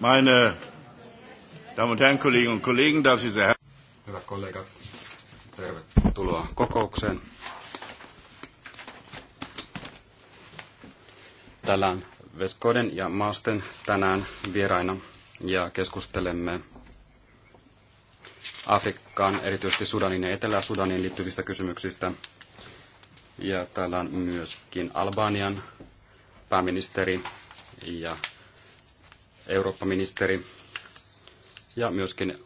Meine Damen und Herren, Kolleginnen und Kollegen, darf ich Sie sehr Hyvät kollegat, tervetuloa kokoukseen. Täällä on Veskoden ja Maasten tänään vieraina ja keskustelemme Afrikkaan, erityisesti Sudanin ja Etelä-Sudanin liittyvistä kysymyksistä. Ja täällä on myöskin Albanian pääministeri ja Eurooppa-ministeri ja myöskin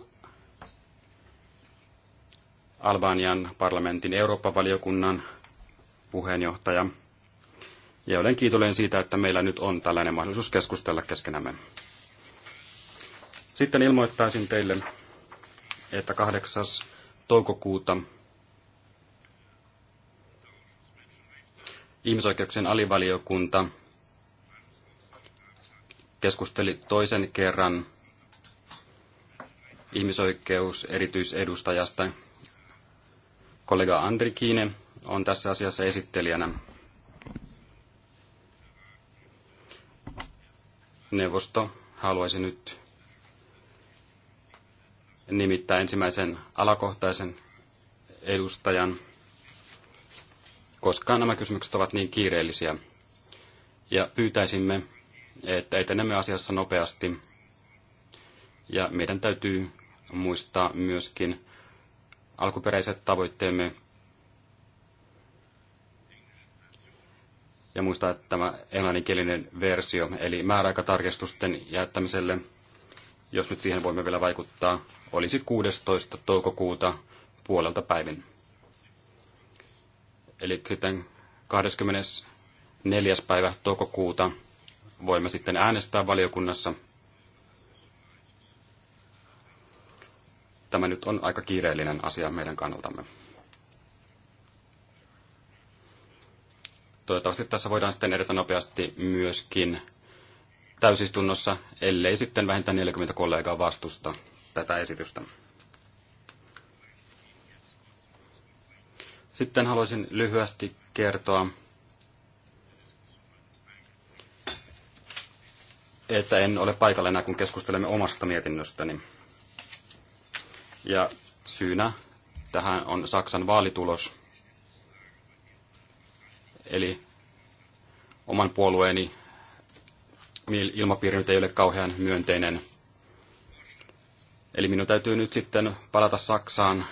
Albanian parlamentin Eurooppa-valiokunnan puheenjohtaja. Ja olen kiitollinen siitä, että meillä nyt on tällainen mahdollisuus keskustella keskenämme. Sitten ilmoittaisin teille, että 8. toukokuuta ihmisoikeuksien alivaliokunta keskusteli toisen kerran ihmisoikeus erityisedustajasta. Kollega Andri Kiine on tässä asiassa esittelijänä. Neuvosto haluaisi nyt nimittää ensimmäisen alakohtaisen edustajan, koska nämä kysymykset ovat niin kiireellisiä. Ja pyytäisimme että etenemme asiassa nopeasti. Ja meidän täytyy muistaa myöskin alkuperäiset tavoitteemme ja muistaa että tämä englanninkielinen versio, eli määräaikatarkistusten jättämiselle, jos nyt siihen voimme vielä vaikuttaa, olisi 16. toukokuuta puolelta päivin. Eli sitten 24. päivä toukokuuta voimme sitten äänestää valiokunnassa. Tämä nyt on aika kiireellinen asia meidän kannaltamme. Toivottavasti tässä voidaan sitten edetä nopeasti myöskin täysistunnossa, ellei sitten vähintään 40 kollegaa vastusta tätä esitystä. Sitten haluaisin lyhyesti kertoa että en ole paikalla enää, kun keskustelemme omasta mietinnöstäni. Ja syynä tähän on Saksan vaalitulos. Eli oman puolueeni ilmapiiri nyt ei ole kauhean myönteinen. Eli minun täytyy nyt sitten palata Saksaan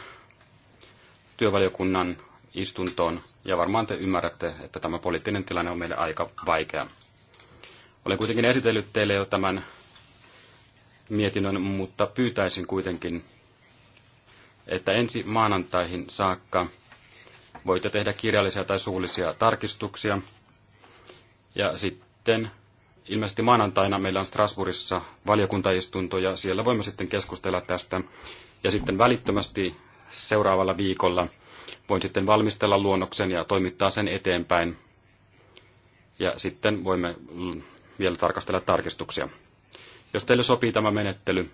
työvaliokunnan istuntoon, ja varmaan te ymmärrätte, että tämä poliittinen tilanne on meille aika vaikea. Olen kuitenkin esitellyt teille jo tämän mietinnön, mutta pyytäisin kuitenkin, että ensi maanantaihin saakka voitte tehdä kirjallisia tai suullisia tarkistuksia. Ja sitten ilmeisesti maanantaina meillä on Strasbourgissa valiokuntaistunto ja siellä voimme sitten keskustella tästä. Ja sitten välittömästi seuraavalla viikolla voin sitten valmistella luonnoksen ja toimittaa sen eteenpäin. Ja sitten voimme vielä tarkastella tarkistuksia. Jos teille sopii tämä menettely,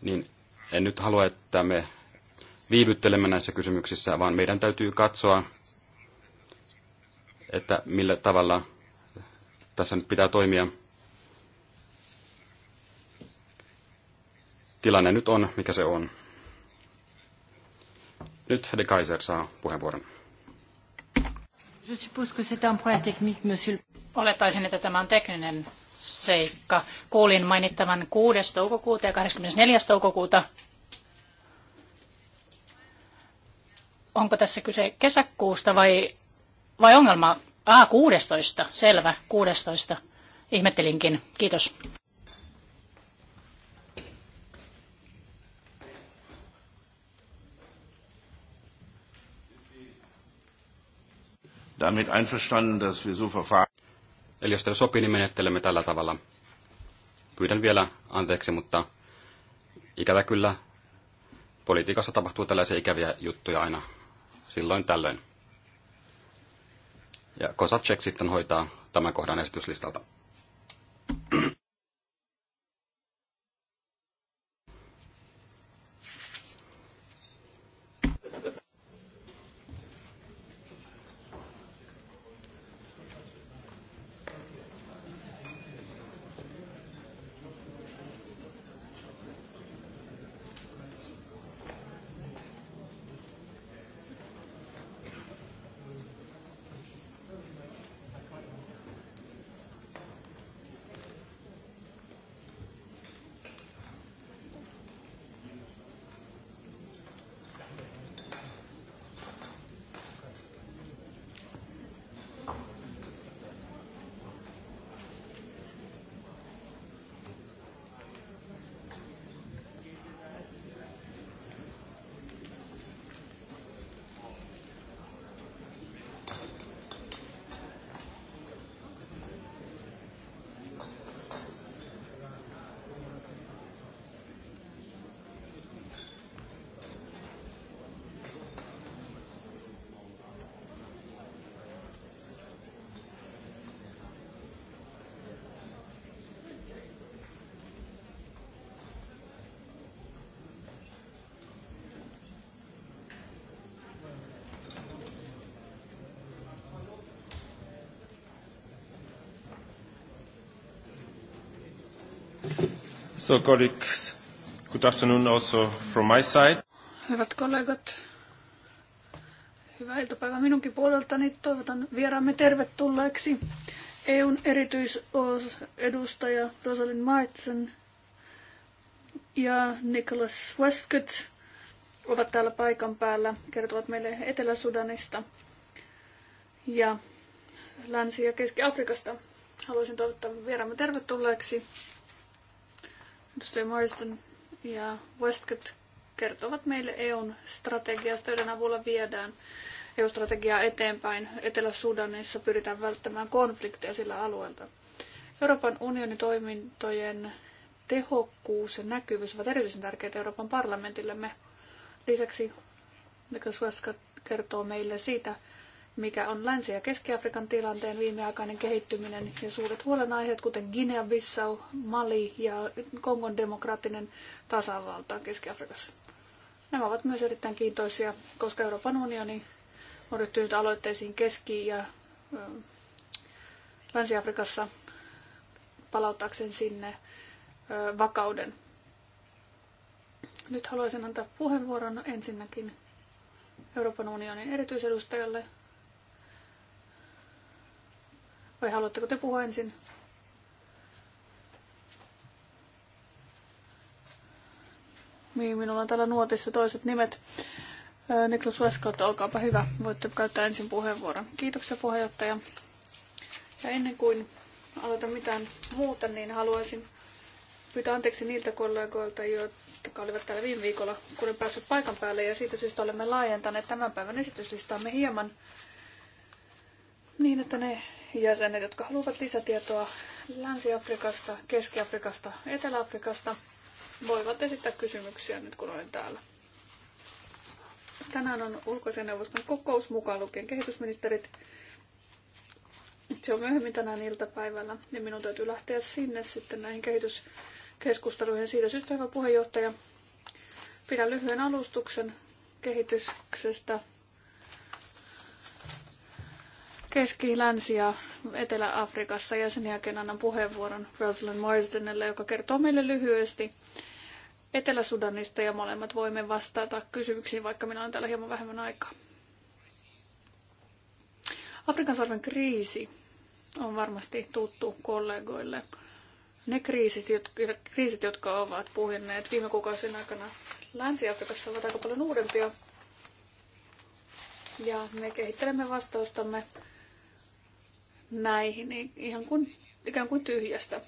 niin en nyt halua, että me viivyttelemme näissä kysymyksissä, vaan meidän täytyy katsoa, että millä tavalla tässä nyt pitää toimia. Tilanne nyt on, mikä se on. Nyt De Kaiser saa puheenvuoron. Olettaisin, että tämä on tekninen seikka. Kuulin mainittavan 6. toukokuuta ja 24. toukokuuta. Onko tässä kyse kesäkuusta vai, vai ongelma? Ah, 16. Selvä, 16. Ihmettelinkin. Kiitos. damit einverstanden, dass wir so verfahren. Eli jos teille sopii, niin menettelemme tällä tavalla. Pyydän vielä anteeksi, mutta ikävä kyllä politiikassa tapahtuu tällaisia ikäviä juttuja aina silloin tällöin. Ja Kosacek sitten hoitaa tämän kohdan esityslistalta. colleagues, good afternoon also from my side. Hyvät kollegat, hyvää iltapäivää minunkin puoleltani. Toivotan vieraamme tervetulleeksi EUn erityisedustaja Rosalind Maitsen ja Nicholas Westcott ovat täällä paikan päällä, kertovat meille Etelä-Sudanista ja Länsi- ja Keski-Afrikasta. Haluaisin toivottaa vieraamme tervetulleeksi Edustaja Morrison ja Westcott kertovat meille EUn strategiasta, joiden avulla viedään EU-strategiaa eteenpäin. Etelä-Sudanissa pyritään välttämään konflikteja sillä alueelta. Euroopan unionin toimintojen tehokkuus ja näkyvyys ovat erityisen tärkeitä Euroopan parlamentillemme. Lisäksi Niklas Westcott kertoo meille siitä, mikä on Länsi- ja Keski-Afrikan tilanteen viimeaikainen kehittyminen ja suuret huolenaiheet, kuten Guinea-Bissau, Mali ja Kongon demokraattinen tasavalta Keski-Afrikassa. Nämä ovat myös erittäin kiintoisia, koska Euroopan unioni on ryhtynyt aloitteisiin Keski- ja Länsi-Afrikassa palauttaakseen sinne vakauden. Nyt haluaisin antaa puheenvuoron ensinnäkin Euroopan unionin erityisedustajalle vai haluatteko te puhua ensin? Niin, minulla on täällä nuotissa toiset nimet. Niklas Veskot, olkaapa hyvä. Voitte käyttää ensin puheenvuoron. Kiitoksia puheenjohtaja. Ja ennen kuin aloitan mitään muuta, niin haluaisin pyytää anteeksi niiltä kollegoilta, jotka olivat täällä viime viikolla, kun en päässyt paikan päälle. Ja siitä syystä olemme laajentaneet tämän päivän esityslistaamme hieman niin, että ne jäsenet, jotka haluavat lisätietoa Länsi-Afrikasta, Keski-Afrikasta, Etelä-Afrikasta, voivat esittää kysymyksiä nyt kun olen täällä. Tänään on ulkoisen neuvoston kokous mukaan lukien kehitysministerit. Se on myöhemmin tänään iltapäivällä ja minun täytyy lähteä sinne sitten näihin kehityskeskusteluihin. Siitä syystä hyvä puheenjohtaja. Pidän lyhyen alustuksen kehityksestä Keski-, Länsi- ja Etelä-Afrikassa ja sen jälkeen annan puheenvuoron Rosalind Marsdenelle, joka kertoo meille lyhyesti Etelä-Sudanista ja molemmat voimme vastata kysymyksiin, vaikka minä olen täällä hieman vähemmän aikaa. Afrikan sarven kriisi on varmasti tuttu kollegoille. Ne kriisit, kriisit jotka ovat puhjenneet viime kuukausien aikana Länsi-Afrikassa, ovat aika paljon uudempia. Ja me kehittelemme vastaustamme näihin niin ihan kuin, ikään kuin tyhjästä.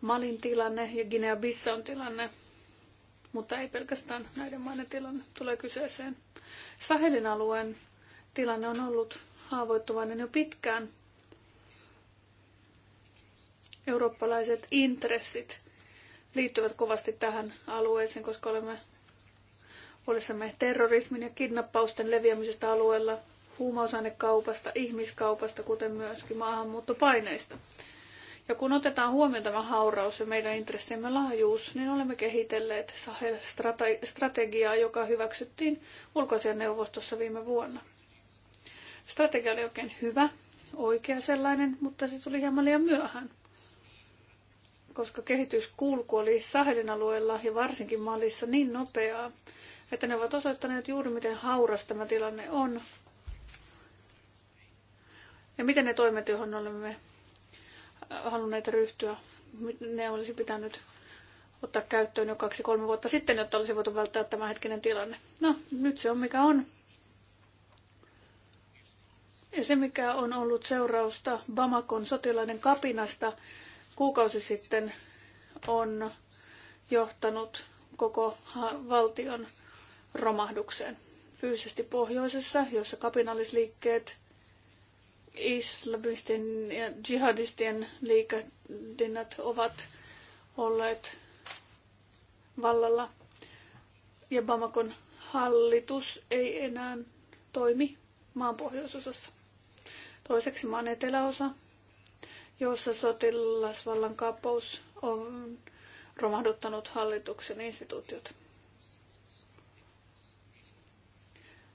Malin tilanne ja Guinea-Bissaun tilanne, mutta ei pelkästään näiden maiden tilanne tulee kyseeseen. Sahelin alueen tilanne on ollut haavoittuvainen jo pitkään. Eurooppalaiset intressit liittyvät kovasti tähän alueeseen, koska olemme huolissamme terrorismin ja kidnappausten leviämisestä alueella – huumausainekaupasta, ihmiskaupasta, kuten myöskin maahanmuuttopaineista. Ja kun otetaan huomioon tämä hauraus ja meidän intressimme laajuus, niin olemme kehitelleet Sahel-strategiaa, joka hyväksyttiin ulkoisen neuvostossa viime vuonna. Strategia oli oikein hyvä, oikea sellainen, mutta se tuli hieman liian myöhään. Koska kehityskulku oli Sahelin alueella ja varsinkin Malissa niin nopeaa, että ne ovat osoittaneet juuri miten hauras tämä tilanne on ja miten ne toimet, joihin olemme äh, halunneet ryhtyä, ne olisi pitänyt ottaa käyttöön jo kaksi-kolme vuotta sitten, jotta olisi voitu välttää tämä hetkinen tilanne. No, nyt se on mikä on. Ja se, mikä on ollut seurausta Bamakon sotilaiden kapinasta kuukausi sitten, on johtanut koko valtion romahdukseen. Fyysisesti pohjoisessa, jossa kapinallisliikkeet islamisten ja jihadistien liikadinnat ovat olleet vallalla ja Bamakon hallitus ei enää toimi maan pohjoisosassa. Toiseksi maan eteläosa, jossa sotilasvallan kaappaus on romahduttanut hallituksen instituutiot.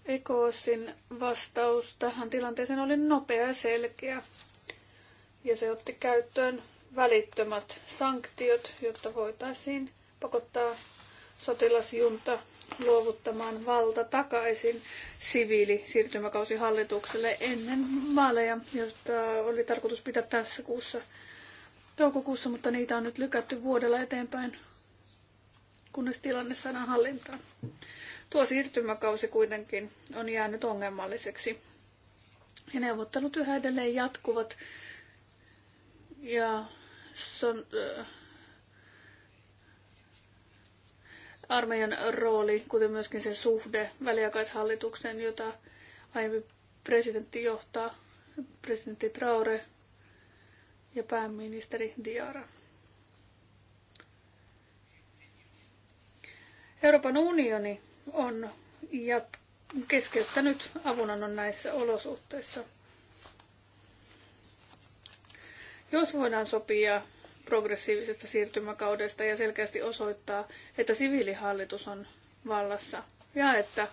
Ekosin vastaus tähän tilanteeseen oli nopea ja selkeä. Ja se otti käyttöön välittömät sanktiot, jotta voitaisiin pakottaa sotilasjunta luovuttamaan valta takaisin siviili siirtymäkausihallitukselle hallitukselle ennen vaaleja, josta oli tarkoitus pitää tässä kuussa toukokuussa, mutta niitä on nyt lykätty vuodella eteenpäin, kunnes tilanne saadaan hallintaan. Tuo siirtymäkausi kuitenkin on jäänyt ongelmalliseksi. Ja neuvottelut yhä edelleen jatkuvat. Ja son, äh, armeijan rooli, kuten myöskin sen suhde väliaikaishallituksen jota aiempi presidentti johtaa, presidentti Traore ja pääministeri Diara. Euroopan unioni on jat- keskeyttänyt avunannon näissä olosuhteissa. Jos voidaan sopia progressiivisesta siirtymäkaudesta ja selkeästi osoittaa, että siviilihallitus on vallassa ja että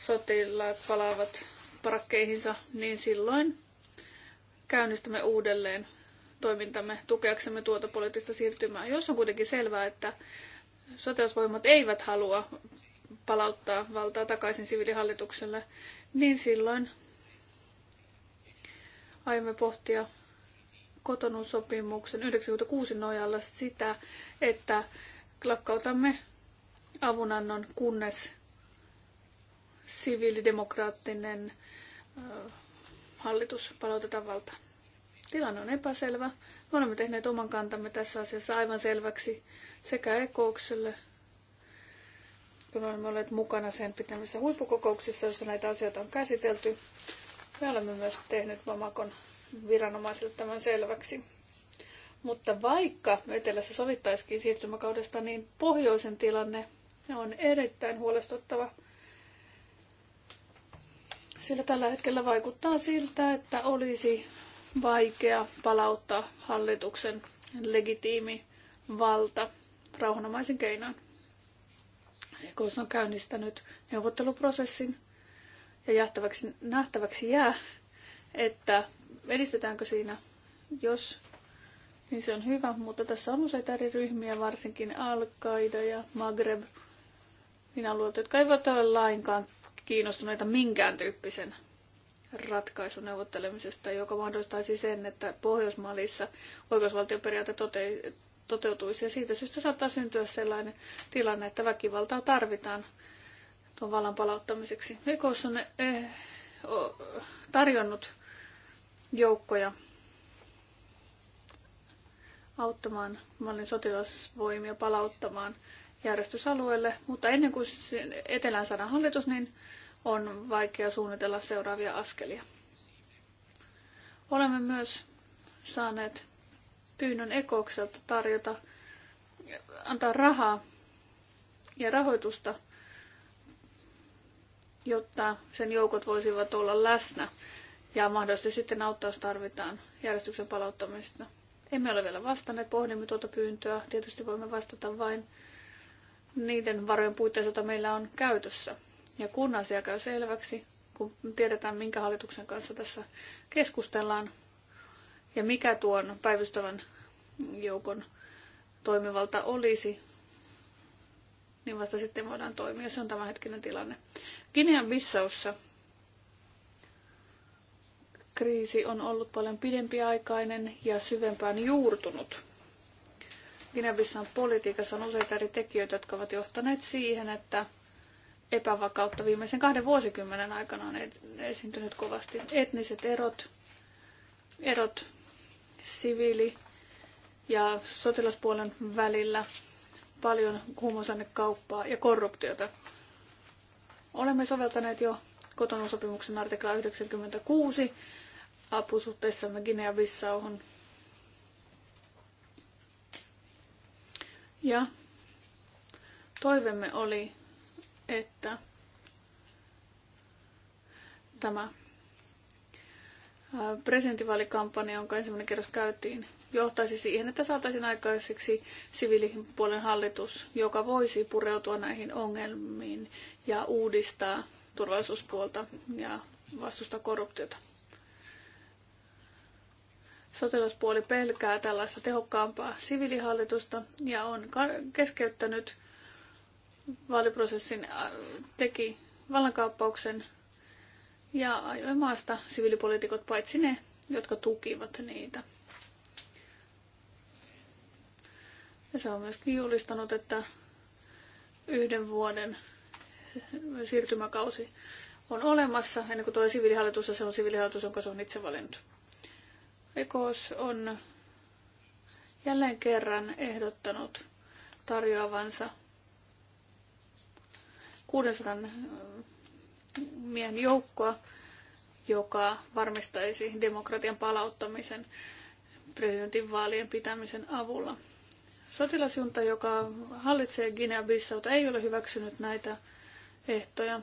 sotilaat palaavat parakkeihinsa, niin silloin käynnistämme uudelleen toimintamme tukeaksemme tuota poliittista siirtymää. Jos on kuitenkin selvää, että sotilasvoimat eivät halua palauttaa valtaa takaisin siviilihallitukselle, niin silloin aiomme pohtia kotonun sopimuksen 96 nojalla sitä, että lakkautamme avunannon, kunnes siviilidemokraattinen hallitus palautetaan valtaan. Tilanne on epäselvä. Me olemme tehneet oman kantamme tässä asiassa aivan selväksi sekä ekoukselle kun olemme olleet mukana sen pitämissä huippukokouksissa, joissa näitä asioita on käsitelty. Me olemme myös tehnyt Mamakon viranomaisille tämän selväksi. Mutta vaikka etelässä sovittaisikin siirtymäkaudesta, niin pohjoisen tilanne on erittäin huolestuttava. Sillä tällä hetkellä vaikuttaa siltä, että olisi vaikea palauttaa hallituksen legitiimi valta rauhanomaisen keinoin. YK on käynnistänyt neuvotteluprosessin ja jähtäväksi, nähtäväksi jää, että edistetäänkö siinä, jos niin se on hyvä, mutta tässä on useita eri ryhmiä, varsinkin al ja Maghreb, minä alueelta, jotka eivät ole lainkaan kiinnostuneita minkään tyyppisen ratkaisun neuvottelemisesta, joka mahdollistaisi sen, että Pohjoismaalissa oikeusvaltioperiaate toteutuisi. Ja siitä syystä saattaa syntyä sellainen tilanne, että väkivaltaa tarvitaan tuon vallan palauttamiseksi. Ekos on eh, tarjonnut joukkoja auttamaan mallin sotilasvoimia palauttamaan järjestysalueelle, mutta ennen kuin etelän saadaan hallitus, niin on vaikea suunnitella seuraavia askelia. Olemme myös saaneet pyynnön ekokselta tarjota, antaa rahaa ja rahoitusta, jotta sen joukot voisivat olla läsnä ja mahdollisesti sitten auttaa, jos tarvitaan järjestyksen palauttamista. Emme ole vielä vastanneet, pohdimme tuota pyyntöä. Tietysti voimme vastata vain niiden varojen puitteissa, joita meillä on käytössä. Ja kun asia käy selväksi, kun tiedetään, minkä hallituksen kanssa tässä keskustellaan, ja mikä tuon päivystävän joukon toimivalta olisi, niin vasta sitten voidaan toimia. Se on tämänhetkinen tilanne. Kinian Bissaussa kriisi on ollut paljon pidempiaikainen ja syvempään juurtunut. guinea politiikassa on useita eri tekijöitä, jotka ovat johtaneet siihen, että epävakautta viimeisen kahden vuosikymmenen aikana on e- esiintynyt kovasti. Etniset erot, erot siviili- ja sotilaspuolen välillä paljon huumausainekauppaa ja korruptiota. Olemme soveltaneet jo kotonusopimuksen artikla 96 apusuhteissamme Ginea bissauhun Ja toivemme oli, että tämä presidentinvaalikampanja, jonka ensimmäinen kerros käytiin, johtaisi siihen, että saataisiin aikaiseksi siviilipuolen hallitus, joka voisi pureutua näihin ongelmiin ja uudistaa turvallisuuspuolta ja vastustaa korruptiota. Sotilaspuoli pelkää tällaista tehokkaampaa siviilihallitusta ja on keskeyttänyt vaaliprosessin, äh, teki vallankaappauksen ja ajoi maasta siviilipoliitikot paitsi ne, jotka tukivat niitä. Ja se on myöskin julistanut, että yhden vuoden siirtymäkausi on olemassa, ennen kuin tulee siviilihallitus, ja se on siviilihallitus, jonka se on itse valinnut. EKOS on jälleen kerran ehdottanut tarjoavansa 600 miehen joukkoa, joka varmistaisi demokratian palauttamisen presidentinvaalien pitämisen avulla. Sotilasjunta, joka hallitsee Guinea-Bissauta, ei ole hyväksynyt näitä ehtoja.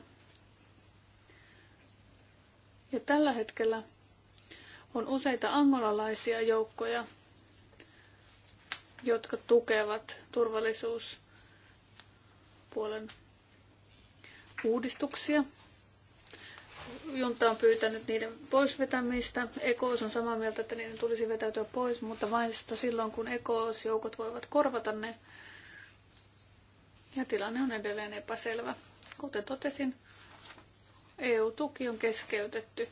Ja tällä hetkellä on useita angolalaisia joukkoja, jotka tukevat turvallisuuspuolen uudistuksia junta on pyytänyt niiden poisvetämistä. EKOS on samaa mieltä, että niiden tulisi vetäytyä pois, mutta vain sitä silloin, kun EKOS-joukot voivat korvata ne. Ja tilanne on edelleen epäselvä. Kuten totesin, EU-tuki on keskeytetty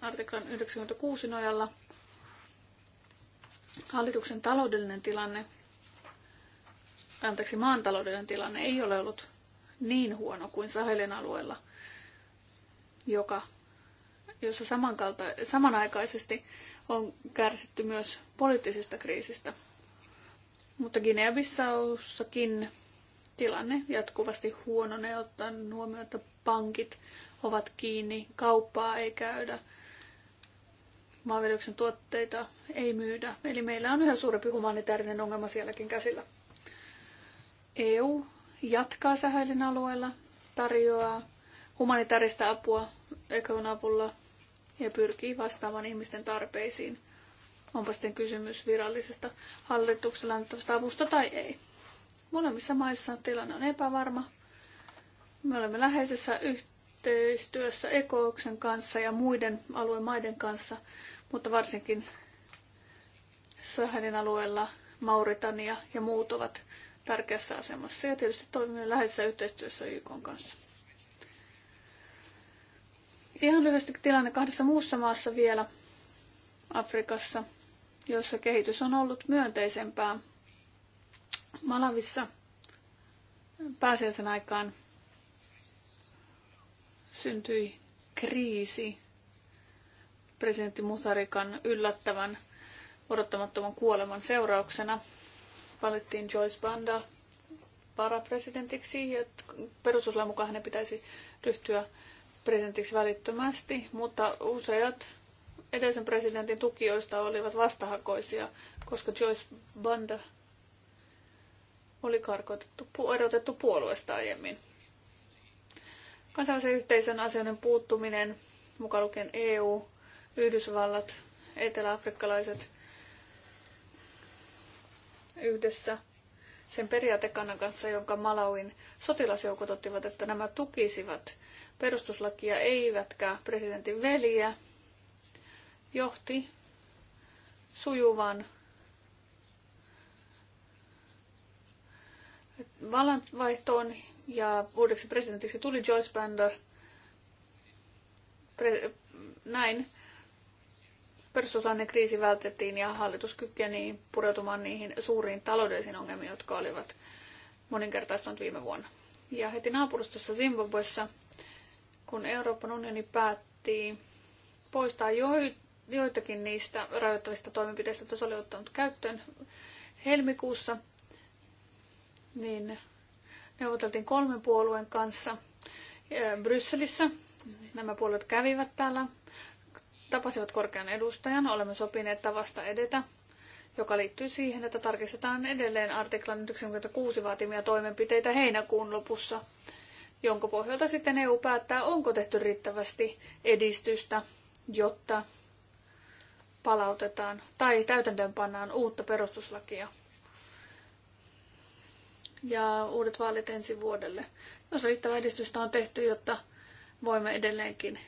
artiklan 96 nojalla. Hallituksen taloudellinen tilanne, anteeksi, maan taloudellinen tilanne ei ole ollut niin huono kuin Sahelin alueella – joka, jossa samankalta, samanaikaisesti on kärsitty myös poliittisesta kriisistä. Mutta Guinea-Bissaussakin tilanne jatkuvasti huononee ottaen huomioon, että pankit ovat kiinni, kauppaa ei käydä, maanviljelyksen tuotteita ei myydä. Eli meillä on yhä suurempi humanitaarinen ongelma sielläkin käsillä. EU jatkaa Sähäilin alueella, tarjoaa humanitaarista apua ekon avulla ja pyrkii vastaamaan ihmisten tarpeisiin. Onpa sitten kysymys virallisesta hallituksella annettavasta avusta tai ei. Molemmissa maissa tilanne on epävarma. Me olemme läheisessä yhteistyössä ekooksen kanssa ja muiden alueen maiden kanssa, mutta varsinkin Sahelin alueella Mauritania ja muut ovat tärkeässä asemassa ja tietysti toimimme läheisessä yhteistyössä YK kanssa. Ihan lyhyesti tilanne kahdessa muussa maassa vielä Afrikassa, jossa kehitys on ollut myönteisempää. Malavissa pääsiäisen aikaan syntyi kriisi presidentti Musarikan yllättävän odottamattoman kuoleman seurauksena. Valittiin Joyce Banda varapresidentiksi ja perustuslain mukaan hänen pitäisi ryhtyä presidentiksi välittömästi, mutta useat edellisen presidentin tukijoista olivat vastahakoisia, koska Joyce Banda oli karkotettu, erotettu puolueesta aiemmin. Kansainvälisen yhteisön asioiden puuttuminen, mukaan lukien EU, Yhdysvallat, eteläafrikkalaiset yhdessä sen periaatekannan kanssa, jonka Malawin sotilasjoukot ottivat, että nämä tukisivat perustuslakia eivätkä presidentin veliä, johti sujuvan vallanvaihtoon ja uudeksi presidentiksi tuli Joyce Bender. Pre- näin perustuslainen kriisi vältettiin ja hallitus kykeni pureutumaan niihin suuriin taloudellisiin ongelmiin, jotka olivat moninkertaistunut viime vuonna. Ja heti naapurustossa Zimbabwessa kun Euroopan unioni päätti poistaa joitakin niistä rajoittavista toimenpiteistä, joita se oli ottanut käyttöön helmikuussa, niin neuvoteltiin kolmen puolueen kanssa eh, Brysselissä. Nämä puolueet kävivät täällä, tapasivat korkean edustajan, olemme sopineet tavasta edetä joka liittyy siihen, että tarkistetaan edelleen artiklan 96 vaatimia toimenpiteitä heinäkuun lopussa jonka pohjalta sitten EU päättää, onko tehty riittävästi edistystä, jotta palautetaan tai täytäntöönpannaan uutta perustuslakia ja uudet vaalit ensi vuodelle, jos riittävää edistystä on tehty, jotta voimme edelleenkin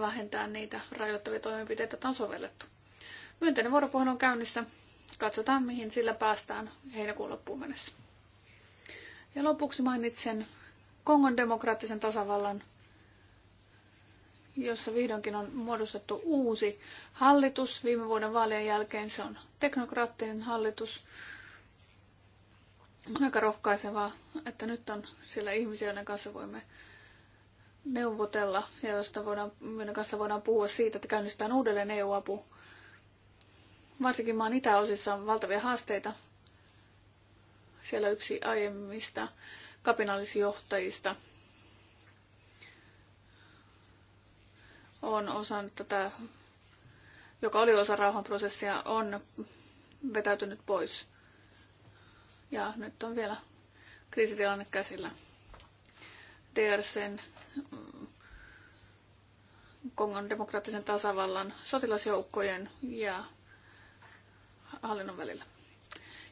vähentää niitä rajoittavia toimenpiteitä, joita on sovellettu. Myönteinen vuoropuhelu on käynnissä. Katsotaan, mihin sillä päästään heinäkuun loppuun mennessä. Ja lopuksi mainitsen Kongon demokraattisen tasavallan, jossa vihdoinkin on muodostettu uusi hallitus viime vuoden vaalien jälkeen. Se on teknokraattinen hallitus. On aika rohkaisevaa, että nyt on siellä ihmisiä, joiden kanssa voimme neuvotella ja josta voidaan, joiden kanssa voidaan puhua siitä, että käynnistetään uudelleen EU-apu. Varsinkin maan itäosissa on valtavia haasteita. Siellä yksi aiemmista kapinallisjohtajista on osannut tätä, joka oli osa rauhanprosessia, on vetäytynyt pois. Ja nyt on vielä kriisitilanne käsillä. DRCn mm, Kongon demokraattisen tasavallan sotilasjoukkojen ja hallinnon välillä.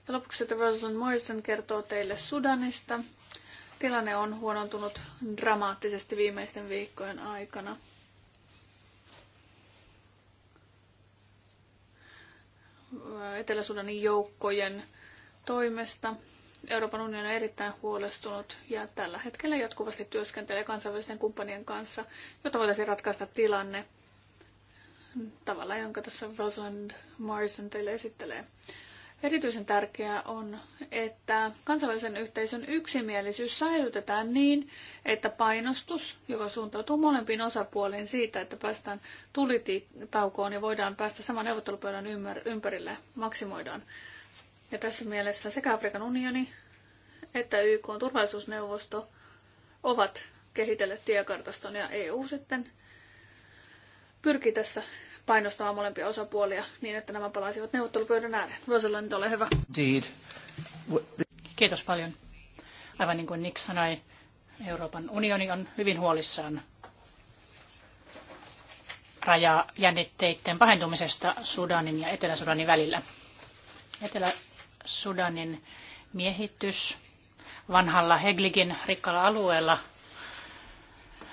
Ja lopuksi sitten Rosan Morrison kertoo teille Sudanista. Tilanne on huonontunut dramaattisesti viimeisten viikkojen aikana. Etelä-Sudanin joukkojen toimesta. Euroopan unioni on erittäin huolestunut ja tällä hetkellä jatkuvasti työskentelee kansainvälisten kumppanien kanssa, jotta voitaisiin ratkaista tilanne tavalla, jonka tässä Rosalind Morrison teille esittelee. Erityisen tärkeää on, että kansainvälisen yhteisön yksimielisyys säilytetään niin, että painostus, joka suuntautuu molempiin osapuoliin siitä, että päästään tulitaukoon ja voidaan päästä saman neuvottelupöydän ympärille, maksimoidaan. Ja tässä mielessä sekä Afrikan unioni että YK turvallisuusneuvosto ovat kehitelleet tiekartaston ja EU sitten pyrkii tässä painostamaan molempia osapuolia niin, että nämä palaisivat neuvottelupöydän ääreen. nyt ole hyvä. Indeed. Kiitos paljon. Aivan niin kuin Nick sanoi, Euroopan unioni on hyvin huolissaan rajajännitteiden pahentumisesta Sudanin ja Etelä-Sudanin välillä. Etelä-Sudanin miehitys vanhalla Heglikin rikkalla alueella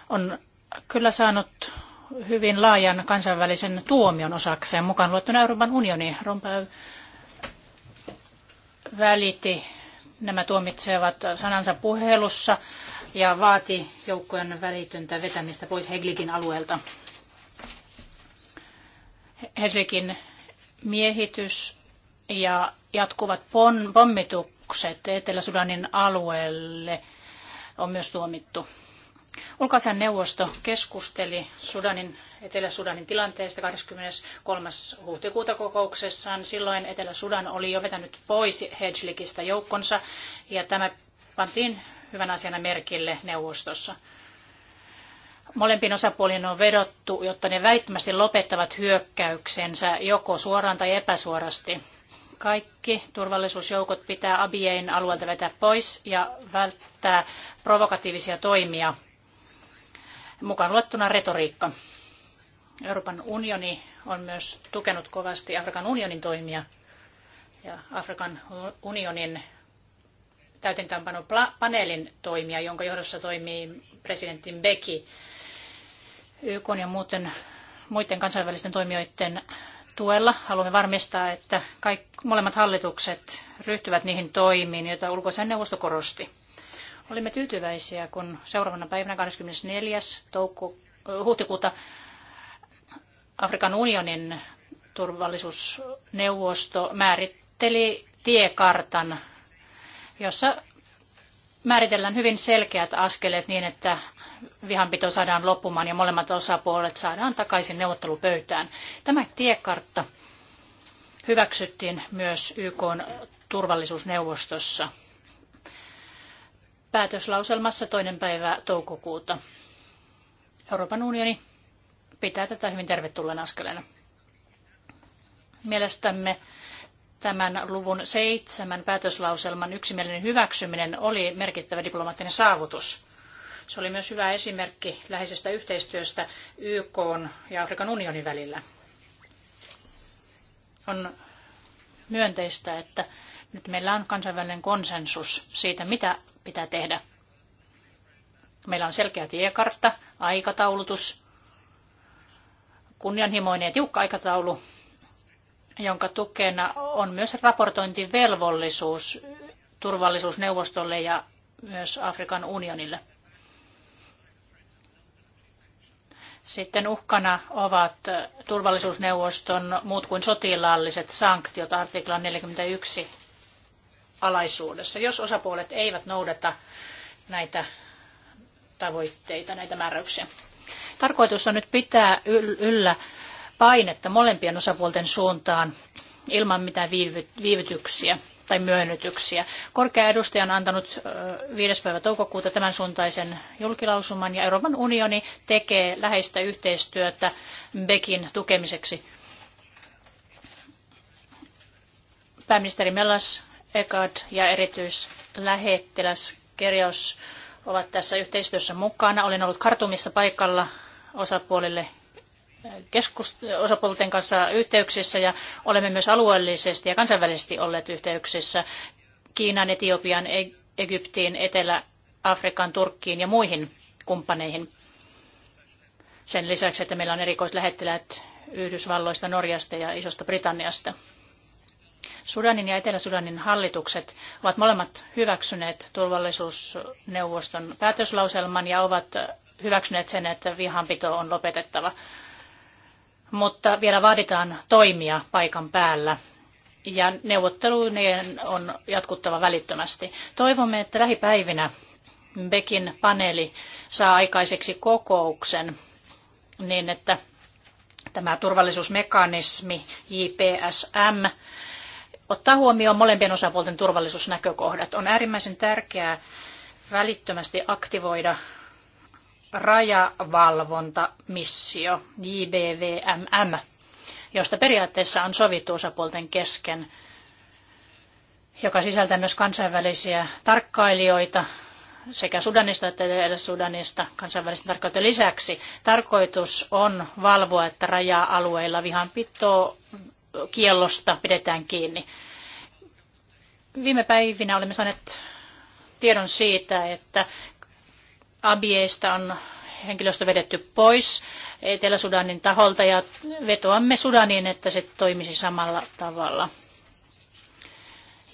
on kyllä saanut hyvin laajan kansainvälisen tuomion osakseen, mukaan luettuna Euroopan unioni. Rompäy välitti nämä tuomitsevat sanansa puhelussa ja vaati joukkojen välityntä vetämistä pois Heglikin alueelta. Helsinkin miehitys ja jatkuvat pommitukset Etelä-Sudanin alueelle on myös tuomittu. Ulkoasian neuvosto keskusteli Sudanin, Etelä-Sudanin tilanteesta 23. huhtikuuta kokouksessaan. Silloin Etelä-Sudan oli jo vetänyt pois Hedgelikistä joukkonsa ja tämä pantiin hyvän asiana merkille neuvostossa. Molempiin osapuoliin on vedottu, jotta ne välittömästi lopettavat hyökkäyksensä joko suoraan tai epäsuorasti. Kaikki turvallisuusjoukot pitää Abiein alueelta vetää pois ja välttää provokatiivisia toimia mukaan luettuna retoriikka. Euroopan unioni on myös tukenut kovasti Afrikan unionin toimia ja Afrikan unionin täytäntöönpanopaneelin toimia, jonka johdossa toimii presidentti Beki. YK ja muuten, muiden kansainvälisten toimijoiden tuella haluamme varmistaa, että kaikki, molemmat hallitukset ryhtyvät niihin toimiin, joita ulkoisen neuvosto korosti. Olimme tyytyväisiä, kun seuraavana päivänä 24. Toukku, huhtikuuta Afrikan unionin turvallisuusneuvosto määritteli tiekartan, jossa määritellään hyvin selkeät askeleet niin, että vihanpito saadaan loppumaan ja molemmat osapuolet saadaan takaisin neuvottelupöytään. Tämä tiekartta hyväksyttiin myös YK turvallisuusneuvostossa päätöslauselmassa toinen päivä toukokuuta. Euroopan unioni pitää tätä hyvin tervetulleen askeleena. Mielestämme tämän luvun seitsemän päätöslauselman yksimielinen hyväksyminen oli merkittävä diplomaattinen saavutus. Se oli myös hyvä esimerkki läheisestä yhteistyöstä YK ja Afrikan unionin välillä. On myönteistä, että nyt meillä on kansainvälinen konsensus siitä, mitä pitää tehdä. Meillä on selkeä tiekartta, aikataulutus, kunnianhimoinen ja tiukka aikataulu, jonka tukena on myös raportointivelvollisuus turvallisuusneuvostolle ja myös Afrikan unionille. Sitten uhkana ovat turvallisuusneuvoston muut kuin sotilaalliset sanktiot artiklan 41 alaisuudessa, jos osapuolet eivät noudata näitä tavoitteita, näitä määräyksiä. Tarkoitus on nyt pitää yllä painetta molempien osapuolten suuntaan ilman mitään viivytyksiä tai myönnytyksiä. Korkea edustaja on antanut 5. päivä toukokuuta tämän suuntaisen julkilausuman ja Euroopan unioni tekee läheistä yhteistyötä Bekin tukemiseksi. Pääministeri Mellas ECAD ja erityislähettiläs Kerjos ovat tässä yhteistyössä mukana. Olen ollut kartumissa paikalla osapuolille äh, keskust- osapuolten kanssa yhteyksissä ja olemme myös alueellisesti ja kansainvälisesti olleet yhteyksissä Kiinan, Etiopian, e- Egyptiin, Etelä-Afrikan, Turkkiin ja muihin kumppaneihin. Sen lisäksi, että meillä on erikoislähettiläät Yhdysvalloista, Norjasta ja Isosta Britanniasta. Sudanin ja Etelä-Sudanin hallitukset ovat molemmat hyväksyneet turvallisuusneuvoston päätöslauselman ja ovat hyväksyneet sen, että vihanpito on lopetettava. Mutta vielä vaaditaan toimia paikan päällä ja neuvottelujen on jatkuttava välittömästi. Toivomme, että lähipäivinä Bekin paneeli saa aikaiseksi kokouksen niin, että tämä turvallisuusmekanismi JPSM ottaa huomioon molempien osapuolten turvallisuusnäkökohdat. On äärimmäisen tärkeää välittömästi aktivoida rajavalvontamissio, JBVMM, josta periaatteessa on sovittu osapuolten kesken, joka sisältää myös kansainvälisiä tarkkailijoita sekä Sudanista että Etelä-Sudanista kansainvälisten tarkkailijoiden lisäksi. Tarkoitus on valvoa, että raja-alueilla vihanpito, kiellosta pidetään kiinni. Viime päivinä olemme saaneet tiedon siitä, että Abieista on henkilöstö vedetty pois Etelä-Sudanin taholta ja vetoamme Sudaniin, että se toimisi samalla tavalla.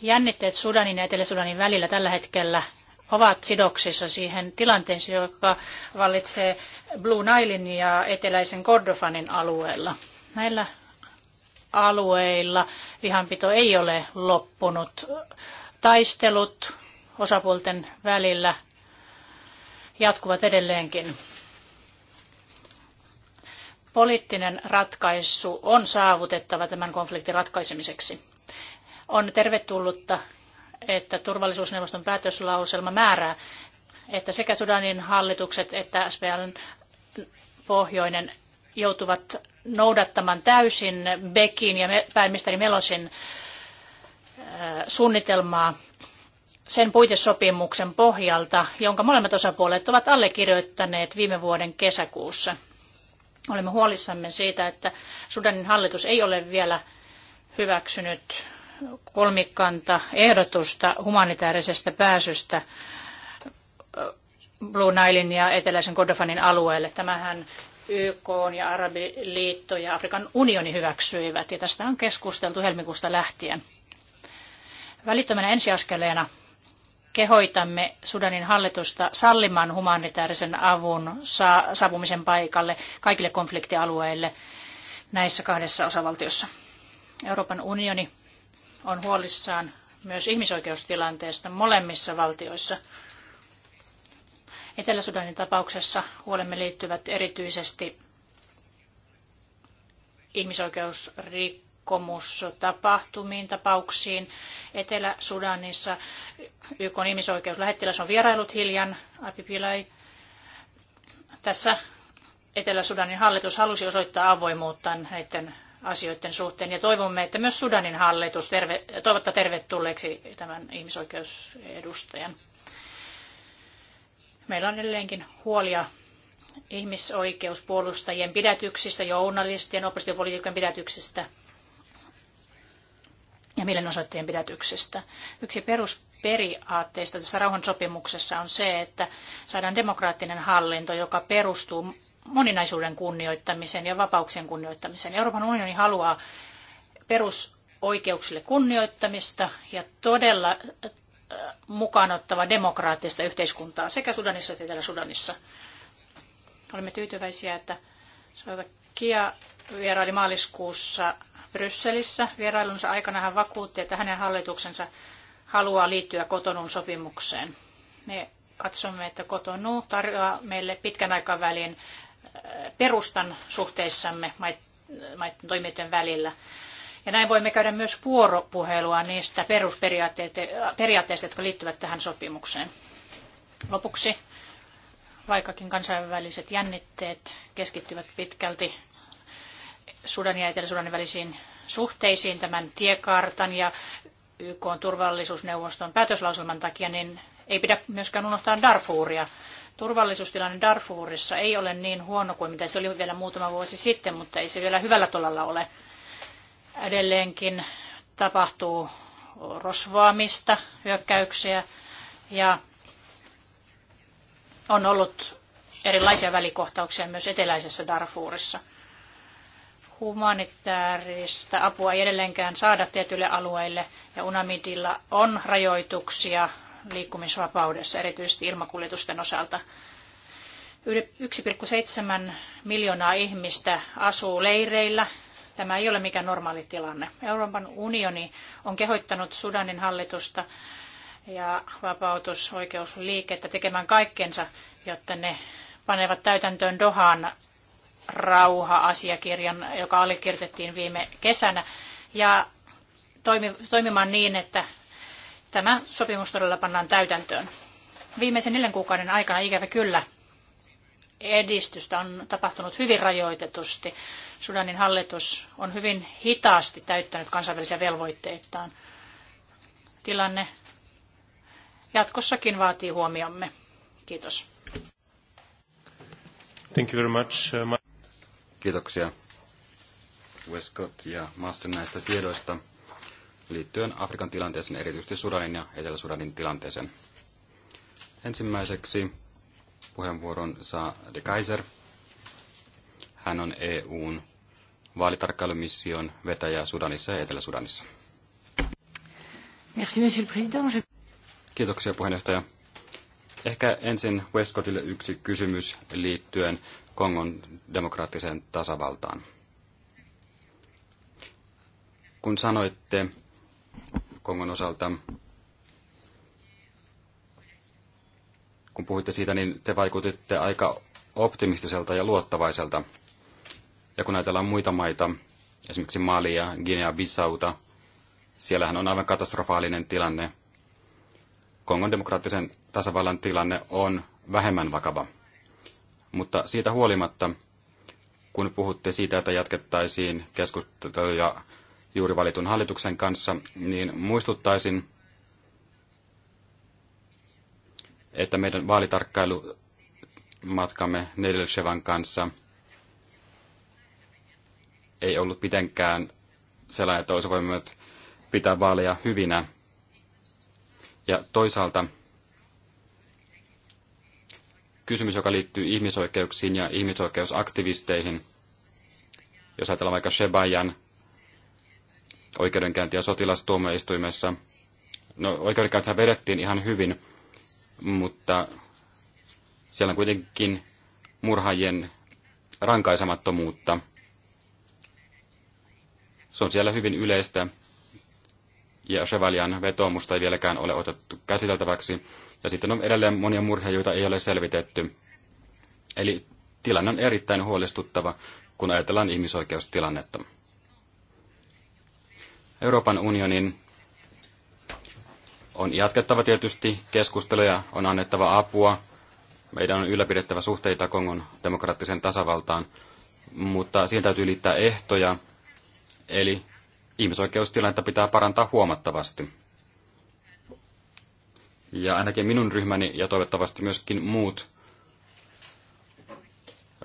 Jännitteet Sudanin ja Etelä-Sudanin välillä tällä hetkellä ovat sidoksissa siihen tilanteeseen, joka vallitsee Blue Nilein ja eteläisen Kordofanin alueella. Näillä alueilla vihanpito ei ole loppunut. Taistelut osapuolten välillä jatkuvat edelleenkin. Poliittinen ratkaisu on saavutettava tämän konfliktin ratkaisemiseksi. On tervetullutta, että turvallisuusneuvoston päätöslauselma määrää, että sekä Sudanin hallitukset että SPL pohjoinen joutuvat noudattamaan täysin Bekin ja pääministeri Melosin äh, suunnitelmaa sen puitesopimuksen pohjalta, jonka molemmat osapuolet ovat allekirjoittaneet viime vuoden kesäkuussa. Olemme huolissamme siitä, että Sudanin hallitus ei ole vielä hyväksynyt kolmikanta ehdotusta humanitaarisesta pääsystä äh, Blue Nilein ja eteläisen Kordofanin alueelle. Tämähän YK ja Arabiliitto ja Afrikan unioni hyväksyivät. Ja tästä on keskusteltu helmikuusta lähtien. Välittömänä ensiaskeleena kehoitamme Sudanin hallitusta sallimaan humanitaarisen avun saapumisen paikalle kaikille konfliktialueille näissä kahdessa osavaltiossa. Euroopan unioni on huolissaan myös ihmisoikeustilanteesta molemmissa valtioissa – Etelä-Sudanin tapauksessa huolemme liittyvät erityisesti ihmisoikeusrikkomustapahtumiin, tapauksiin. Etelä-Sudanissa YK on ihmisoikeuslähettiläs on vierailut hiljan, Apipilai. Tässä Etelä-Sudanin hallitus halusi osoittaa avoimuutta näiden asioiden suhteen ja toivomme, että myös Sudanin hallitus terve, toivottaa tervetulleeksi tämän ihmisoikeusedustajan. Meillä on edelleenkin huolia ihmisoikeuspuolustajien pidätyksistä, journalistien, oppositiopolitiikan pidätyksistä ja mielenosoittajien pidätyksistä. Yksi perusperiaatteista tässä rauhansopimuksessa on se, että saadaan demokraattinen hallinto, joka perustuu moninaisuuden kunnioittamiseen ja vapauksien kunnioittamiseen. Euroopan unioni haluaa perusoikeuksille kunnioittamista ja todella mukaanottava demokraattista yhteiskuntaa sekä Sudanissa että Etelä-Sudanissa. Olemme tyytyväisiä, että Kia vieraili maaliskuussa Brysselissä. Vierailunsa aikana hän vakuutti, että hänen hallituksensa haluaa liittyä kotonun sopimukseen. Me katsomme, että kotonu tarjoaa meille pitkän aikavälin äh, perustan suhteissamme maiden toimijoiden välillä. Ja näin voimme käydä myös vuoropuhelua niistä perusperiaatteista, jotka liittyvät tähän sopimukseen. Lopuksi, vaikkakin kansainväliset jännitteet keskittyvät pitkälti Sudanin ja Etelä-Sudanin välisiin suhteisiin tämän tiekartan ja YK turvallisuusneuvoston päätöslauselman takia, niin ei pidä myöskään unohtaa Darfuria. Turvallisuustilanne Darfurissa ei ole niin huono kuin mitä se oli vielä muutama vuosi sitten, mutta ei se vielä hyvällä tolalla ole. Edelleenkin tapahtuu rosvoamista, hyökkäyksiä ja on ollut erilaisia välikohtauksia myös eteläisessä Darfurissa. Humanitaarista apua ei edelleenkään saada tietyille alueille ja UNAMIDilla on rajoituksia liikkumisvapaudessa, erityisesti ilmakuljetusten osalta. 1,7 miljoonaa ihmistä asuu leireillä Tämä ei ole mikään normaali tilanne. Euroopan unioni on kehottanut Sudanin hallitusta ja vapautusoikeusliikettä tekemään kaikkensa, jotta ne panevat täytäntöön Dohan rauha-asiakirjan, joka allekirjoitettiin viime kesänä, ja toimimaan niin, että tämä sopimus todella pannaan täytäntöön. Viimeisen neljän kuukauden aikana ikävä kyllä edistystä on tapahtunut hyvin rajoitetusti. Sudanin hallitus on hyvin hitaasti täyttänyt kansainvälisiä velvoitteitaan. Tilanne jatkossakin vaatii huomiomme. Kiitos. Thank you very much. Uh, Kiitoksia Westcott ja Master näistä tiedoista liittyen Afrikan tilanteeseen, erityisesti Sudanin ja Etelä-Sudanin tilanteeseen. Ensimmäiseksi puheenvuoron saa De Kaiser. Hän on EUn vaalitarkkailumission vetäjä Sudanissa ja Etelä-Sudanissa. Merci, monsieur le président. Kiitoksia puheenjohtaja. Ehkä ensin Westcottille yksi kysymys liittyen Kongon demokraattiseen tasavaltaan. Kun sanoitte Kongon osalta, kun puhuitte siitä, niin te vaikutitte aika optimistiselta ja luottavaiselta. Ja kun ajatellaan muita maita, esimerkiksi Malia, Guinea-Bissauta, siellähän on aivan katastrofaalinen tilanne. Kongon demokraattisen tasavallan tilanne on vähemmän vakava. Mutta siitä huolimatta, kun puhutte siitä, että jatkettaisiin keskusteluja juuri valitun hallituksen kanssa, niin muistuttaisin, että meidän vaalitarkkailumatkamme Nedelshevan kanssa ei ollut mitenkään sellainen, että olisi voinut pitää vaaleja hyvinä. Ja toisaalta kysymys, joka liittyy ihmisoikeuksiin ja ihmisoikeusaktivisteihin, jos ajatellaan vaikka Shebajan oikeudenkäyntiä sotilastuomioistuimessa, no oikeudenkäyntihän vedettiin ihan hyvin, mutta siellä on kuitenkin murhaajien rankaisemattomuutta. Se on siellä hyvin yleistä, ja Chevalian vetoomusta ei vieläkään ole otettu käsiteltäväksi, ja sitten on edelleen monia murhia, joita ei ole selvitetty. Eli tilanne on erittäin huolestuttava, kun ajatellaan ihmisoikeustilannetta. Euroopan unionin on jatkettava tietysti keskusteluja, on annettava apua. Meidän on ylläpidettävä suhteita Kongon demokraattiseen tasavaltaan, mutta siihen täytyy liittää ehtoja, eli ihmisoikeustilannetta pitää parantaa huomattavasti. Ja ainakin minun ryhmäni ja toivottavasti myöskin muut,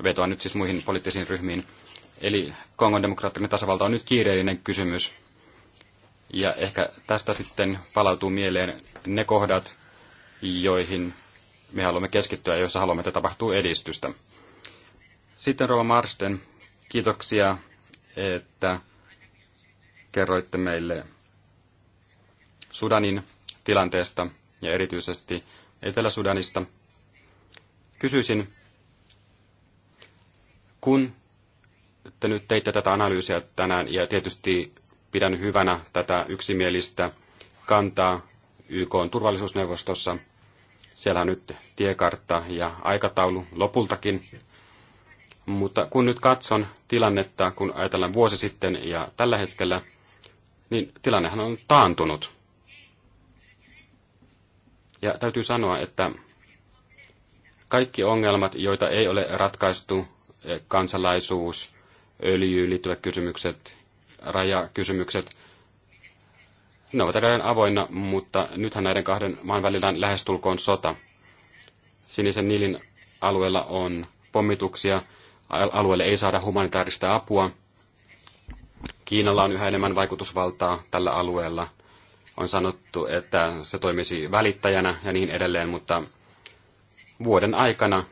vetoan nyt siis muihin poliittisiin ryhmiin, eli Kongon demokraattinen tasavalta on nyt kiireellinen kysymys – ja ehkä tästä sitten palautuu mieleen ne kohdat, joihin me haluamme keskittyä, joissa haluamme, että tapahtuu edistystä. Sitten Rova Marsten, kiitoksia, että kerroitte meille Sudanin tilanteesta ja erityisesti Etelä-Sudanista. Kysyisin, kun te nyt teitte tätä analyysiä tänään ja tietysti pidän hyvänä tätä yksimielistä kantaa YK turvallisuusneuvostossa. Siellä on nyt tiekartta ja aikataulu lopultakin. Mutta kun nyt katson tilannetta, kun ajatellaan vuosi sitten ja tällä hetkellä, niin tilannehan on taantunut. Ja täytyy sanoa, että kaikki ongelmat, joita ei ole ratkaistu, eh, kansalaisuus, öljyyn liittyvät kysymykset rajakysymykset, ne ovat edelleen avoinna, mutta nythän näiden kahden maan välillä on lähestulkoon sota. Sinisen Nilin alueella on pommituksia, alueelle ei saada humanitaarista apua. Kiinalla on yhä enemmän vaikutusvaltaa tällä alueella. On sanottu, että se toimisi välittäjänä ja niin edelleen, mutta vuoden aikana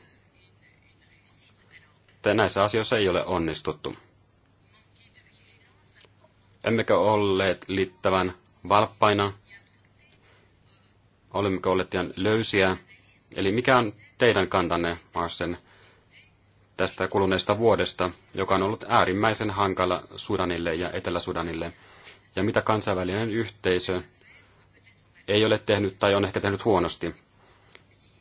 näissä asioissa ei ole onnistuttu. Emmekö olleet liittävän valppaina? Olemmeko olleet ihan löysiä? Eli mikä on teidän kantanne, Marsen, tästä kuluneesta vuodesta, joka on ollut äärimmäisen hankala Sudanille ja Etelä-Sudanille? Ja mitä kansainvälinen yhteisö ei ole tehnyt tai on ehkä tehnyt huonosti?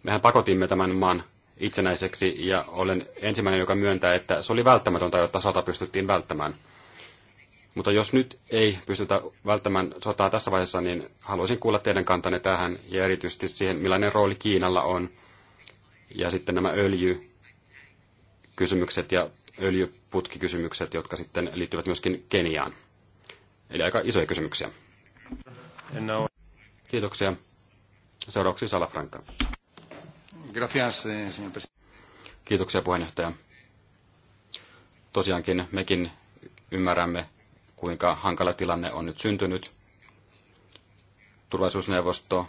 Mehän pakotimme tämän maan itsenäiseksi ja olen ensimmäinen, joka myöntää, että se oli välttämätöntä, jotta sota pystyttiin välttämään. Mutta jos nyt ei pystytä välttämään sotaa tässä vaiheessa, niin haluaisin kuulla teidän kantanne tähän ja erityisesti siihen, millainen rooli Kiinalla on. Ja sitten nämä öljykysymykset ja öljyputkikysymykset, jotka sitten liittyvät myöskin Keniaan. Eli aika isoja kysymyksiä. Kiitoksia. Seuraavaksi Salafranca. Eh, Kiitoksia puheenjohtaja. Tosiaankin mekin ymmärrämme kuinka hankala tilanne on nyt syntynyt. Turvallisuusneuvosto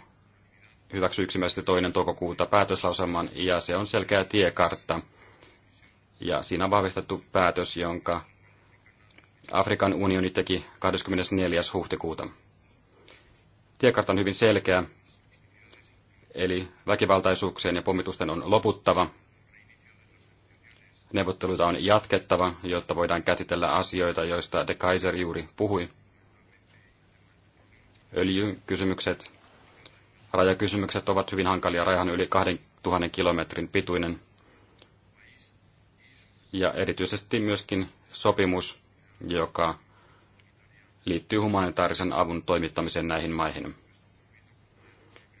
hyväksyi yksimielisesti toinen toukokuuta päätöslauselman ja se on selkeä tiekartta. Ja siinä on vahvistettu päätös, jonka Afrikan unioni teki 24. huhtikuuta. Tiekartta on hyvin selkeä, eli väkivaltaisuuksien ja pommitusten on loputtava Neuvotteluita on jatkettava, jotta voidaan käsitellä asioita, joista De Kaiser juuri puhui. Öljykysymykset, rajakysymykset ovat hyvin hankalia. Rajahan yli 2000 kilometrin pituinen. Ja erityisesti myöskin sopimus, joka liittyy humanitaarisen avun toimittamiseen näihin maihin.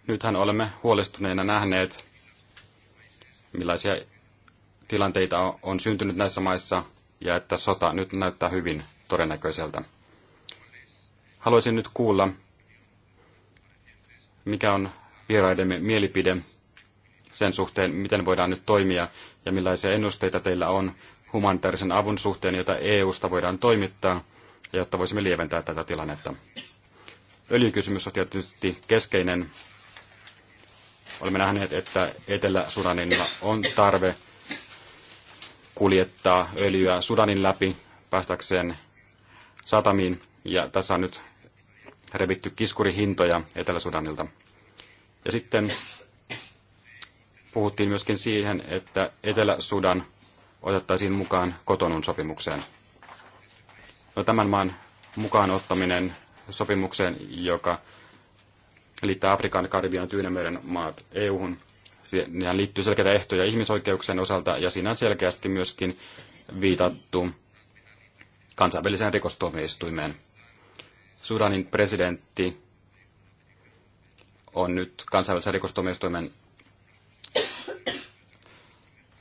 Nythän olemme huolestuneena nähneet, millaisia tilanteita on syntynyt näissä maissa ja että sota nyt näyttää hyvin todennäköiseltä. Haluaisin nyt kuulla, mikä on vieraidemme mielipide sen suhteen, miten voidaan nyt toimia ja millaisia ennusteita teillä on humanitaarisen avun suhteen, jota EUsta voidaan toimittaa, jotta voisimme lieventää tätä tilannetta. Öljykysymys on tietysti keskeinen. Olemme nähneet, että Etelä-Sudanilla on tarve kuljettaa öljyä Sudanin läpi päästäkseen satamiin, ja tässä on nyt revitty kiskurihintoja Etelä-Sudanilta. Ja sitten puhuttiin myöskin siihen, että Etelä-Sudan otettaisiin mukaan kotonun sopimukseen. No, tämän maan mukaan ottaminen sopimukseen, joka liittää Afrikan, Karibian ja Tyynemeren maat EU-hun, Siihen liittyy selkeitä ehtoja ihmisoikeuksien osalta ja siinä on selkeästi myöskin viitattu kansainväliseen rikostuomioistuimeen. Sudanin presidentti on nyt kansainvälisen rikostuomioistuimen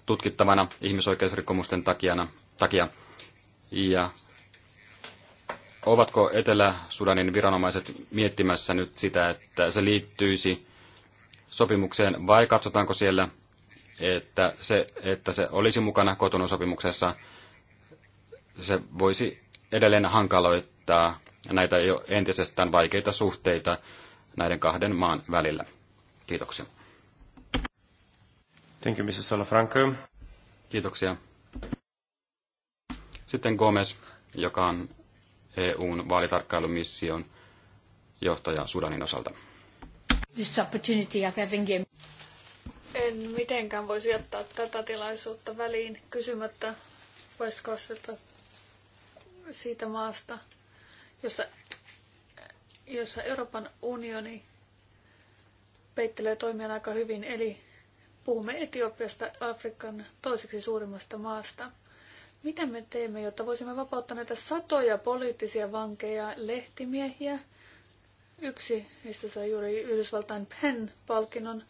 tutkittavana ihmisoikeusrikkomusten takia. Ja ovatko Etelä-Sudanin viranomaiset miettimässä nyt sitä, että se liittyisi sopimukseen vai katsotaanko siellä, että se, että se olisi mukana kotonun sopimuksessa, se voisi edelleen hankaloittaa näitä jo entisestään vaikeita suhteita näiden kahden maan välillä. Kiitoksia. Thank you, Mrs. Salafranco. Kiitoksia. Sitten Gomez, joka on EUn vaalitarkkailumission johtaja Sudanin osalta this opportunity of having him. En mitenkään voisi jättää tätä tilaisuutta väliin kysymättä West siitä maasta, jossa, jossa Euroopan unioni peittelee toimijan aika hyvin, eli puhumme Etiopiasta, Afrikan toiseksi suurimmasta maasta. Miten me teemme, jotta voisimme vapauttaa näitä satoja poliittisia vankeja, lehtimiehiä, Yksi niistä sai juuri Yhdysvaltain Penn-palkinnon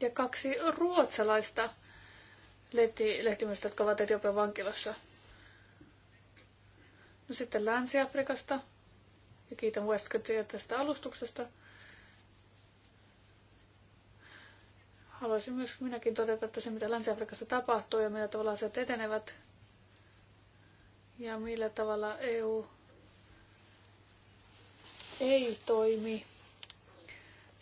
ja kaksi ruotsalaista lehti, lehtimistä, jotka ovat Etiopian vankilassa. No sitten Länsi-Afrikasta. Ja kiitän Westcottia tästä alustuksesta. Haluaisin myös minäkin todeta, että se mitä Länsi-Afrikassa tapahtuu ja millä tavalla asiat etenevät ja millä tavalla EU ei toimi,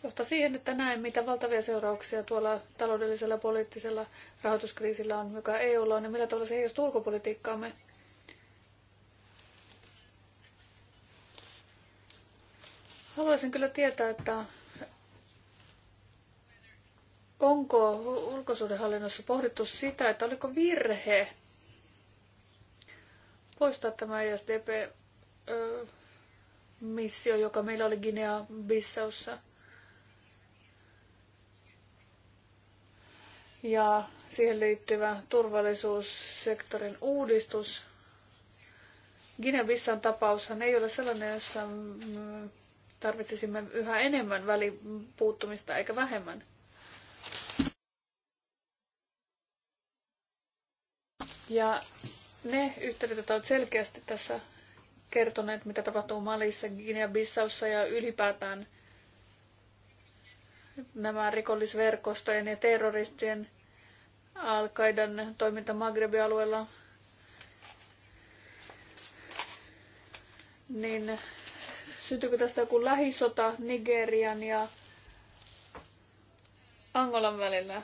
johtaa siihen, että näen, mitä valtavia seurauksia tuolla taloudellisella ja poliittisella rahoituskriisillä on, joka ei on, ja millä tavalla se heijastuu ulkopolitiikkaamme. Haluaisin kyllä tietää, että onko ulkosuhdehallinnossa pohdittu sitä, että oliko virhe poistaa tämä ISDP missio, joka meillä oli Guinea-Bissaussa. Ja siihen liittyvä turvallisuussektorin uudistus. Guinea-Bissan tapaushan ei ole sellainen, jossa tarvitsisimme yhä enemmän välipuuttumista eikä vähemmän. Ja ne yhteydet, joita on selkeästi tässä kertoneet, mitä tapahtuu Malissa, Guinea-Bissaussa ja ylipäätään nämä rikollisverkostojen ja terroristien al toiminta Maghrebin alueella, niin syntyykö tästä joku lähisota Nigerian ja Angolan välillä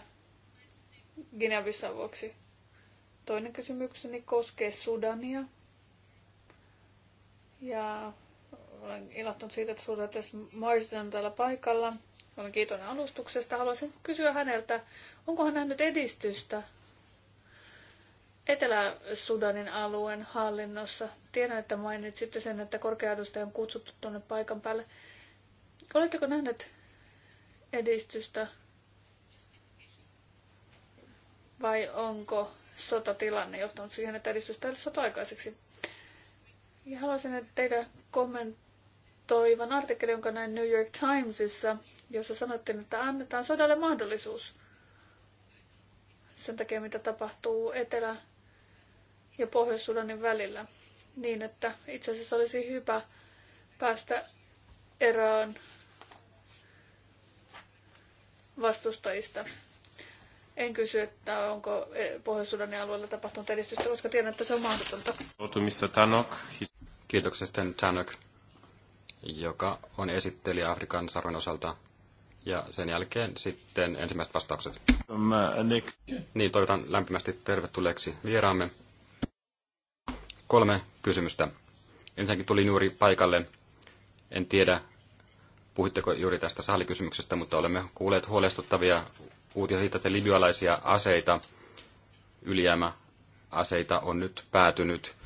Guinea-Bissan vuoksi? Toinen kysymykseni koskee Sudania. Ja olen ilahtunut siitä, että tässä Marsden on täällä paikalla. Olen kiitollinen alustuksesta. Haluaisin kysyä häneltä, onko hän nähnyt edistystä Etelä-Sudanin alueen hallinnossa. Tiedän, että mainitsitte sen, että korkeadustaja on kutsuttu tuonne paikan päälle. Oletteko nähneet edistystä vai onko sotatilanne johtanut siihen, että edistystä ei ole saatu aikaiseksi? Ja haluaisin nyt teidän kommentoivan artikkelin, jonka näin New York Timesissa, jossa sanottiin, että annetaan sodalle mahdollisuus sen takia, mitä tapahtuu Etelä- ja Pohjois-Sudanin välillä. Niin, että itse asiassa olisi hyvä päästä eroon vastustajista. En kysy, että onko eh, Pohjois-Sudanin alueella tapahtunut edistystä, koska tiedän, että se on mahdotonta. Tanok. Kiitoksia sitten Tanok, joka on esittelijä Afrikan sarven osalta. Ja sen jälkeen sitten ensimmäiset vastaukset. Um, uh, Nick. Niin, toivotan lämpimästi tervetulleeksi vieraamme. Kolme kysymystä. Ensinnäkin tuli juuri paikalle. En tiedä, puhitteko juuri tästä saalikysymyksestä, mutta olemme kuulleet huolestuttavia uutisia siitä, että libyalaisia aseita, ylijäämäaseita on nyt päätynyt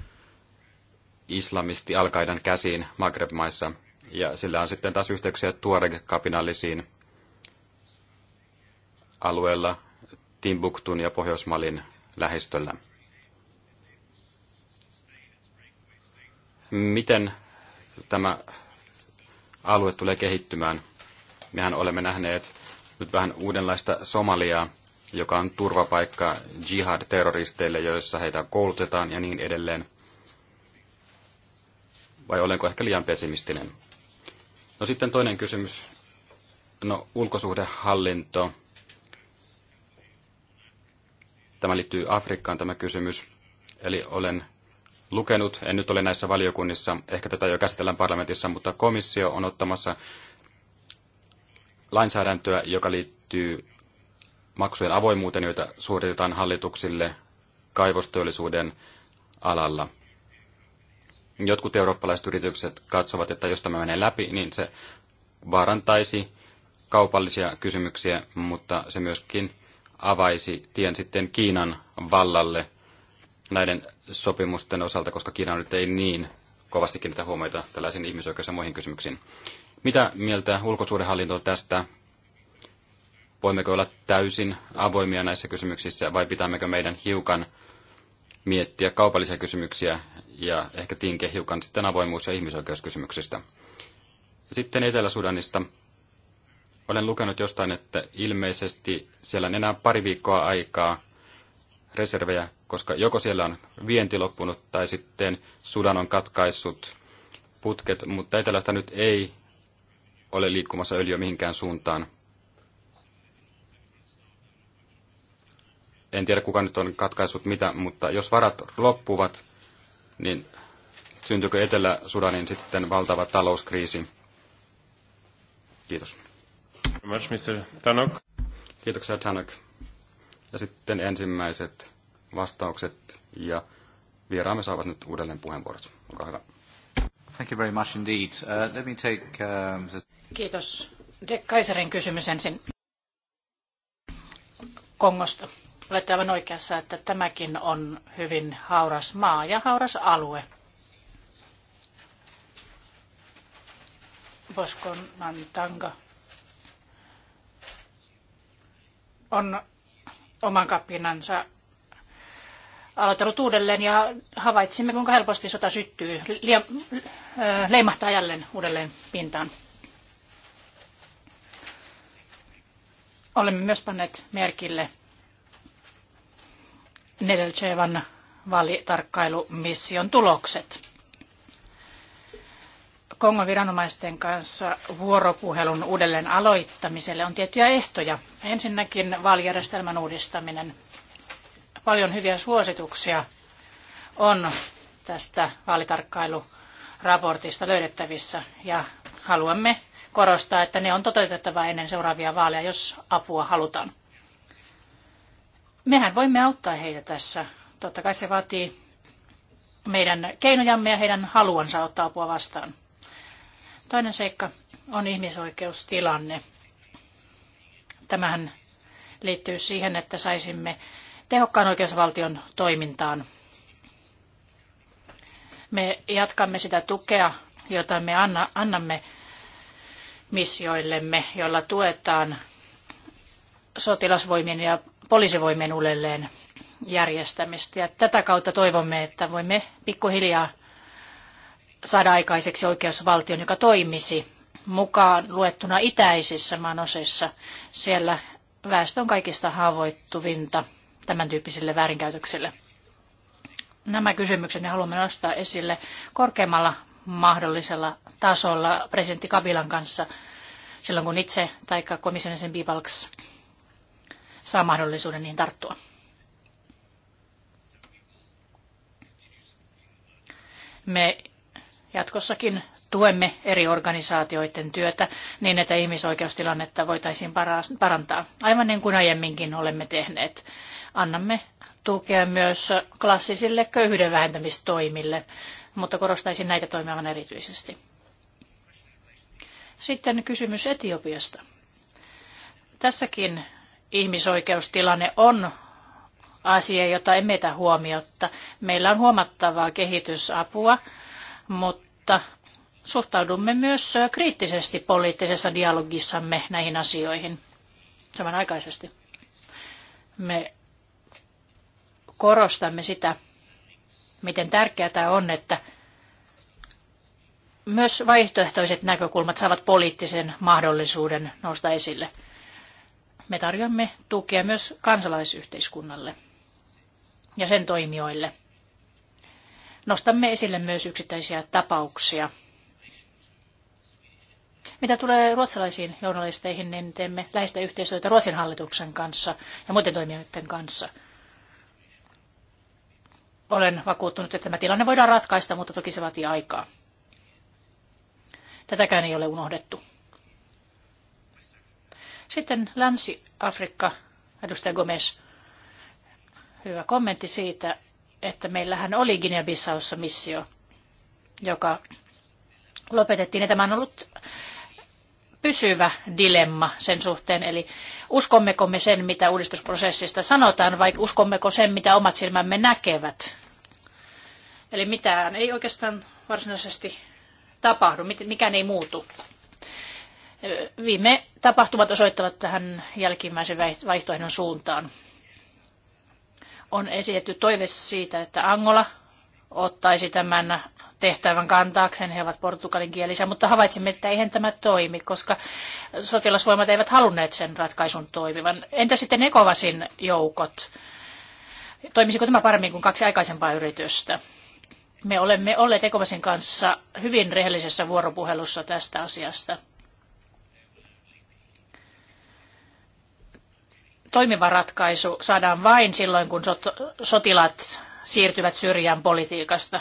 islamisti al käsiin Maghreb-maissa. Ja sillä on sitten taas yhteyksiä Tuareg-kapinallisiin alueella Timbuktun ja Pohjoismalin lähistöllä. Miten tämä alue tulee kehittymään? Mehän olemme nähneet nyt vähän uudenlaista Somaliaa, joka on turvapaikka jihad-terroristeille, joissa heitä koulutetaan ja niin edelleen – vai olenko ehkä liian pessimistinen? No sitten toinen kysymys. No ulkosuhdehallinto. Tämä liittyy Afrikkaan tämä kysymys. Eli olen lukenut, en nyt ole näissä valiokunnissa, ehkä tätä jo käsitellään parlamentissa, mutta komissio on ottamassa lainsäädäntöä, joka liittyy maksujen avoimuuteen, joita suoritetaan hallituksille kaivosteollisuuden alalla. Jotkut eurooppalaiset yritykset katsovat, että jos tämä menee läpi, niin se vaarantaisi kaupallisia kysymyksiä, mutta se myöskin avaisi tien sitten Kiinan vallalle näiden sopimusten osalta, koska Kiina nyt ei niin kovasti kiinnitä huomioita tällaisiin ihmisoikeus- ja muihin kysymyksiin. Mitä mieltä ulkosuudenhallinto tästä? Voimmeko olla täysin avoimia näissä kysymyksissä vai pitämmekö meidän hiukan miettiä kaupallisia kysymyksiä ja ehkä tinke hiukan sitten avoimuus- ja ihmisoikeuskysymyksistä. Sitten Etelä-Sudanista. Olen lukenut jostain, että ilmeisesti siellä on enää pari viikkoa aikaa reservejä, koska joko siellä on vienti loppunut tai sitten Sudan on katkaissut putket, mutta etelästä nyt ei ole liikkumassa öljyä mihinkään suuntaan. En tiedä kuka nyt on katkaissut mitä, mutta jos varat loppuvat, niin syntyykö Etelä-Sudanin sitten valtava talouskriisi? Kiitos. Kiitoksia, Tanok. Ja sitten ensimmäiset vastaukset ja vieraamme saavat nyt uudelleen puheenvuorot. Olkaa hyvä. Thank you very much indeed. Uh, let me take, um, the... Kiitos. De Kaiserin kysymys ensin Kongosta. Olette aivan oikeassa, että tämäkin on hyvin hauras maa ja hauras alue. Boskon Mantanga on oman kapinansa aloitellut uudelleen ja havaitsimme, kuinka helposti sota syttyy, lia, äh, leimahtaa jälleen uudelleen pintaan. Olemme myös panneet merkille Nedelcevan vaalitarkkailumission tulokset. Kongon viranomaisten kanssa vuoropuhelun uudelleen aloittamiselle on tiettyjä ehtoja. Ensinnäkin vaalijärjestelmän uudistaminen. Paljon hyviä suosituksia on tästä vaalitarkkailuraportista löydettävissä ja haluamme korostaa, että ne on toteutettava ennen seuraavia vaaleja, jos apua halutaan mehän voimme auttaa heitä tässä. Totta kai se vaatii meidän keinojamme ja heidän haluansa ottaa apua vastaan. Toinen seikka on ihmisoikeustilanne. Tämähän liittyy siihen, että saisimme tehokkaan oikeusvaltion toimintaan. Me jatkamme sitä tukea, jota me anna, annamme missioillemme, jolla tuetaan sotilasvoimien ja poliisivoimien uudelleen järjestämistä. Ja tätä kautta toivomme, että voimme pikkuhiljaa saada aikaiseksi oikeusvaltion, joka toimisi mukaan luettuna itäisissä maanosissa. Siellä väestö on kaikista haavoittuvinta tämän tyyppisille väärinkäytöksille. Nämä kysymykset haluamme nostaa esille korkeammalla mahdollisella tasolla presidentti Kabilan kanssa silloin, kun itse tai komission sen saa mahdollisuuden niin tarttua. Me jatkossakin tuemme eri organisaatioiden työtä niin, että ihmisoikeustilannetta voitaisiin parantaa, aivan niin kuin aiemminkin olemme tehneet. Annamme tukea myös klassisille köyhyyden vähentämistoimille, mutta korostaisin näitä toimivan erityisesti. Sitten kysymys Etiopiasta. Tässäkin ihmisoikeustilanne on asia, jota emme etä huomiota. Meillä on huomattavaa kehitysapua, mutta suhtaudumme myös kriittisesti poliittisessa dialogissamme näihin asioihin samanaikaisesti. Me korostamme sitä, miten tärkeää on, että myös vaihtoehtoiset näkökulmat saavat poliittisen mahdollisuuden nousta esille me tarjoamme tukea myös kansalaisyhteiskunnalle ja sen toimijoille. Nostamme esille myös yksittäisiä tapauksia. Mitä tulee ruotsalaisiin journalisteihin, niin teemme läheistä yhteistyötä Ruotsin hallituksen kanssa ja muiden toimijoiden kanssa. Olen vakuuttunut, että tämä tilanne voidaan ratkaista, mutta toki se vaatii aikaa. Tätäkään ei ole unohdettu. Sitten Länsi-Afrikka, edustaja Gomes. Hyvä kommentti siitä, että meillähän oli Guinea-Bissaussa missio, joka lopetettiin. Ja tämä on ollut pysyvä dilemma sen suhteen, eli uskommeko me sen, mitä uudistusprosessista sanotaan, vai uskommeko sen, mitä omat silmämme näkevät. Eli mitään ei oikeastaan varsinaisesti tapahdu, mikään ei muutu. Viime tapahtumat osoittavat tähän jälkimmäisen vaihtoehdon suuntaan. On esitetty toive siitä, että Angola ottaisi tämän tehtävän kantaakseen, he ovat portugalinkielisiä, mutta havaitsimme, että eihän tämä toimi, koska sotilasvoimat eivät halunneet sen ratkaisun toimivan. Entä sitten Ekovasin joukot? Toimisiko tämä paremmin kuin kaksi aikaisempaa yritystä? Me olemme olleet Ekovasin kanssa hyvin rehellisessä vuoropuhelussa tästä asiasta. toimiva ratkaisu saadaan vain silloin, kun sotilaat siirtyvät syrjään politiikasta.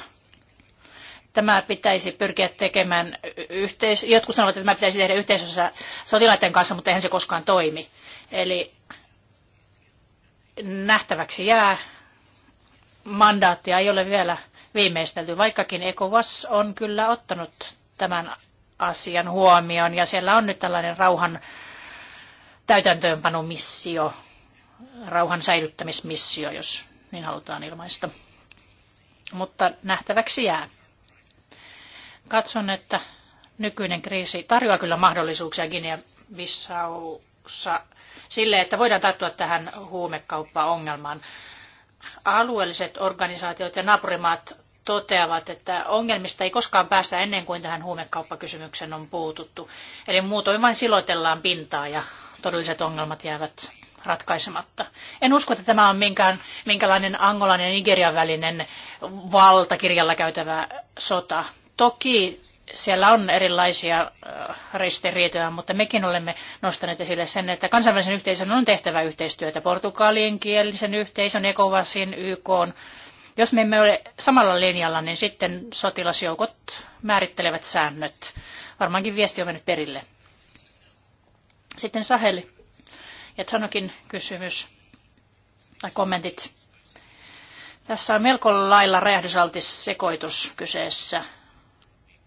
Tämä pitäisi pyrkiä tekemään yhteis... Jotkut sanovat, että tämä pitäisi tehdä yhteisössä sotilaiden kanssa, mutta eihän se koskaan toimi. Eli nähtäväksi jää. Mandaattia ei ole vielä viimeistelty, vaikkakin ECOWAS on kyllä ottanut tämän asian huomioon ja siellä on nyt tällainen rauhan täytäntöönpanomissio, rauhan säilyttämismissio, jos niin halutaan ilmaista. Mutta nähtäväksi jää. Katson, että nykyinen kriisi tarjoaa kyllä mahdollisuuksia Guinea-Bissaussa sille, että voidaan tarttua tähän huumekauppaongelmaan. Alueelliset organisaatiot ja naapurimaat toteavat, että ongelmista ei koskaan päästä ennen kuin tähän huumekauppakysymykseen on puututtu. Eli muutoin vain silotellaan pintaa ja todelliset ongelmat jäävät ratkaisematta. En usko, että tämä on minkään, minkälainen Angolan ja Nigerian välinen valtakirjalla käytävä sota. Toki siellä on erilaisia ristiriitoja, mutta mekin olemme nostaneet esille sen, että kansainvälisen yhteisön on tehtävä yhteistyötä portugalien kielisen yhteisön, ECOWASin, YK. On. Jos me emme ole samalla linjalla, niin sitten sotilasjoukot määrittelevät säännöt. Varmaankin viesti on mennyt perille. Sitten Saheli ja Tanokin kysymys tai kommentit. Tässä on melko lailla räjähdysaltis sekoitus kyseessä.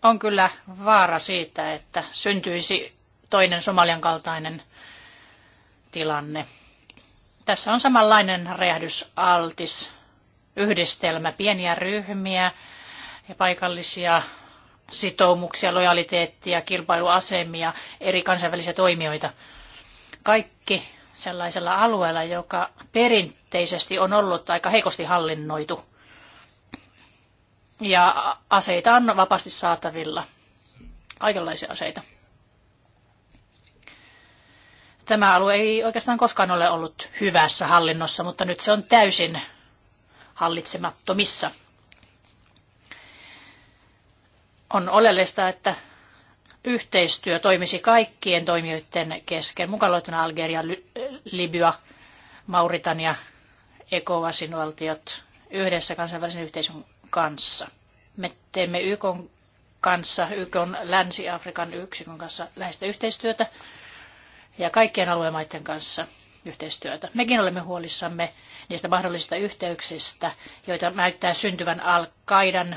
On kyllä vaara siitä, että syntyisi toinen Somalian kaltainen tilanne. Tässä on samanlainen räjähdysaltis yhdistelmä pieniä ryhmiä ja paikallisia sitoumuksia, lojaliteettia, kilpailuasemia, eri kansainvälisiä toimijoita. Kaikki sellaisella alueella, joka perinteisesti on ollut aika heikosti hallinnoitu. Ja aseita on vapaasti saatavilla, kaikenlaisia aseita. Tämä alue ei oikeastaan koskaan ole ollut hyvässä hallinnossa, mutta nyt se on täysin hallitsemattomissa. On oleellista, että yhteistyö toimisi kaikkien toimijoiden kesken, mukaan Algeria, Libya, Mauritania, ekovasin valtiot yhdessä kansainvälisen yhteisön kanssa. Me teemme YK kanssa, YK Länsi-Afrikan yksikön kanssa läheistä yhteistyötä ja kaikkien aluemaiden kanssa yhteistyötä. Mekin olemme huolissamme niistä mahdollisista yhteyksistä, joita näyttää syntyvän Al-Qaidan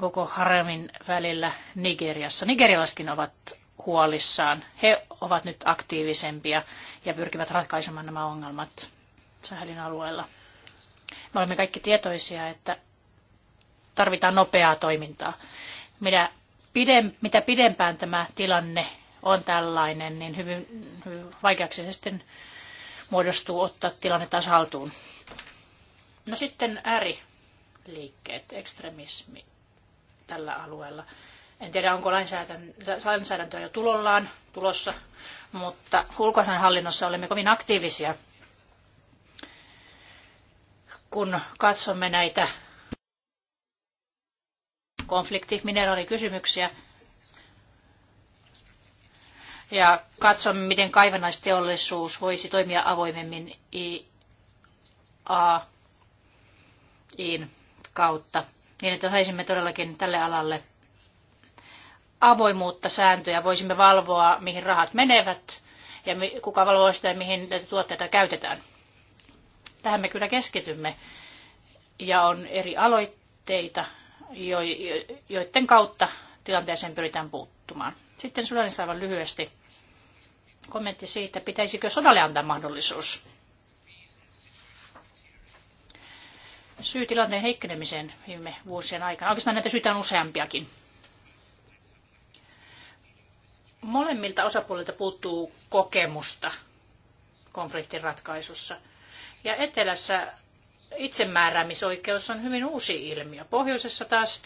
koko haremin välillä Nigeriassa. Nigerialaiskin ovat huolissaan. He ovat nyt aktiivisempia ja pyrkivät ratkaisemaan nämä ongelmat Sahelin alueella. Me olemme kaikki tietoisia, että tarvitaan nopeaa toimintaa. Mitä, pidem, mitä pidempään tämä tilanne on tällainen, niin hyvin, hyvin vaikeaksi se sitten muodostuu ottaa tilanne taas haltuun. No sitten ääriliikkeet, ekstremismi tällä alueella. En tiedä, onko lainsäädäntöä jo tulollaan tulossa, mutta ulkoasianhallinnossa olemme kovin aktiivisia, kun katsomme näitä konfliktimineraalikysymyksiä ja katsomme, miten kaivannaisteollisuus voisi toimia avoimemmin IAIin kautta niin että saisimme todellakin tälle alalle avoimuutta sääntöjä, voisimme valvoa, mihin rahat menevät ja kuka valvoo sitä ja mihin näitä tuotteita käytetään. Tähän me kyllä keskitymme ja on eri aloitteita, jo, joiden kautta tilanteeseen pyritään puuttumaan. Sitten Sudanissa aivan lyhyesti kommentti siitä, pitäisikö sodalle antaa mahdollisuus. syy tilanteen heikkenemiseen viime vuosien aikana. Oikeastaan näitä syitä on useampiakin. Molemmilta osapuolilta puuttuu kokemusta konfliktin ratkaisussa. Ja etelässä itsemääräämisoikeus on hyvin uusi ilmiö. Pohjoisessa taas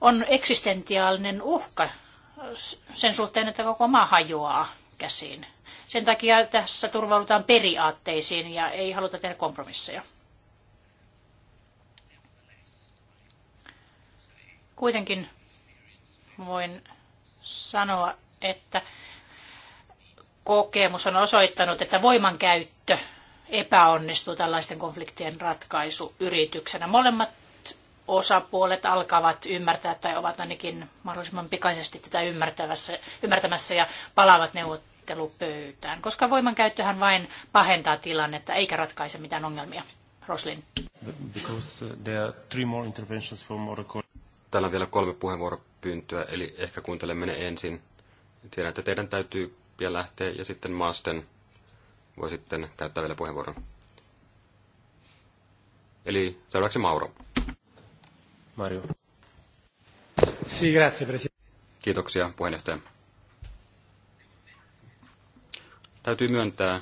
on eksistentiaalinen uhka sen suhteen, että koko maa hajoaa käsiin. Sen takia tässä turvaudutaan periaatteisiin ja ei haluta tehdä kompromisseja. Kuitenkin voin sanoa, että kokemus on osoittanut, että voimankäyttö epäonnistuu tällaisten konfliktien ratkaisuyrityksenä. Molemmat osapuolet alkavat ymmärtää tai ovat ainakin mahdollisimman pikaisesti tätä ymmärtävässä, ymmärtämässä ja palaavat neuvottelupöytään, koska voimankäyttöhän vain pahentaa tilannetta eikä ratkaise mitään ongelmia. Roslin. Because uh, there are three more interventions from Täällä on vielä kolme puheenvuoropyyntöä, eli ehkä kuuntelemme ne ensin. Tiedän, että teidän täytyy vielä lähteä, ja sitten Maasten voi sitten käyttää vielä puheenvuoron. Eli seuraavaksi Mauro. Mario. Sì, grazie, Kiitoksia, puheenjohtaja. Täytyy myöntää,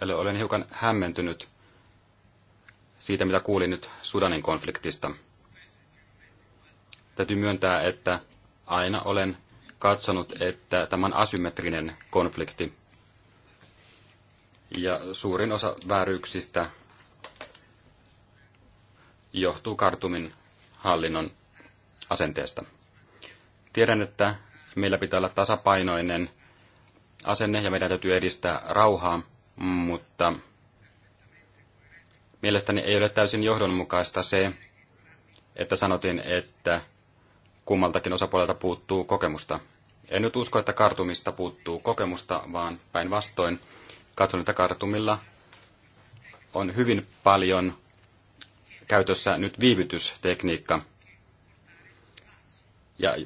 eli olen hiukan hämmentynyt siitä, mitä kuulin nyt Sudanin konfliktista – Täytyy myöntää, että aina olen katsonut, että tämä on asymmetrinen konflikti. Ja suurin osa vääryyksistä johtuu kartumin hallinnon asenteesta. Tiedän, että meillä pitää olla tasapainoinen asenne ja meidän täytyy edistää rauhaa, mutta mielestäni ei ole täysin johdonmukaista se, että sanotin, että kummaltakin osapuolelta puuttuu kokemusta. En nyt usko, että kartumista puuttuu kokemusta, vaan päinvastoin katson, että kartumilla on hyvin paljon käytössä nyt viivytystekniikka. Ja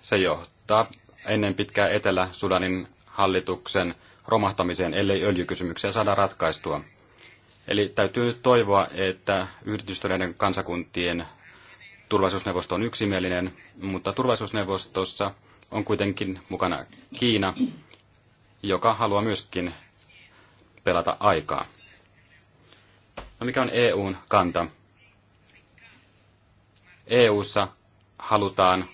se johtaa ennen pitkää Etelä-Sudanin hallituksen romahtamiseen, ellei öljykysymyksiä saada ratkaistua. Eli täytyy toivoa, että yhdistyneiden kansakuntien turvallisuusneuvosto on yksimielinen, mutta turvallisuusneuvostossa on kuitenkin mukana Kiina, joka haluaa myöskin pelata aikaa. No mikä on EUn kanta? EUssa halutaan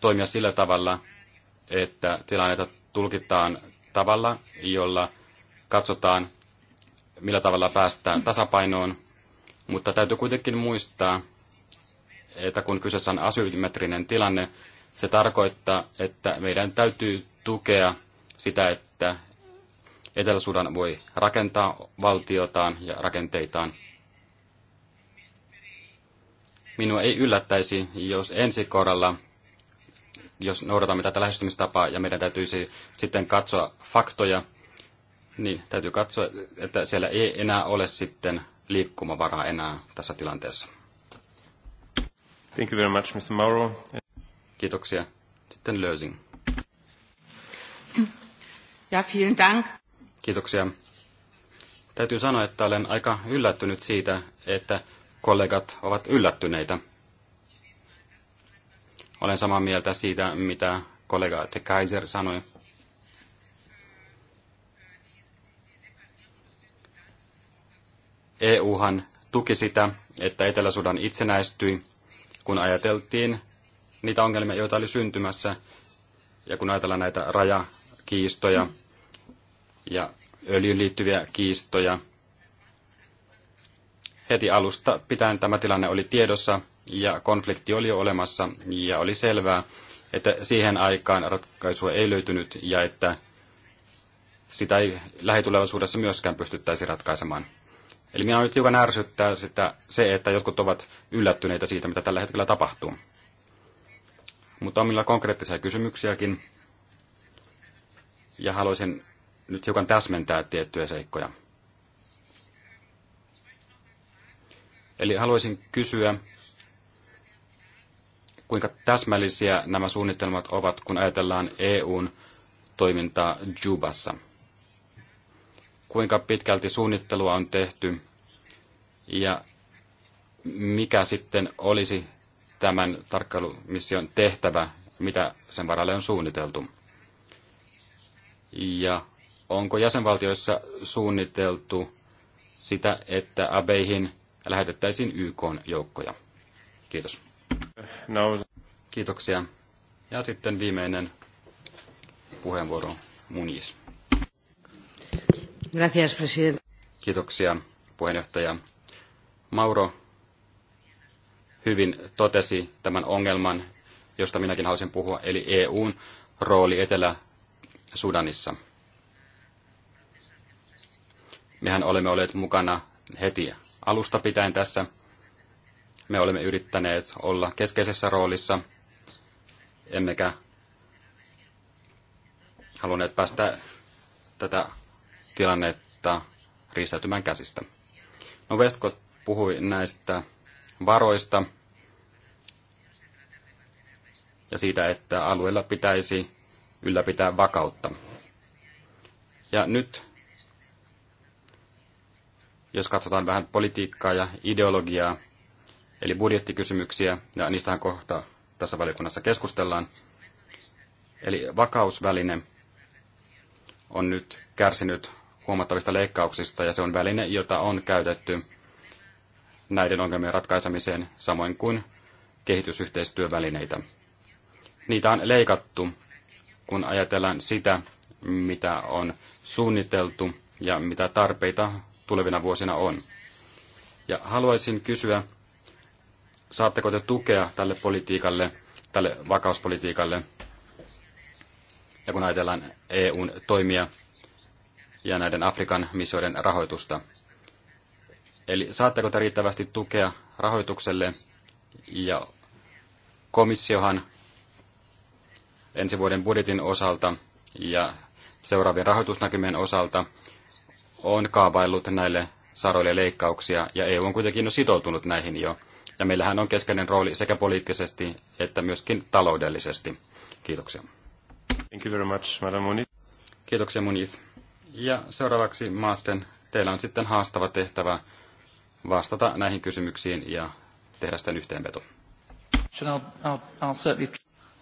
toimia sillä tavalla, että tilannetta tulkitaan tavalla, jolla katsotaan, millä tavalla päästään tasapainoon, mutta täytyy kuitenkin muistaa, että kun kyseessä on asymmetrinen tilanne, se tarkoittaa, että meidän täytyy tukea sitä, että Etelä-Sudan voi rakentaa valtiotaan ja rakenteitaan. Minua ei yllättäisi, jos ensi kohdalla, jos noudatamme tätä lähestymistapaa ja meidän täytyisi sitten katsoa faktoja, niin täytyy katsoa, että siellä ei enää ole sitten liikkumavaraa enää tässä tilanteessa. Thank you very much, Mr. Mauro. Kiitoksia. Sitten Lösing. Ja vielen dank. Kiitoksia. Täytyy sanoa, että olen aika yllättynyt siitä, että kollegat ovat yllättyneitä. Olen samaa mieltä siitä, mitä kollega De Kaiser sanoi. EUhan tuki sitä, että Etelä-Sudan itsenäistyi kun ajateltiin niitä ongelmia, joita oli syntymässä, ja kun ajatellaan näitä rajakiistoja ja öljyyn liittyviä kiistoja, heti alusta pitäen tämä tilanne oli tiedossa ja konflikti oli jo olemassa ja oli selvää, että siihen aikaan ratkaisua ei löytynyt ja että sitä ei lähitulevaisuudessa myöskään pystyttäisi ratkaisemaan. Eli minä nyt hiukan ärsyttää sitä, se, että jotkut ovat yllättyneitä siitä, mitä tällä hetkellä tapahtuu. Mutta on minulla konkreettisia kysymyksiäkin, ja haluaisin nyt hiukan täsmentää tiettyjä seikkoja. Eli haluaisin kysyä, kuinka täsmällisiä nämä suunnitelmat ovat, kun ajatellaan EUn toimintaa Jubassa – kuinka pitkälti suunnittelua on tehty ja mikä sitten olisi tämän tarkkailumission tehtävä, mitä sen varalle on suunniteltu. Ja onko jäsenvaltioissa suunniteltu sitä, että abeihin lähetettäisiin YK joukkoja? Kiitos. No. Kiitoksia. Ja sitten viimeinen puheenvuoro Munis. Gracias, president. Kiitoksia, puheenjohtaja. Mauro hyvin totesi tämän ongelman, josta minäkin haluaisin puhua, eli EUn rooli Etelä-Sudanissa. Mehän olemme olleet mukana heti alusta pitäen tässä. Me olemme yrittäneet olla keskeisessä roolissa, emmekä halunneet päästä tätä tilannetta riistäytymään käsistä. No Westcott puhui näistä varoista ja siitä, että alueella pitäisi ylläpitää vakautta. Ja nyt, jos katsotaan vähän politiikkaa ja ideologiaa, eli budjettikysymyksiä, ja niistähän kohta tässä valiokunnassa keskustellaan, eli vakausväline on nyt kärsinyt huomattavista leikkauksista ja se on väline, jota on käytetty näiden ongelmien ratkaisemiseen samoin kuin kehitysyhteistyövälineitä. Niitä on leikattu, kun ajatellaan sitä, mitä on suunniteltu ja mitä tarpeita tulevina vuosina on. Ja haluaisin kysyä, saatteko te tukea tälle politiikalle, tälle vakauspolitiikalle, ja kun ajatellaan EUn toimia ja näiden Afrikan missioiden rahoitusta. Eli saatteko te riittävästi tukea rahoitukselle ja komissiohan ensi vuoden budjetin osalta ja seuraavien rahoitusnäkymien osalta on kaavaillut näille saroille leikkauksia, ja EU on kuitenkin jo sitoutunut näihin jo. Ja meillähän on keskeinen rooli sekä poliittisesti että myöskin taloudellisesti. Kiitoksia. Thank you very much, Madam Muniz. Kiitoksia, Muniz. Ja seuraavaksi Maasten, teillä on sitten haastava tehtävä vastata näihin kysymyksiin ja tehdä sitten yhteenveto.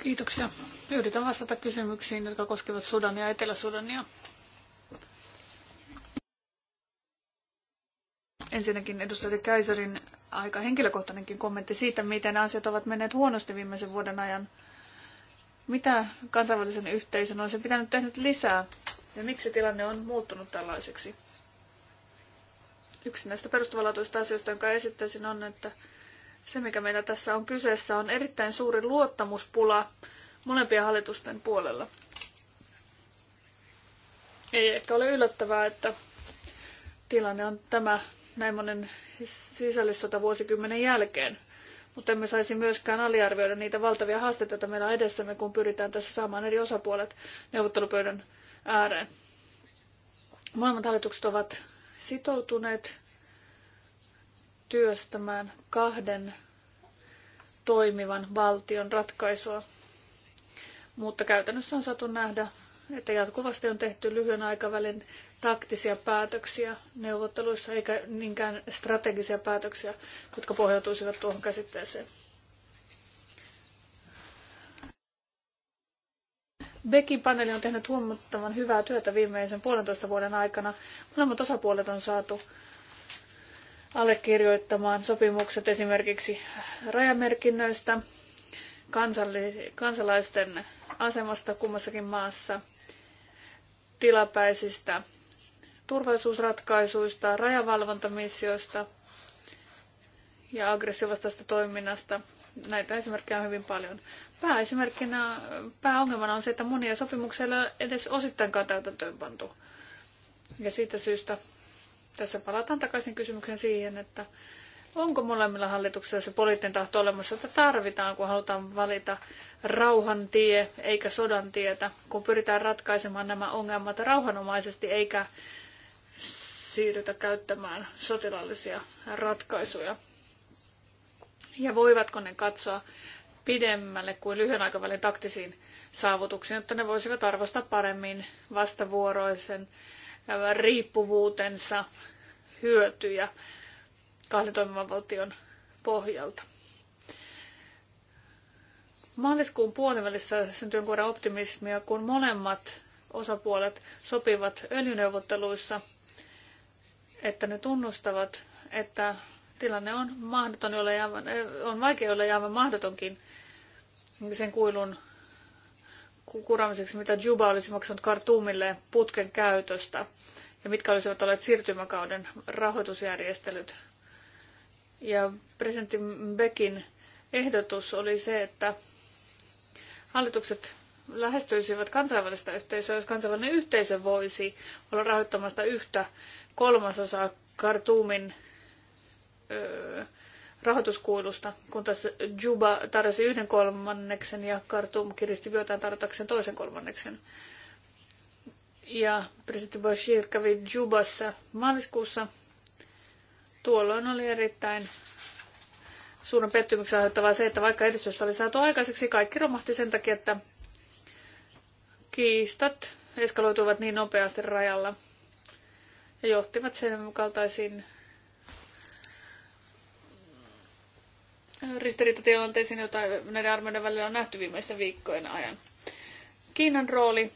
Kiitoksia. Yritän vastata kysymyksiin, jotka koskevat Sudania ja Etelä-Sudania. Ensinnäkin edustaja Käiserin aika henkilökohtainenkin kommentti siitä, miten asiat ovat menneet huonosti viimeisen vuoden ajan. Mitä kansainvälisen yhteisön on se pitänyt tehdä lisää ja miksi tilanne on muuttunut tällaiseksi. Yksi näistä perustavanlaatuista asioista, jonka esittäisin, on, että se, mikä meillä tässä on kyseessä, on erittäin suuri luottamuspula molempien hallitusten puolella. Ei ehkä ole yllättävää, että tilanne on tämä näin monen sisällissota vuosikymmenen jälkeen. Mutta emme saisi myöskään aliarvioida niitä valtavia haasteita, joita meillä on edessämme, kun pyritään tässä saamaan eri osapuolet neuvottelupöydän ääreen. Maailman hallitukset ovat sitoutuneet työstämään kahden toimivan valtion ratkaisua. Mutta käytännössä on saatu nähdä, että jatkuvasti on tehty lyhyen aikavälin taktisia päätöksiä neuvotteluissa, eikä niinkään strategisia päätöksiä, jotka pohjautuisivat tuohon käsitteeseen. Bekin paneeli on tehnyt huomattavan hyvää työtä viimeisen puolentoista vuoden aikana. Molemmat osapuolet on saatu allekirjoittamaan sopimukset esimerkiksi rajamerkinnöistä, kansalaisten asemasta kummassakin maassa, tilapäisistä turvallisuusratkaisuista, rajavalvontamissioista ja aggressiivisesta toiminnasta – Näitä esimerkkejä on hyvin paljon. Pääesimerkkinä, pääongelmana on se, että monia sopimuksia ei ole edes osittain täytäntöönpantu. Ja siitä syystä tässä palataan takaisin kysymykseen siihen, että onko molemmilla hallituksilla se poliittinen tahto olemassa, että tarvitaan, kun halutaan valita rauhan tie eikä sodan tietä, kun pyritään ratkaisemaan nämä ongelmat rauhanomaisesti eikä siirrytä käyttämään sotilaallisia ratkaisuja ja voivatko ne katsoa pidemmälle kuin lyhyen aikavälin taktisiin saavutuksiin, jotta ne voisivat arvostaa paremmin vastavuoroisen äh, riippuvuutensa hyötyjä kahden toimivan valtion pohjalta. Maaliskuun puolivälissä syntyy kuoren optimismia, kun molemmat osapuolet sopivat öljyneuvotteluissa, että ne tunnustavat, että tilanne on mahdoton, jolle aivan, eh, on vaikea, olla aivan mahdotonkin sen kuilun kuramiseksi, mitä Juba olisi maksanut Kartumille putken käytöstä ja mitkä olisivat olleet siirtymäkauden rahoitusjärjestelyt. Ja presidentti Beckin ehdotus oli se, että hallitukset lähestyisivät kansainvälistä yhteisöä, jos kansainvälinen yhteisö voisi olla rahoittamasta yhtä kolmasosaa Kartumin rahoituskuilusta, kun tässä Juba tarjosi yhden kolmanneksen ja Khartoum kiristi vyötään tarjotakseen toisen kolmanneksen. Ja presidentti Bashir kävi Jubassa maaliskuussa. Tuolloin oli erittäin suuren pettymyksen aiheuttavaa se, että vaikka edistystä oli saatu aikaiseksi, kaikki romahti sen takia, että kiistat eskaloituivat niin nopeasti rajalla ja johtivat sen kaltaisiin ristiriitatilanteisiin, joita näiden armeiden välillä on nähty viimeisen viikkojen ajan. Kiinan rooli.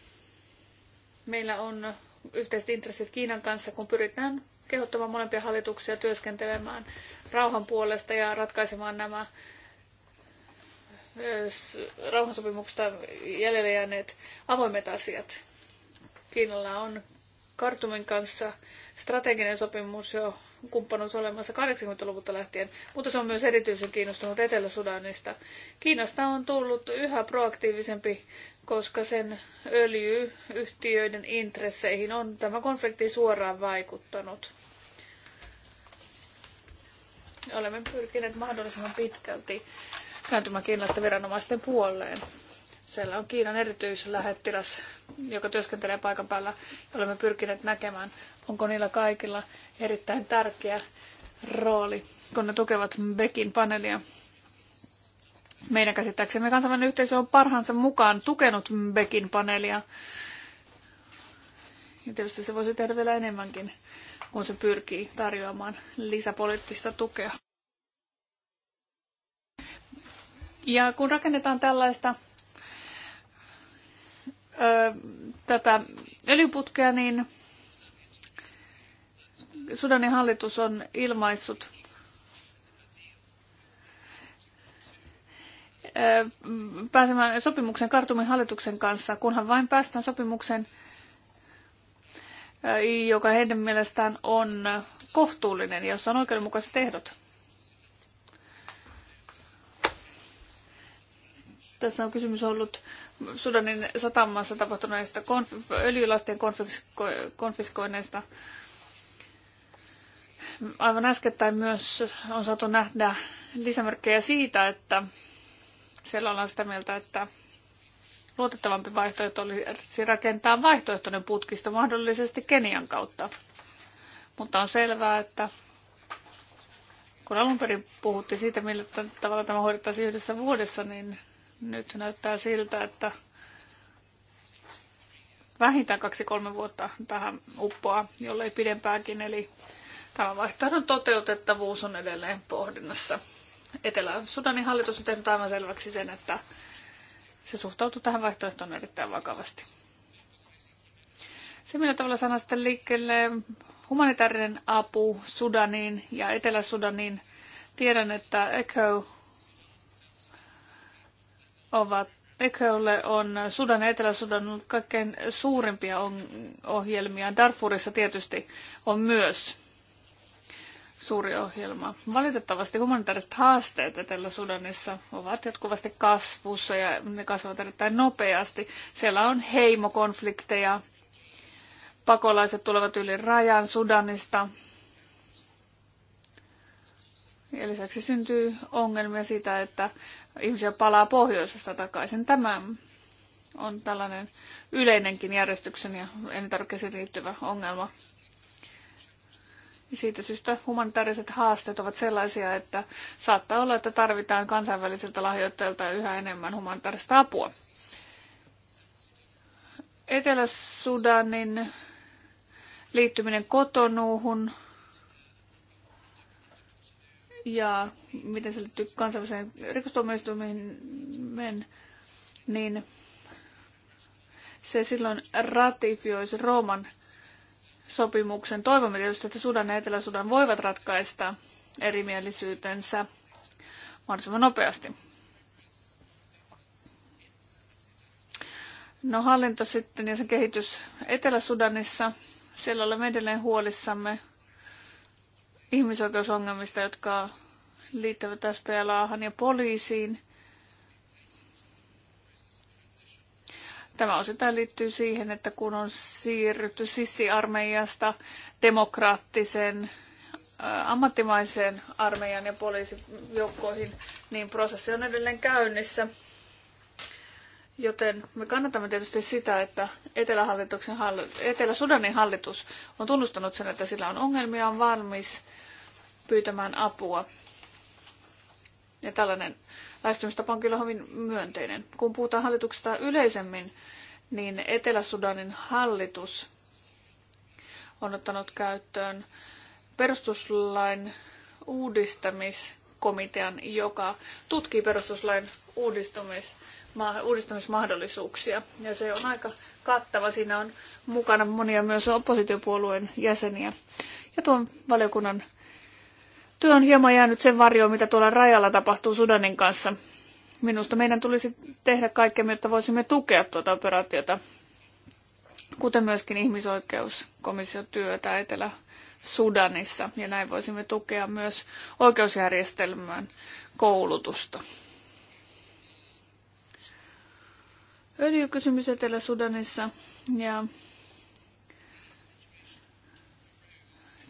Meillä on yhteiset intressit Kiinan kanssa, kun pyritään kehottamaan molempia hallituksia työskentelemään rauhan puolesta ja ratkaisemaan nämä rauhansopimuksesta jäljelle jääneet avoimet asiat. Kiinalla on Kartumin kanssa strateginen sopimus jo kumppanuus olemassa 80-luvulta lähtien, mutta se on myös erityisen kiinnostunut Etelä-Sudanista. Kiinasta on tullut yhä proaktiivisempi, koska sen öljyyhtiöiden intresseihin on tämä konflikti suoraan vaikuttanut. Olemme pyrkineet mahdollisimman pitkälti kääntymään kiinalaisten viranomaisten puoleen. Siellä on Kiinan erityislähettiläs, joka työskentelee paikan päällä. Olemme pyrkineet näkemään, onko niillä kaikilla erittäin tärkeä rooli, kun ne tukevat Beckin panelia. Meidän käsittääksemme kansainvälinen yhteisö on parhaansa mukaan tukenut Beckin panelia. Ja tietysti se voisi tehdä vielä enemmänkin, kun se pyrkii tarjoamaan lisäpoliittista tukea. Ja kun rakennetaan tällaista ö, tätä öljyputkea, niin Sudanin hallitus on ilmaissut pääsemään sopimuksen Kartumin hallituksen kanssa, kunhan vain päästään sopimuksen, joka heidän mielestään on kohtuullinen, jossa on oikeudenmukaiset ehdot. Tässä on kysymys ollut Sudanin satamassa tapahtuneista konf- öljylastien konfisko- konfiskoinneista. Aivan äskettäin myös on saatu nähdä lisämerkkejä siitä, että siellä ollaan sitä mieltä, että luotettavampi vaihtoehto olisi rakentaa vaihtoehtoinen putkisto mahdollisesti Kenian kautta. Mutta on selvää, että kun alun perin puhuttiin siitä, millä tavalla tämä hoidettaisiin yhdessä vuodessa, niin nyt näyttää siltä, että vähintään kaksi-kolme vuotta tähän uppoa, jollei pidempäänkin. Eli Tämä vaihtoehdon toteutettavuus on edelleen pohdinnassa. Etelä-Sudanin hallitus on tehnyt aivan selväksi sen, että se suhtautuu tähän vaihtoehtoon erittäin vakavasti. Se, millä tavalla sana sitten liikkeelle humanitaarinen apu Sudaniin ja Etelä-Sudaniin. Tiedän, että ECHO ovat ECHOlle on Sudan ja Etelä-Sudan kaikkein suurimpia ohjelmia. Darfurissa tietysti on myös suuri ohjelma. Valitettavasti humanitaariset haasteet Etelä-Sudanissa ovat jatkuvasti kasvussa ja ne kasvavat erittäin nopeasti. Siellä on heimokonflikteja, pakolaiset tulevat yli rajan Sudanista. Ja lisäksi syntyy ongelmia siitä, että ihmisiä palaa pohjoisesta takaisin. Tämä on tällainen yleinenkin järjestyksen ja elintarvikkeisiin liittyvä ongelma. Siitä syystä humanitaariset haasteet ovat sellaisia, että saattaa olla, että tarvitaan kansainvälisiltä lahjoittajilta yhä enemmän humanitaarista apua. Etelä-Sudanin liittyminen kotonuuhun ja miten se liittyy kansainväliseen rikostuomioistuimeen, niin se silloin ratifioisi Rooman sopimuksen. Toivomme tietysti, että Sudan ja Etelä-Sudan voivat ratkaista erimielisyytensä mahdollisimman nopeasti. No hallinto sitten ja sen kehitys Etelä-Sudanissa. Siellä olemme edelleen huolissamme ihmisoikeusongelmista, jotka liittyvät SPLAhan ja poliisiin. Tämä osittain liittyy siihen, että kun on siirrytty sissiarmeijasta demokraattisen äh, ammattimaiseen armeijan ja poliisijoukkoihin, niin prosessi on edelleen käynnissä. Joten me kannatamme tietysti sitä, että etelä sudanin hallitus, etelä hallitus on tunnustanut sen, että sillä on ongelmia, on valmis pyytämään apua. Ja tällainen lähestymistapa on kyllä hyvin myönteinen. Kun puhutaan hallituksesta yleisemmin, niin Etelä-Sudanin hallitus on ottanut käyttöön perustuslain uudistamiskomitean, joka tutkii perustuslain uudistumis, uudistamismahdollisuuksia. Ja se on aika kattava. Siinä on mukana monia myös oppositiopuolueen jäseniä. Ja tuon valiokunnan työ on hieman jäänyt sen varjoon, mitä tuolla rajalla tapahtuu Sudanin kanssa. Minusta meidän tulisi tehdä kaikkemme, jotta voisimme tukea tuota operaatiota, kuten myöskin ihmisoikeuskomission työtä Etelä-Sudanissa. Ja näin voisimme tukea myös oikeusjärjestelmään koulutusta. Öljykysymys Etelä-Sudanissa ja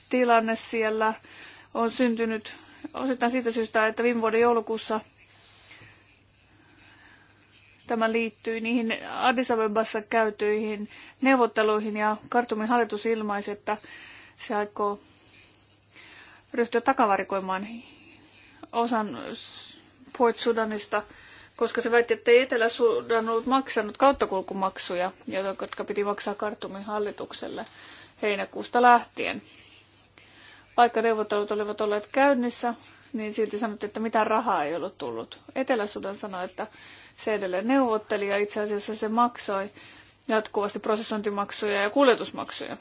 tilanne siellä on syntynyt osittain siitä syystä, että viime vuoden joulukuussa tämä liittyy niihin Addis Abebassa käytyihin neuvotteluihin ja Kartumin hallitus ilmaisi, että se aikoo ryhtyä takavarikoimaan osan Port Sudanista, koska se väitti, että ei Etelä-Sudan ollut maksanut kauttakulkumaksuja, jotka piti maksaa Kartumin hallitukselle heinäkuusta lähtien. Vaikka neuvottelut olivat olleet käynnissä, niin silti sanottiin, että mitään rahaa ei ollut tullut. Etelä-Sudan sanoi, että se edelleen neuvotteli ja itse asiassa se maksoi jatkuvasti prosessointimaksuja ja kuljetusmaksuja.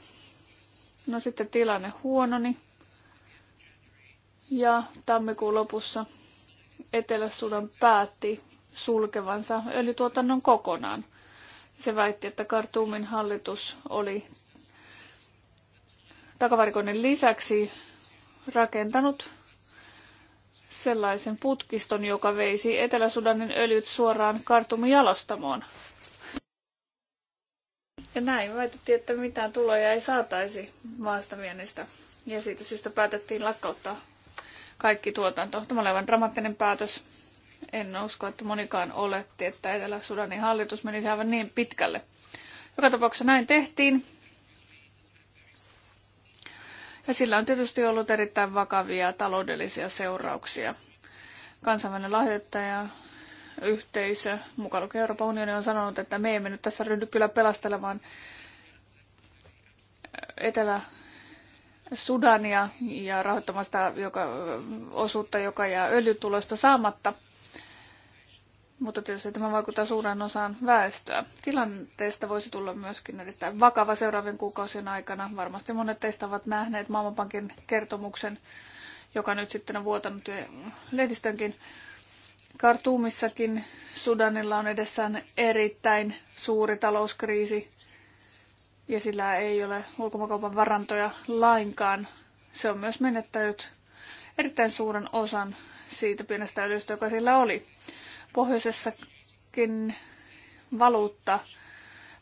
No sitten tilanne huononi. Ja tammikuun lopussa Etelä-Sudan päätti sulkevansa öljytuotannon kokonaan. Se väitti, että Kartuumin hallitus oli takavarikoinnin lisäksi rakentanut sellaisen putkiston, joka veisi Etelä-Sudanin öljyt suoraan kartumijalostamoon. Ja näin väitettiin, että mitään tuloja ei saataisi maasta viennistä. Ja siitä syystä päätettiin lakkauttaa kaikki tuotanto. Tämä oli aivan dramaattinen päätös. En usko, että monikaan oletti, että Etelä-Sudanin hallitus menisi aivan niin pitkälle. Joka tapauksessa näin tehtiin. Ja sillä on tietysti ollut erittäin vakavia taloudellisia seurauksia. Kansainvälinen lahjoittaja, yhteisö, mukaan lukien Euroopan unioni, on sanonut, että me emme nyt tässä ryhdy kyllä pelastelemaan Etelä Sudania ja rahoittamasta joka, osuutta, joka jää öljytuloista saamatta – mutta tietysti tämä vaikuttaa suuren osaan väestöä. Tilanteesta voisi tulla myöskin erittäin vakava seuraavien kuukausien aikana. Varmasti monet teistä ovat nähneet Maailmanpankin kertomuksen, joka nyt sitten on vuotanut lehdistönkin. Kartuumissakin Sudanilla on edessään erittäin suuri talouskriisi ja sillä ei ole ulkomaankaupan varantoja lainkaan. Se on myös menettänyt erittäin suuren osan siitä pienestä öljystä, joka sillä oli pohjoisessakin valuutta,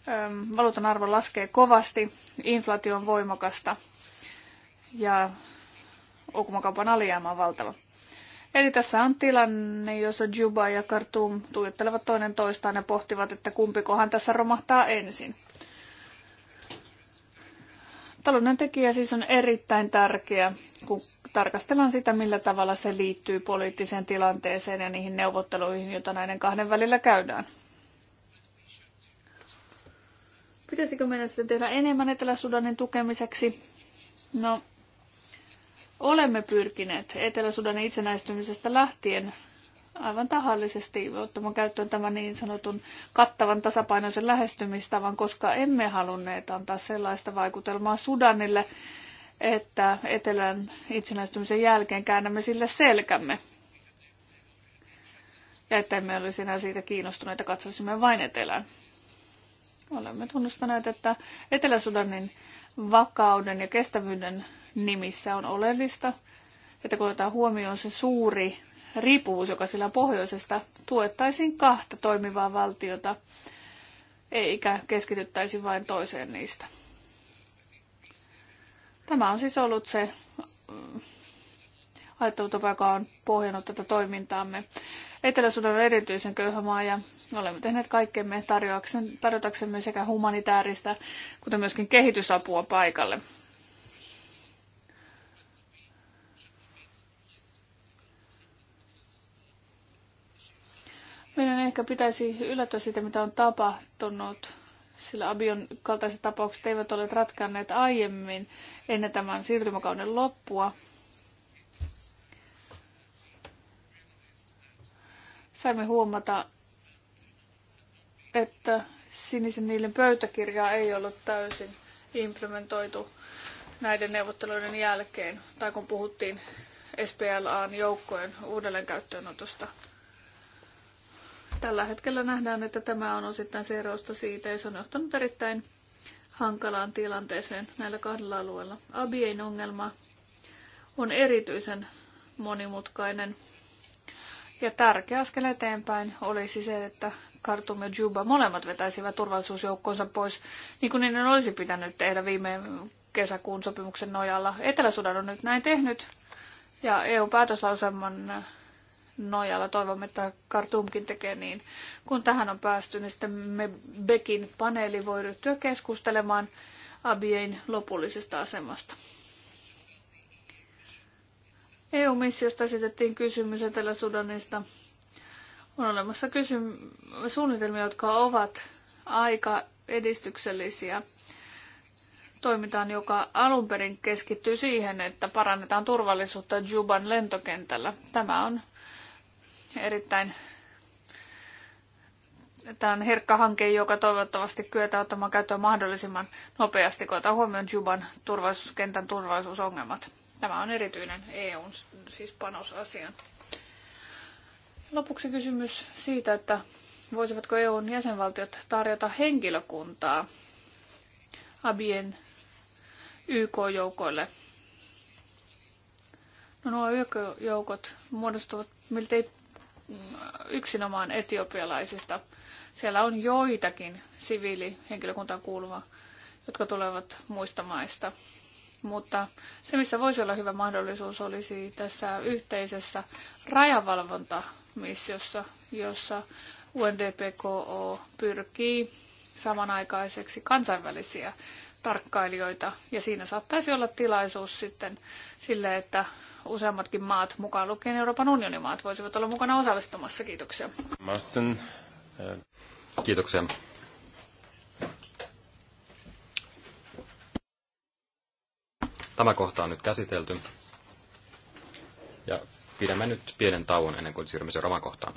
ähm, valuutan arvo laskee kovasti, inflaatio on voimakasta ja ulkomaankaupan alijäämä on valtava. Eli tässä on tilanne, jossa Juba ja Khartoum tuijottelevat toinen toistaan ja pohtivat, että kumpikohan tässä romahtaa ensin. Talouden tekijä siis on erittäin tärkeä, kun tarkastellaan sitä, millä tavalla se liittyy poliittiseen tilanteeseen ja niihin neuvotteluihin, joita näiden kahden välillä käydään. Pitäisikö meidän sitten tehdä enemmän Etelä-Sudanin tukemiseksi? No, olemme pyrkineet Etelä-Sudanin itsenäistymisestä lähtien aivan tahallisesti ottamaan käyttöön tämän niin sanotun kattavan tasapainoisen lähestymistavan, koska emme halunneet antaa sellaista vaikutelmaa Sudanille, että etelän itsenäistymisen jälkeen käännämme sille selkämme. Ja että emme olisi enää siitä kiinnostuneita, katsoisimme vain etelään. Olemme tunnustaneet, että Etelä-Sudanin vakauden ja kestävyyden nimissä on oleellista, että kun otetaan huomioon se suuri riippuvuus, joka sillä pohjoisesta, tuettaisiin kahta toimivaa valtiota, eikä keskityttäisi vain toiseen niistä. Tämä on siis ollut se äh, ajattelutapa, joka on pohjannut tätä toimintaamme. etelä on erityisen köyhä maa ja olemme tehneet kaikkemme tarjotaksemme sekä humanitaarista, kuten myöskin kehitysapua paikalle. Meidän ehkä pitäisi yllättää sitä, mitä on tapahtunut sillä Abion kaltaiset tapaukset eivät ole ratkanneet aiemmin ennen tämän siirtymäkauden loppua. Saimme huomata, että sinisen niiden pöytäkirjaa ei ollut täysin implementoitu näiden neuvotteluiden jälkeen, tai kun puhuttiin SPLAn joukkojen uudelleenkäyttöönotosta. Tällä hetkellä nähdään, että tämä on osittain seurausta siitä ja se on johtanut erittäin hankalaan tilanteeseen näillä kahdella alueella. Abien ongelma on erityisen monimutkainen ja tärkeä askel eteenpäin olisi se, että Kartum ja Juba molemmat vetäisivät turvallisuusjoukkonsa pois, niin kuin niiden olisi pitänyt tehdä viime kesäkuun sopimuksen nojalla. Etelä-Sudan on nyt näin tehnyt, ja EU-päätöslauselman nojalla. Toivomme, että Kartumkin tekee niin. Kun tähän on päästy, niin sitten me Bekin paneeli voi ryhtyä keskustelemaan Abiein lopullisesta asemasta. EU-missiosta esitettiin kysymys Etelä-Sudanista. On olemassa kysym- suunnitelmia, jotka ovat aika edistyksellisiä Toimitaan, joka alun perin keskittyy siihen, että parannetaan turvallisuutta Juban lentokentällä. Tämä on erittäin tämä on herkkä hanke, joka toivottavasti kyetään ottamaan käyttöön mahdollisimman nopeasti, kun otetaan huomioon Juban turvallisuuskentän turvallisuusongelmat. Tämä on erityinen EUn siis panosasia. Lopuksi kysymys siitä, että voisivatko EUn jäsenvaltiot tarjota henkilökuntaa ABien YK-joukoille. No nuo YK-joukot muodostuvat miltei yksinomaan etiopialaisista. Siellä on joitakin siviilihenkilökuntaan kuuluva, jotka tulevat muista maista. Mutta se, missä voisi olla hyvä mahdollisuus, olisi tässä yhteisessä rajavalvontamissiossa, jossa UNDPKO pyrkii samanaikaiseksi kansainvälisiä tarkkailijoita ja siinä saattaisi olla tilaisuus sitten sille, että useammatkin maat, mukaan lukien Euroopan unionin maat, voisivat olla mukana osallistumassa. Kiitoksia. Marsten. Äh. Kiitoksia. Tämä kohta on nyt käsitelty. Ja pidämme nyt pienen tauon ennen kuin siirrymme seuraavaan kohtaan.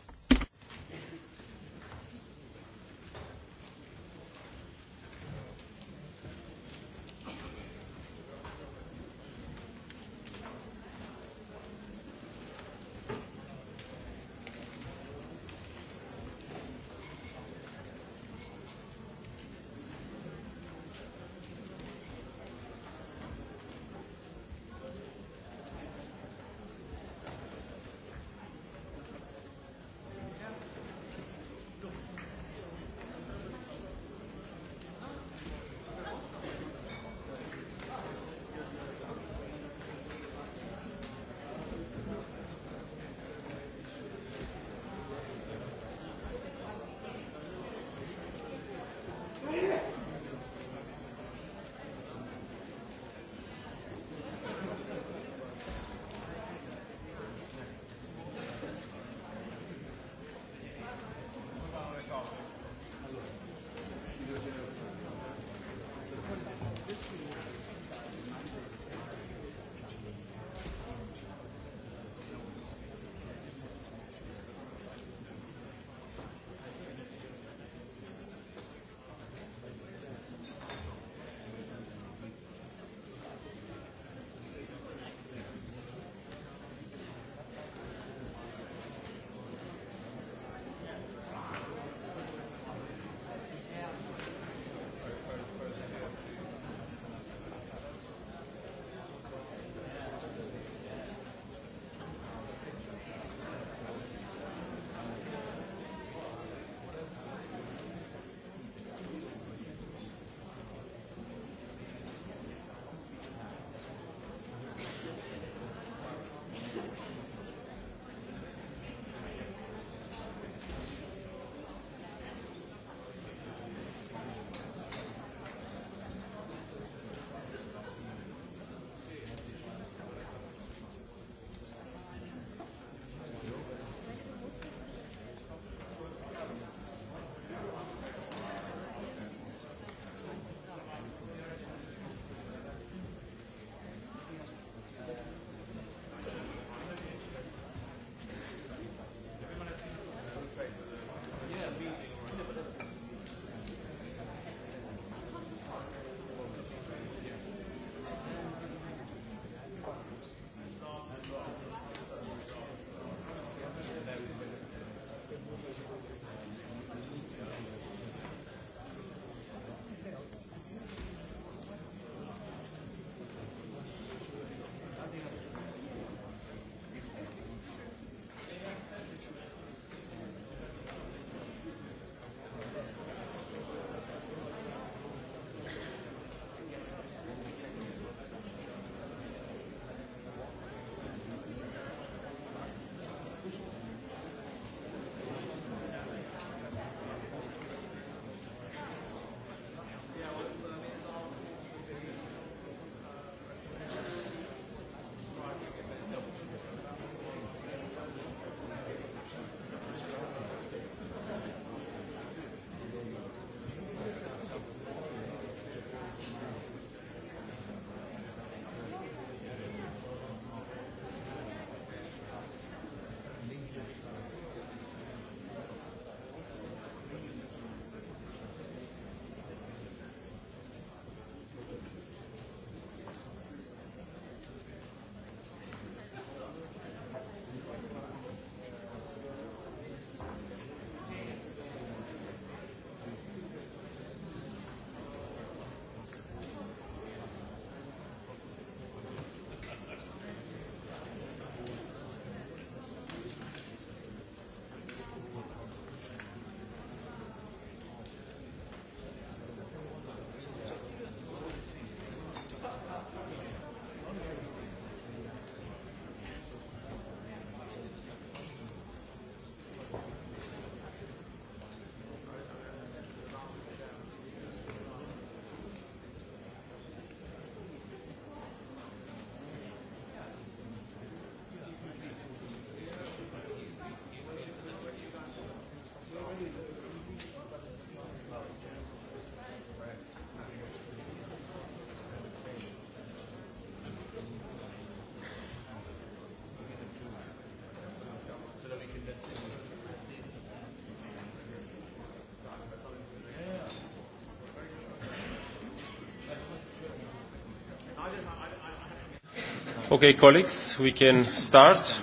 Okay, colleagues, we can start.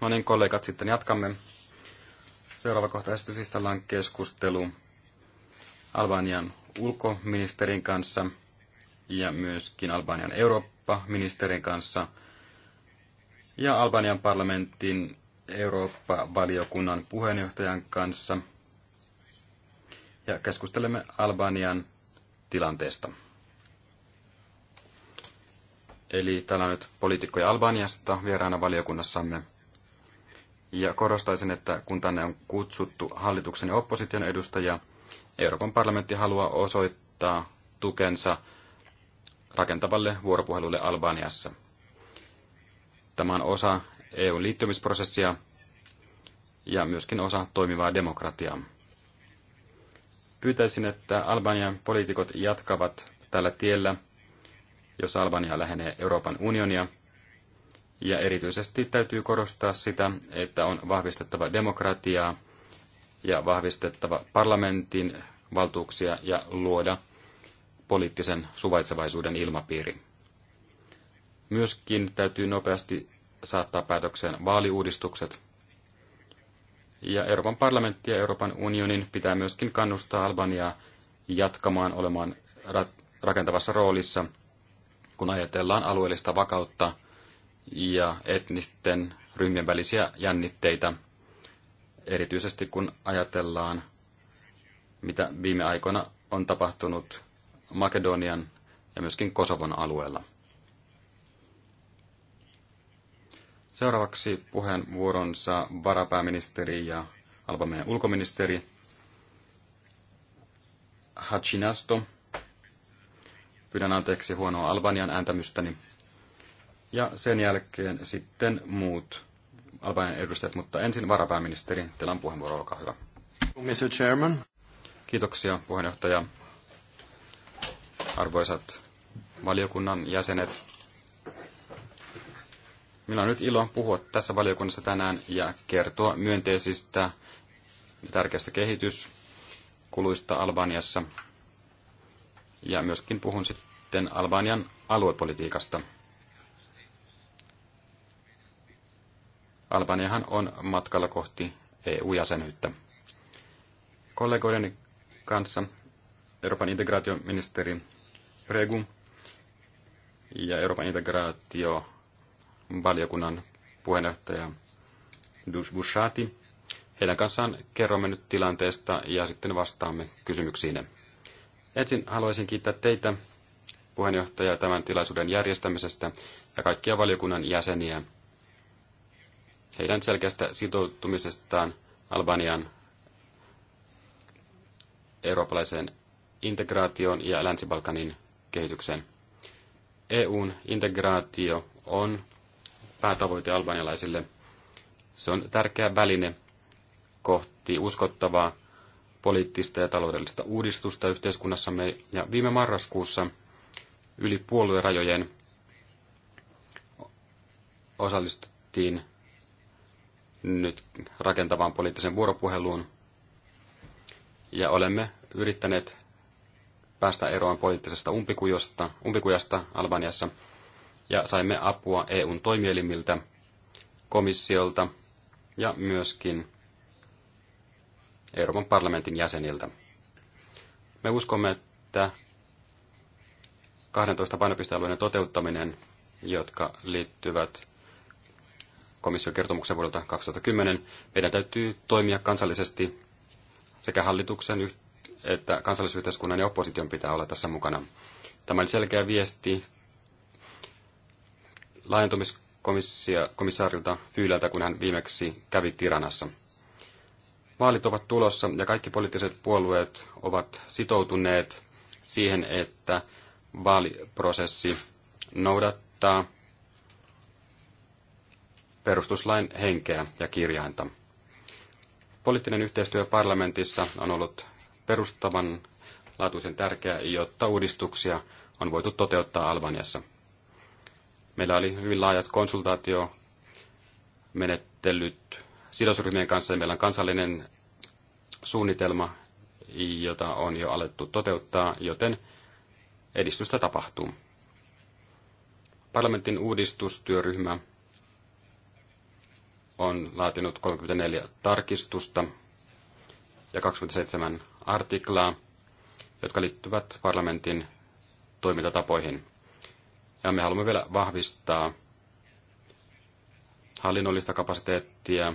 No niin, kollegat, sitten jatkamme. Seuraava kohta esityslistalla on keskustelu Albanian ulkoministerin kanssa ja myöskin Albanian Eurooppa-ministerin kanssa ja Albanian parlamentin Eurooppa-valiokunnan puheenjohtajan kanssa. Ja keskustelemme Albanian tilanteesta. Eli täällä on nyt poliitikkoja Albaniasta vieraana valiokunnassamme. Ja korostaisin, että kun tänne on kutsuttu hallituksen ja opposition edustajia, Euroopan parlamentti haluaa osoittaa tukensa rakentavalle vuoropuhelulle Albaniassa. Tämä on osa EUn liittymisprosessia ja myöskin osa toimivaa demokratiaa. Pyytäisin, että Albanian poliitikot jatkavat tällä tiellä – jos Albania lähenee Euroopan unionia. Ja erityisesti täytyy korostaa sitä, että on vahvistettava demokratiaa ja vahvistettava parlamentin valtuuksia ja luoda poliittisen suvaitsevaisuuden ilmapiiri. Myöskin täytyy nopeasti saattaa päätökseen vaaliuudistukset. Ja Euroopan parlamentti ja Euroopan unionin pitää myöskin kannustaa Albaniaa jatkamaan olemaan rakentavassa roolissa – kun ajatellaan alueellista vakautta ja etnisten ryhmien välisiä jännitteitä, erityisesti kun ajatellaan, mitä viime aikoina on tapahtunut Makedonian ja myöskin Kosovon alueella. Seuraavaksi puheenvuoronsa varapääministeri ja Albanian ulkoministeri Hachinasto, Pyydän anteeksi huonoa Albanian ääntämystäni. Ja sen jälkeen sitten muut Albanian edustajat, mutta ensin varapääministeri, teillä on puheenvuoro, olkaa hyvä. Mr. Chairman. Kiitoksia puheenjohtaja. Arvoisat valiokunnan jäsenet. Minulla on nyt ilo puhua tässä valiokunnassa tänään ja kertoa myönteisistä ja tärkeistä kehityskuluista Albaniassa ja myöskin puhun sitten Albanian aluepolitiikasta. Albaniahan on matkalla kohti EU-jäsenyyttä. Kollegoiden kanssa Euroopan integraatioministeri Regu ja Euroopan integraatio valiokunnan puheenjohtaja Dush Bushati. Heidän kanssaan kerromme nyt tilanteesta ja sitten vastaamme kysymyksiin. Ensin haluaisin kiittää teitä, puheenjohtaja, tämän tilaisuuden järjestämisestä ja kaikkia valiokunnan jäseniä heidän selkeästä sitoutumisestaan Albanian eurooppalaiseen integraatioon ja Länsi-Balkanin kehitykseen. EUn integraatio on päätavoite albanialaisille. Se on tärkeä väline kohti uskottavaa poliittista ja taloudellista uudistusta yhteiskunnassamme. Ja viime marraskuussa yli puoluerajojen osallistuttiin nyt rakentavaan poliittiseen vuoropuheluun. Ja olemme yrittäneet päästä eroon poliittisesta umpikujasta, umpikujasta Albaniassa ja saimme apua EUn toimielimiltä, komissiolta ja myöskin Euroopan parlamentin jäseniltä. Me uskomme, että 12 painopistealueiden toteuttaminen, jotka liittyvät komission kertomuksen vuodelta 2010, meidän täytyy toimia kansallisesti sekä hallituksen että kansallisyhteiskunnan ja opposition pitää olla tässä mukana. Tämä oli selkeä viesti laajentumiskomissaarilta Fyylältä, kun hän viimeksi kävi Tiranassa. Vaalit ovat tulossa ja kaikki poliittiset puolueet ovat sitoutuneet siihen, että vaaliprosessi noudattaa perustuslain henkeä ja kirjainta. Poliittinen yhteistyö parlamentissa on ollut perustavanlaatuisen tärkeä, jotta uudistuksia on voitu toteuttaa Albaniassa. Meillä oli hyvin laajat konsultaatiomenettelyt sidosryhmien kanssa ja meillä on kansallinen suunnitelma, jota on jo alettu toteuttaa, joten edistystä tapahtuu. Parlamentin uudistustyöryhmä on laatinut 34 tarkistusta ja 27 artiklaa, jotka liittyvät parlamentin toimintatapoihin. Ja me haluamme vielä vahvistaa hallinnollista kapasiteettia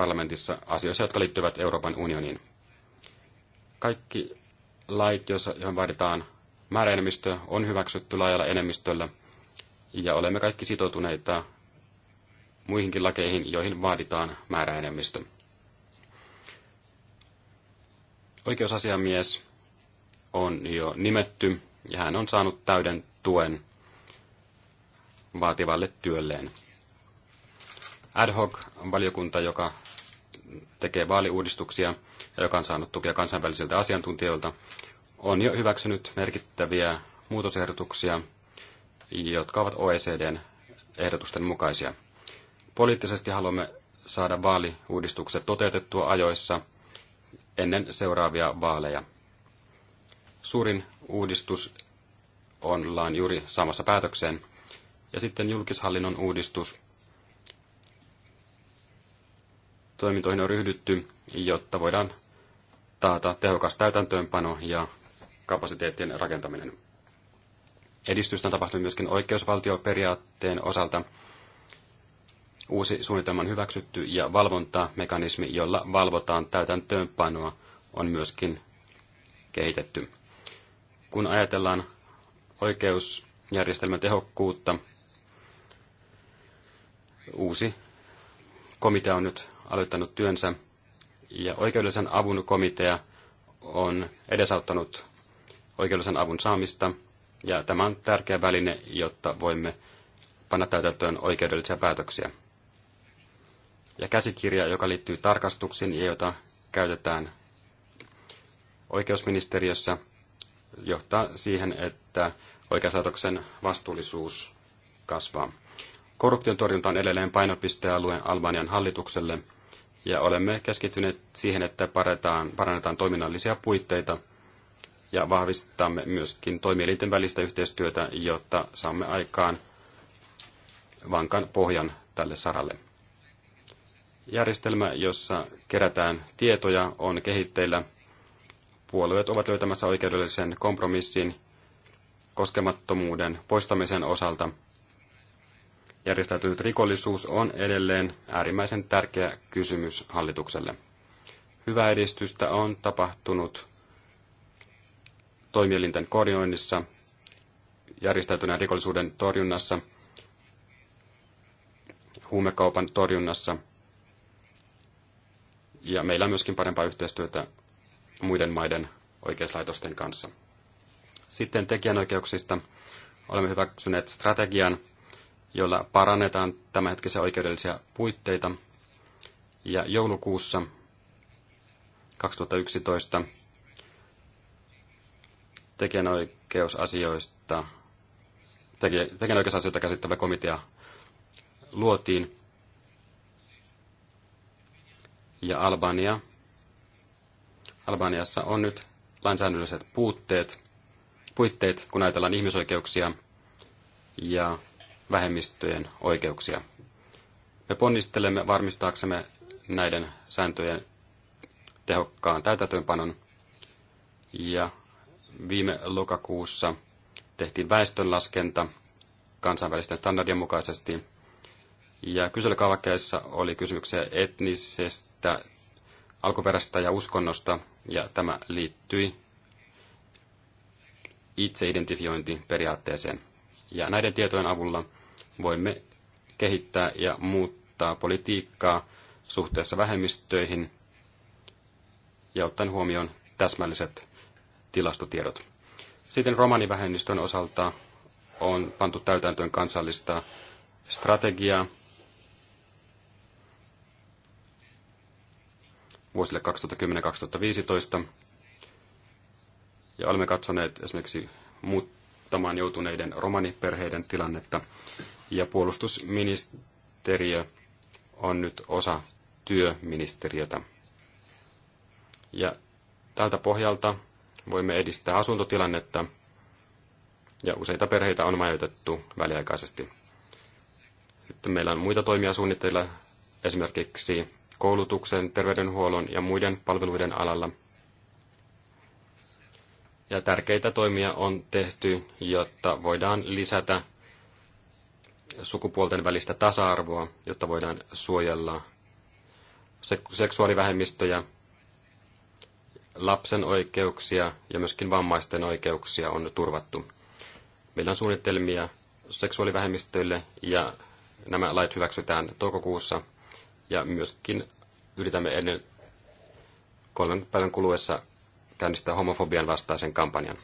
parlamentissa asioissa, jotka liittyvät Euroopan unioniin. Kaikki lait, joihin vaaditaan määräenemmistö, on hyväksytty laajalla enemmistöllä, ja olemme kaikki sitoutuneita muihinkin lakeihin, joihin vaaditaan määräenemmistö. Oikeusasiamies on jo nimetty, ja hän on saanut täyden tuen vaativalle työlleen. Ad hoc-valiokunta, joka tekee vaaliuudistuksia ja joka on saanut tukea kansainvälisiltä asiantuntijoilta, on jo hyväksynyt merkittäviä muutosehdotuksia, jotka ovat OECDn ehdotusten mukaisia. Poliittisesti haluamme saada vaaliuudistukset toteutettua ajoissa ennen seuraavia vaaleja. Suurin uudistus on juuri saamassa päätökseen, ja sitten julkishallinnon uudistus – toimintoihin on ryhdytty, jotta voidaan taata tehokas täytäntöönpano ja kapasiteettien rakentaminen. Edistystä on tapahtunut myöskin oikeusvaltioperiaatteen osalta. Uusi suunnitelma on hyväksytty ja valvontamekanismi, jolla valvotaan täytäntöönpanoa, on myöskin kehitetty. Kun ajatellaan oikeusjärjestelmän tehokkuutta, uusi komitea on nyt aloittanut työnsä ja oikeudellisen avun komitea on edesauttanut oikeudellisen avun saamista ja tämä on tärkeä väline, jotta voimme panna täytäntöön oikeudellisia päätöksiä. Ja käsikirja, joka liittyy tarkastuksiin ja jota käytetään oikeusministeriössä, johtaa siihen, että oikeuslaitoksen vastuullisuus kasvaa. Korruption torjunta on edelleen painopistealueen Albanian hallitukselle – ja olemme keskittyneet siihen, että parannetaan, parannetaan toiminnallisia puitteita ja vahvistamme myöskin toimielinten välistä yhteistyötä, jotta saamme aikaan vankan pohjan tälle saralle. Järjestelmä, jossa kerätään tietoja, on kehitteillä. Puolueet ovat löytämässä oikeudellisen kompromissin koskemattomuuden poistamisen osalta – järjestäytynyt rikollisuus on edelleen äärimmäisen tärkeä kysymys hallitukselle. Hyvää edistystä on tapahtunut toimielinten korjoinnissa, järjestäytyneen rikollisuuden torjunnassa, huumekaupan torjunnassa ja meillä on myöskin parempaa yhteistyötä muiden maiden oikeuslaitosten kanssa. Sitten tekijänoikeuksista olemme hyväksyneet strategian jolla parannetaan tämänhetkisiä oikeudellisia puitteita. Ja joulukuussa 2011 tekijänoikeusasioista, tekijänoikeusasioita käsittävä komitea luotiin. Ja Albania, Albaniassa on nyt lainsäädännölliset puutteet, puitteet, kun ajatellaan ihmisoikeuksia ja vähemmistöjen oikeuksia. Me ponnistelemme varmistaaksemme näiden sääntöjen tehokkaan täytäntöönpanon ja viime lokakuussa tehtiin väestönlaskenta kansainvälisten standardien mukaisesti. Ja kyselykaavakkeessa oli kysymyksiä etnisestä alkuperästä ja uskonnosta, ja tämä liittyi itseidentifiointiperiaatteeseen. Ja näiden tietojen avulla voimme kehittää ja muuttaa politiikkaa suhteessa vähemmistöihin ja ottaen huomioon täsmälliset tilastotiedot. Sitten romanivähemmistön osalta on pantu täytäntöön kansallista strategiaa vuosille 2010-2015. Ja olemme katsoneet esimerkiksi muuttamaan joutuneiden romaniperheiden tilannetta. Ja puolustusministeriö on nyt osa työministeriötä. Ja tältä pohjalta voimme edistää asuntotilannetta, ja useita perheitä on majoitettu väliaikaisesti. Sitten meillä on muita toimia suunnitteilla, esimerkiksi koulutuksen, terveydenhuollon ja muiden palveluiden alalla. Ja tärkeitä toimia on tehty, jotta voidaan lisätä sukupuolten välistä tasa-arvoa, jotta voidaan suojella seksuaalivähemmistöjä, lapsen oikeuksia ja myöskin vammaisten oikeuksia on turvattu. Meillä on suunnitelmia seksuaalivähemmistöille ja nämä lait hyväksytään toukokuussa ja myöskin yritämme ennen kolmen päivän kuluessa käynnistää homofobian vastaisen kampanjan.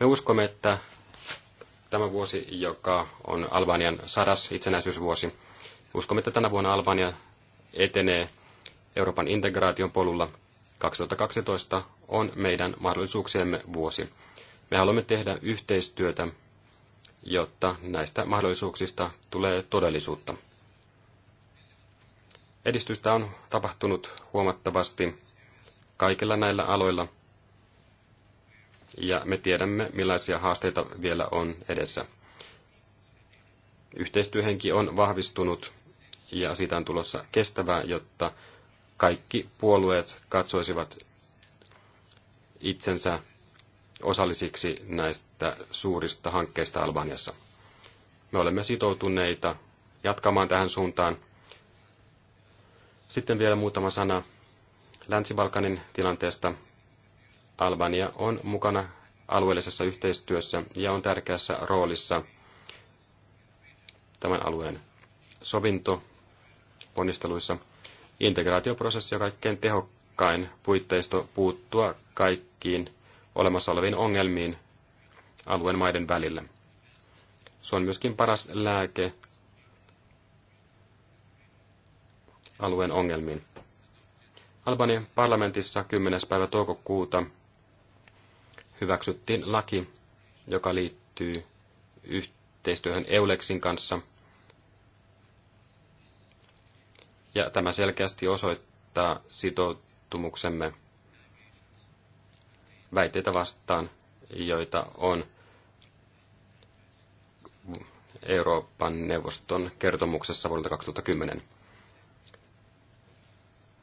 Me uskomme, että tämä vuosi, joka on Albanian sadas itsenäisyysvuosi. Uskomme, että tänä vuonna Albania etenee Euroopan integraation polulla. 2012 on meidän mahdollisuuksiemme vuosi. Me haluamme tehdä yhteistyötä, jotta näistä mahdollisuuksista tulee todellisuutta. Edistystä on tapahtunut huomattavasti kaikilla näillä aloilla – ja me tiedämme, millaisia haasteita vielä on edessä. Yhteistyöhenki on vahvistunut ja siitä on tulossa kestävää, jotta kaikki puolueet katsoisivat itsensä osallisiksi näistä suurista hankkeista Albaniassa. Me olemme sitoutuneita jatkamaan tähän suuntaan. Sitten vielä muutama sana Länsi-Balkanin tilanteesta. Albania on mukana alueellisessa yhteistyössä ja on tärkeässä roolissa tämän alueen sovinto ponnisteluissa. Integraatioprosessi on kaikkein tehokkain puitteisto puuttua kaikkiin olemassa oleviin ongelmiin alueen maiden välillä. Se on myöskin paras lääke alueen ongelmiin. Albanian parlamentissa 10. päivä toukokuuta hyväksyttiin laki, joka liittyy yhteistyöhön Eulexin kanssa. Ja tämä selkeästi osoittaa sitoutumuksemme väitteitä vastaan, joita on Euroopan neuvoston kertomuksessa vuodelta 2010.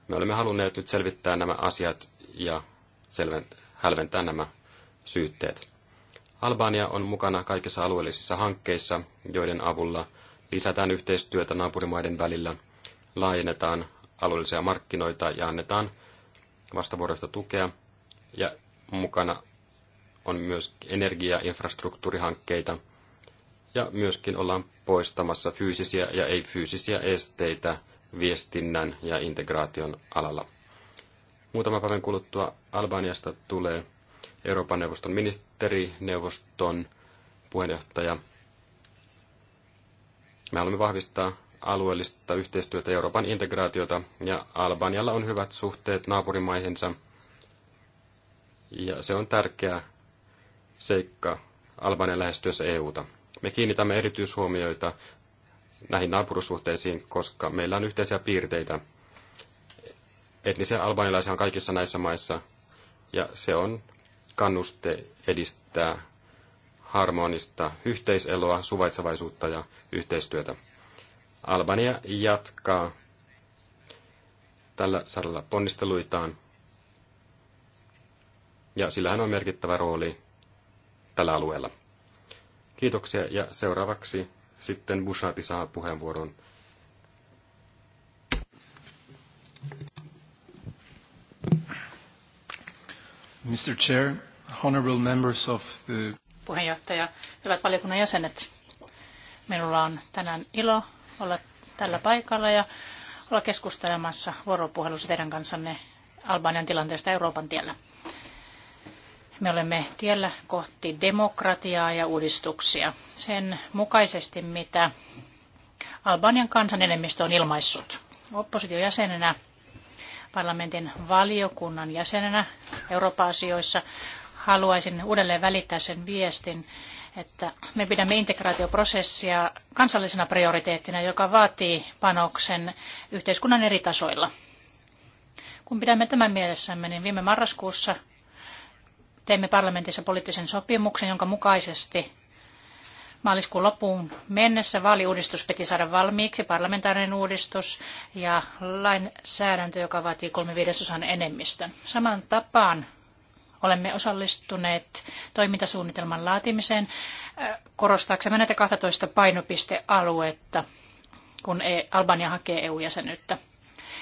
Me olemme halunneet nyt selvittää nämä asiat ja selven, hälventää nämä syytteet. Albania on mukana kaikissa alueellisissa hankkeissa, joiden avulla lisätään yhteistyötä naapurimaiden välillä, laajennetaan alueellisia markkinoita ja annetaan vastavuoroista tukea. Ja mukana on myös energia- ja infrastruktuurihankkeita ja myöskin ollaan poistamassa fyysisiä ja ei-fyysisiä esteitä viestinnän ja integraation alalla. Muutama päivän kuluttua Albaniasta tulee Euroopan neuvoston ministerineuvoston puheenjohtaja. Me haluamme vahvistaa alueellista yhteistyötä Euroopan integraatiota, ja Albanialla on hyvät suhteet naapurimaihinsa, ja se on tärkeä seikka Albanian lähestyessä EUta. Me kiinnitämme erityishuomioita näihin naapurussuhteisiin, koska meillä on yhteisiä piirteitä. Etnisiä albanilaisia on kaikissa näissä maissa, ja se on kannuste edistää harmonista yhteiseloa, suvaitsevaisuutta ja yhteistyötä. Albania jatkaa tällä saralla ponnisteluitaan, ja sillähän on merkittävä rooli tällä alueella. Kiitoksia, ja seuraavaksi sitten Bushati saa puheenvuoron Mr. Chair, honorable members of the... Puheenjohtaja, hyvät valiokunnan jäsenet. Minulla on tänään ilo olla tällä paikalla ja olla keskustelemassa vuoropuhelussa teidän kanssanne Albanian tilanteesta Euroopan tiellä. Me olemme tiellä kohti demokratiaa ja uudistuksia sen mukaisesti, mitä Albanian kansan enemmistö on ilmaissut. Oppositiojäsenenä parlamentin valiokunnan jäsenenä Eurooppa-asioissa haluaisin uudelleen välittää sen viestin, että me pidämme integraatioprosessia kansallisena prioriteettina, joka vaatii panoksen yhteiskunnan eri tasoilla. Kun pidämme tämän mielessämme, niin viime marraskuussa teimme parlamentissa poliittisen sopimuksen, jonka mukaisesti Maaliskuun loppuun mennessä vaaliuudistus piti saada valmiiksi, parlamentaarinen uudistus ja lainsäädäntö, joka vaatii kolme viidesosan enemmistön. Saman tapaan olemme osallistuneet toimintasuunnitelman laatimiseen äh, korostaaksemme näitä 12 painopistealuetta, kun e- Albania hakee EU-jäsenyyttä.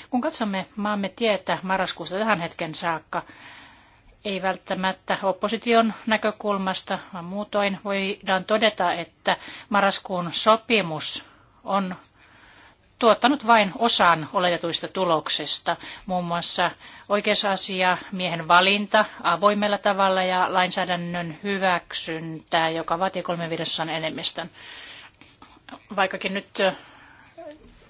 Kun katsomme maamme tietä marraskuusta tähän hetken saakka, ei välttämättä opposition näkökulmasta, vaan muutoin voidaan todeta, että marraskuun sopimus on tuottanut vain osan oletetuista tuloksista, muun muassa oikeusasia, miehen valinta avoimella tavalla ja lainsäädännön hyväksyntää, joka vaatii kolmen viidesosan enemmistön. Vaikkakin nyt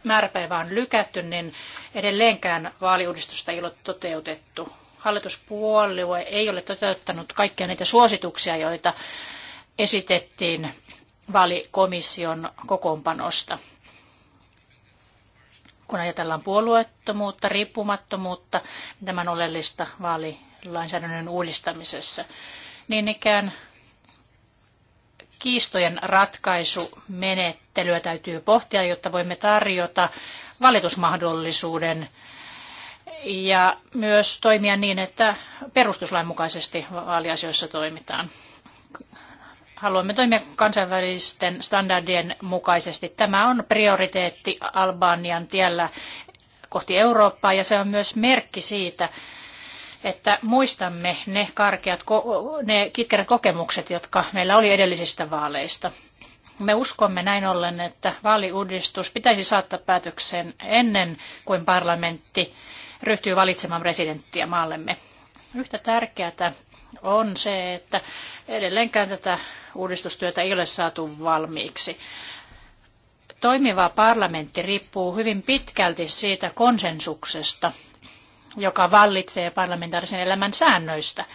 määräpäivä on lykätty, niin edelleenkään vaaliuudistusta ei ole toteutettu hallituspuolue ei ole toteuttanut kaikkia niitä suosituksia, joita esitettiin vaalikomission kokoonpanosta. Kun ajatellaan puolueettomuutta, riippumattomuutta, tämän oleellista vaalilainsäädännön uudistamisessa, niin ikään kiistojen ratkaisumenettelyä täytyy pohtia, jotta voimme tarjota valitusmahdollisuuden ja myös toimia niin, että perustuslain mukaisesti vaaliasioissa toimitaan. Haluamme toimia kansainvälisten standardien mukaisesti. Tämä on prioriteetti Albanian tiellä kohti Eurooppaa ja se on myös merkki siitä, että muistamme ne karkeat, ne kitkerät kokemukset, jotka meillä oli edellisistä vaaleista. Me uskomme näin ollen, että vaaliuudistus pitäisi saattaa päätökseen ennen kuin parlamentti ryhtyy valitsemaan presidenttiä maallemme. Yhtä tärkeää on se, että edelleenkään tätä uudistustyötä ei ole saatu valmiiksi. Toimiva parlamentti riippuu hyvin pitkälti siitä konsensuksesta, joka vallitsee parlamentaarisen elämän säännöistä.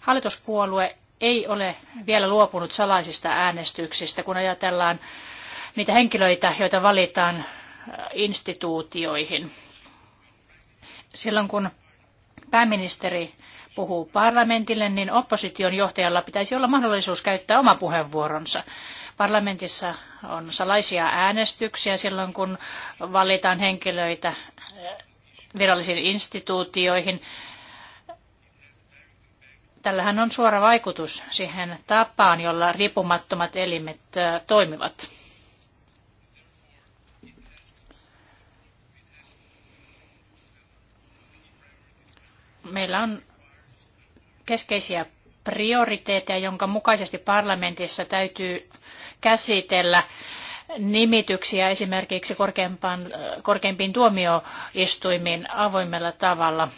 Hallituspuolue ei ole vielä luopunut salaisista äänestyksistä, kun ajatellaan niitä henkilöitä, joita valitaan instituutioihin. Silloin kun pääministeri puhuu parlamentille, niin opposition johtajalla pitäisi olla mahdollisuus käyttää oma puheenvuoronsa. Parlamentissa on salaisia äänestyksiä silloin, kun valitaan henkilöitä eh, virallisiin instituutioihin. Tällähän on suora vaikutus siihen tapaan, jolla riippumattomat elimet eh, toimivat. Meillä on keskeisiä prioriteetteja, jonka mukaisesti parlamentissa täytyy käsitellä nimityksiä esimerkiksi korkeimpiin tuomioistuimiin avoimella tavalla.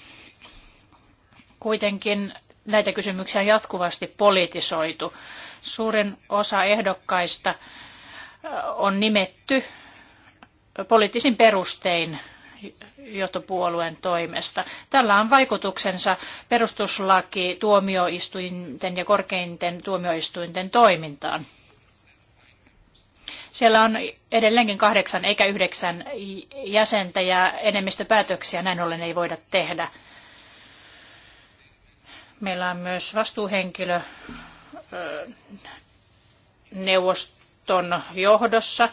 Kuitenkin näitä kysymyksiä on jatkuvasti politisoitu. Suurin osa ehdokkaista on nimetty poliittisin perustein johtopuolueen toimesta. Tällä on vaikutuksensa perustuslaki tuomioistuinten ja korkeinten tuomioistuinten toimintaan. Siellä on edelleenkin kahdeksan eikä yhdeksän jäsentä ja enemmistöpäätöksiä näin ollen ei voida tehdä. Meillä on myös vastuuhenkilö neuvoston johdossa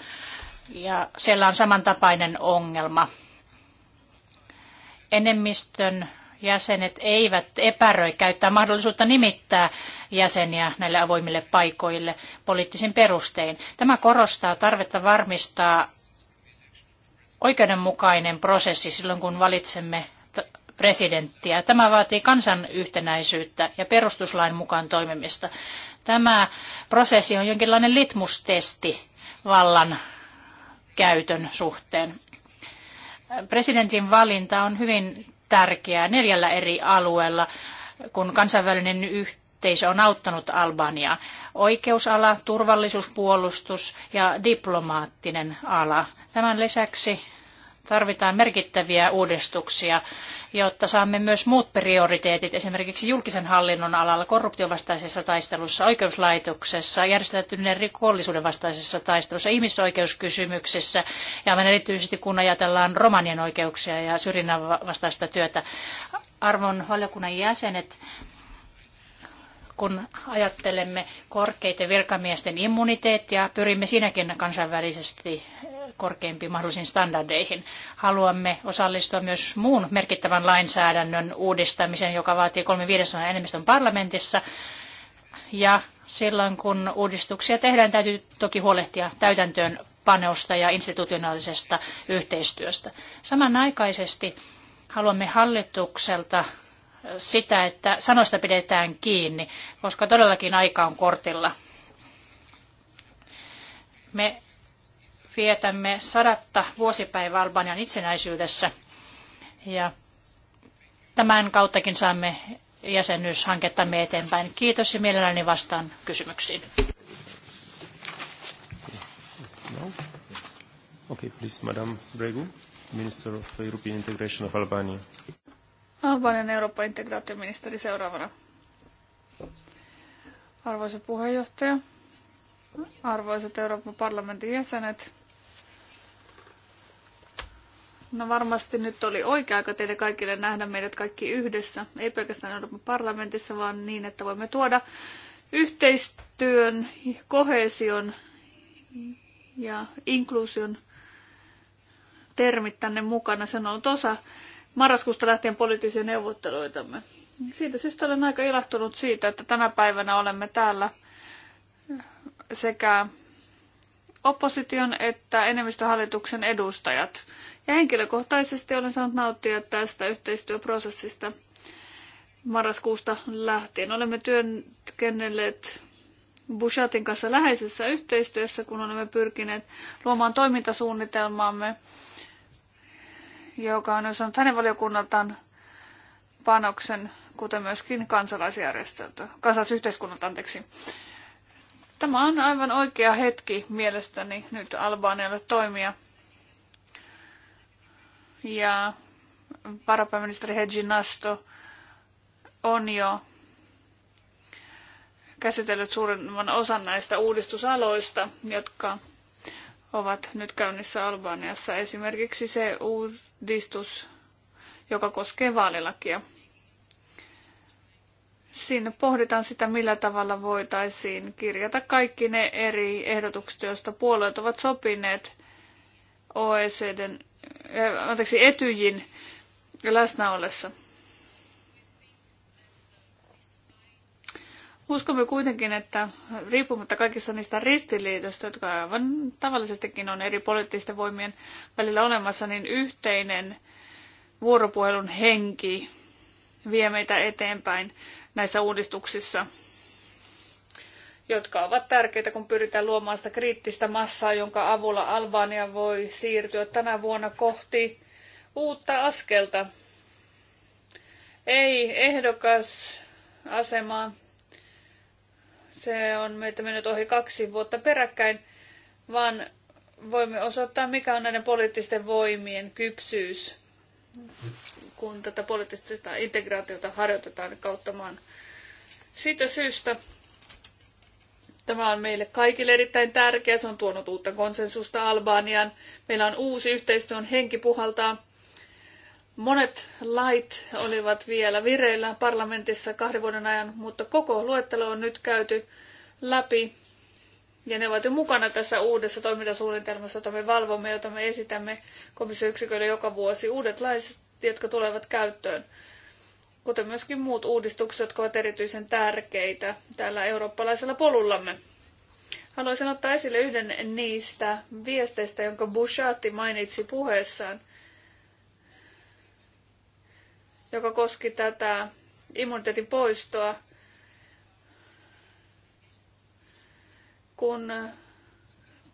ja siellä on samantapainen ongelma enemmistön jäsenet eivät epäröi käyttää mahdollisuutta nimittää jäseniä näille avoimille paikoille poliittisin perustein. Tämä korostaa tarvetta varmistaa oikeudenmukainen prosessi silloin, kun valitsemme presidenttiä. Tämä vaatii kansan yhtenäisyyttä ja perustuslain mukaan toimimista. Tämä prosessi on jonkinlainen litmustesti vallan käytön suhteen presidentin valinta on hyvin tärkeää neljällä eri alueella, kun kansainvälinen yhteisö on auttanut Albaniaa. Oikeusala, turvallisuus, puolustus ja diplomaattinen ala. Tämän lisäksi tarvitaan merkittäviä uudistuksia, jotta saamme myös muut prioriteetit, esimerkiksi julkisen hallinnon alalla, korruptiovastaisessa taistelussa, oikeuslaitoksessa, järjestäytyneen rikollisuuden vastaisessa taistelussa, ihmisoikeuskysymyksissä, ja erityisesti kun ajatellaan romanien oikeuksia ja syrjinnän vastaista työtä. Arvon valiokunnan jäsenet, kun ajattelemme korkeiden virkamiesten immuniteettia, pyrimme siinäkin kansainvälisesti korkeimpiin mahdollisiin standardeihin. Haluamme osallistua myös muun merkittävän lainsäädännön uudistamiseen, joka vaatii kolme viidesosan enemmistön parlamentissa. Ja silloin kun uudistuksia tehdään, täytyy toki huolehtia täytäntöön panosta ja institutionaalisesta yhteistyöstä. Samanaikaisesti haluamme hallitukselta sitä, että sanoista pidetään kiinni, koska todellakin aika on kortilla. Me vietämme sadatta vuosipäivää Albanian itsenäisyydessä. Ja tämän kauttakin saamme jäsenyyshankettamme eteenpäin. Kiitos ja mielelläni vastaan kysymyksiin. No. Okay, please, Madame Bregu, Minister of European Integration of Albania. Albanian Euroopan integraatioministeri seuraavana. Arvoisa puheenjohtaja, arvoisat Euroopan parlamentin jäsenet, No varmasti nyt oli oikea aika teille kaikille nähdä meidät kaikki yhdessä, ei pelkästään Euroopan parlamentissa, vaan niin, että voimme tuoda yhteistyön, kohesion ja inkluusion termit tänne mukana. Se on ollut osa marraskuusta lähtien poliittisia neuvotteluitamme. Siitä syystä olen aika ilahtunut siitä, että tänä päivänä olemme täällä sekä opposition että enemmistöhallituksen edustajat – ja henkilökohtaisesti olen saanut nauttia tästä yhteistyöprosessista marraskuusta lähtien. Olemme työskennelleet Bushatin kanssa läheisessä yhteistyössä, kun olemme pyrkineet luomaan toimintasuunnitelmaamme, joka on saanut hänen valiokunnaltaan panoksen, kuten myöskin kansalaisjärjestöltä, kansalaisyhteiskunnalta, anteeksi. Tämä on aivan oikea hetki mielestäni nyt Albanialle toimia – ja varapääministeri Nasto on jo käsitellyt suurimman osan näistä uudistusaloista, jotka ovat nyt käynnissä Albaniassa. Esimerkiksi se uudistus, joka koskee vaalilakia. Siinä pohditaan sitä, millä tavalla voitaisiin kirjata kaikki ne eri ehdotukset, joista puolueet ovat sopineet OECDn anteeksi, Etyjin läsnä ollessa. Uskomme kuitenkin, että riippumatta kaikista niistä ristiliitosta, jotka aivan tavallisestikin on eri poliittisten voimien välillä olemassa, niin yhteinen vuoropuhelun henki vie meitä eteenpäin näissä uudistuksissa jotka ovat tärkeitä, kun pyritään luomaan sitä kriittistä massaa, jonka avulla Albania voi siirtyä tänä vuonna kohti uutta askelta. Ei ehdokas asemaa. Se on meitä mennyt ohi kaksi vuotta peräkkäin, vaan voimme osoittaa, mikä on näiden poliittisten voimien kypsyys, kun tätä poliittista integraatiota harjoitetaan kautta maan. Siitä syystä Tämä on meille kaikille erittäin tärkeä. Se on tuonut uutta konsensusta Albaniaan. Meillä on uusi yhteistyön henki puhaltaa. Monet lait olivat vielä vireillä parlamentissa kahden vuoden ajan, mutta koko luettelo on nyt käyty läpi. Ja ne ovat jo mukana tässä uudessa toimintasuunnitelmassa, jota me valvomme, jota me esitämme komissioyksiköille joka vuosi. Uudet laiset, jotka tulevat käyttöön kuten myöskin muut uudistukset, jotka ovat erityisen tärkeitä tällä eurooppalaisella polullamme. Haluaisin ottaa esille yhden niistä viesteistä, jonka Bushatti mainitsi puheessaan, joka koski tätä immuniteetin poistoa, kun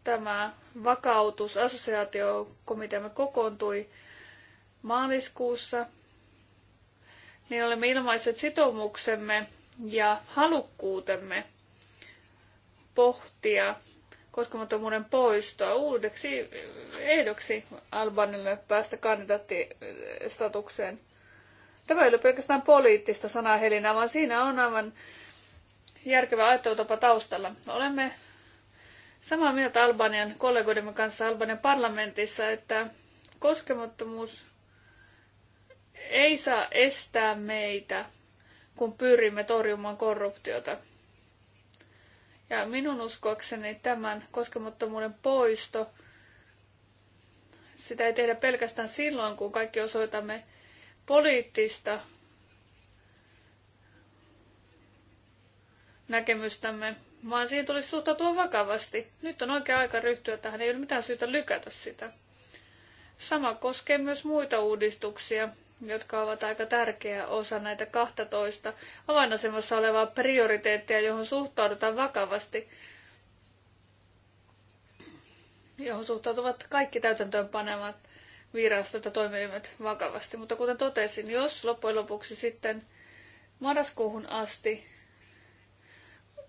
tämä vakautus assosiaatiokomiteamme kokoontui maaliskuussa – niin olemme ilmaiset sitoumuksemme ja halukkuutemme pohtia koskemattomuuden poistoa uudeksi ehdoksi Albanille päästä kandidaattistatukseen. Tämä ei ole pelkästään poliittista sanahelinää, vaan siinä on aivan järkevä ajattelutapa taustalla. Olemme samaa mieltä Albanian kollegoidemme kanssa Albanian parlamentissa, että koskemattomuus ei saa estää meitä, kun pyrimme torjumaan korruptiota. Ja minun uskoakseni tämän koskemattomuuden poisto, sitä ei tehdä pelkästään silloin, kun kaikki osoitamme poliittista näkemystämme, vaan siihen tulisi suhtautua vakavasti. Nyt on oikea aika ryhtyä tähän, ei ole mitään syytä lykätä sitä. Sama koskee myös muita uudistuksia, jotka ovat aika tärkeä osa näitä 12 avainasemassa olevaa prioriteettia, johon suhtaudutaan vakavasti, johon suhtautuvat kaikki täytäntöönpanemat virastot ja toimielimet vakavasti. Mutta kuten totesin, jos loppujen lopuksi sitten marraskuuhun asti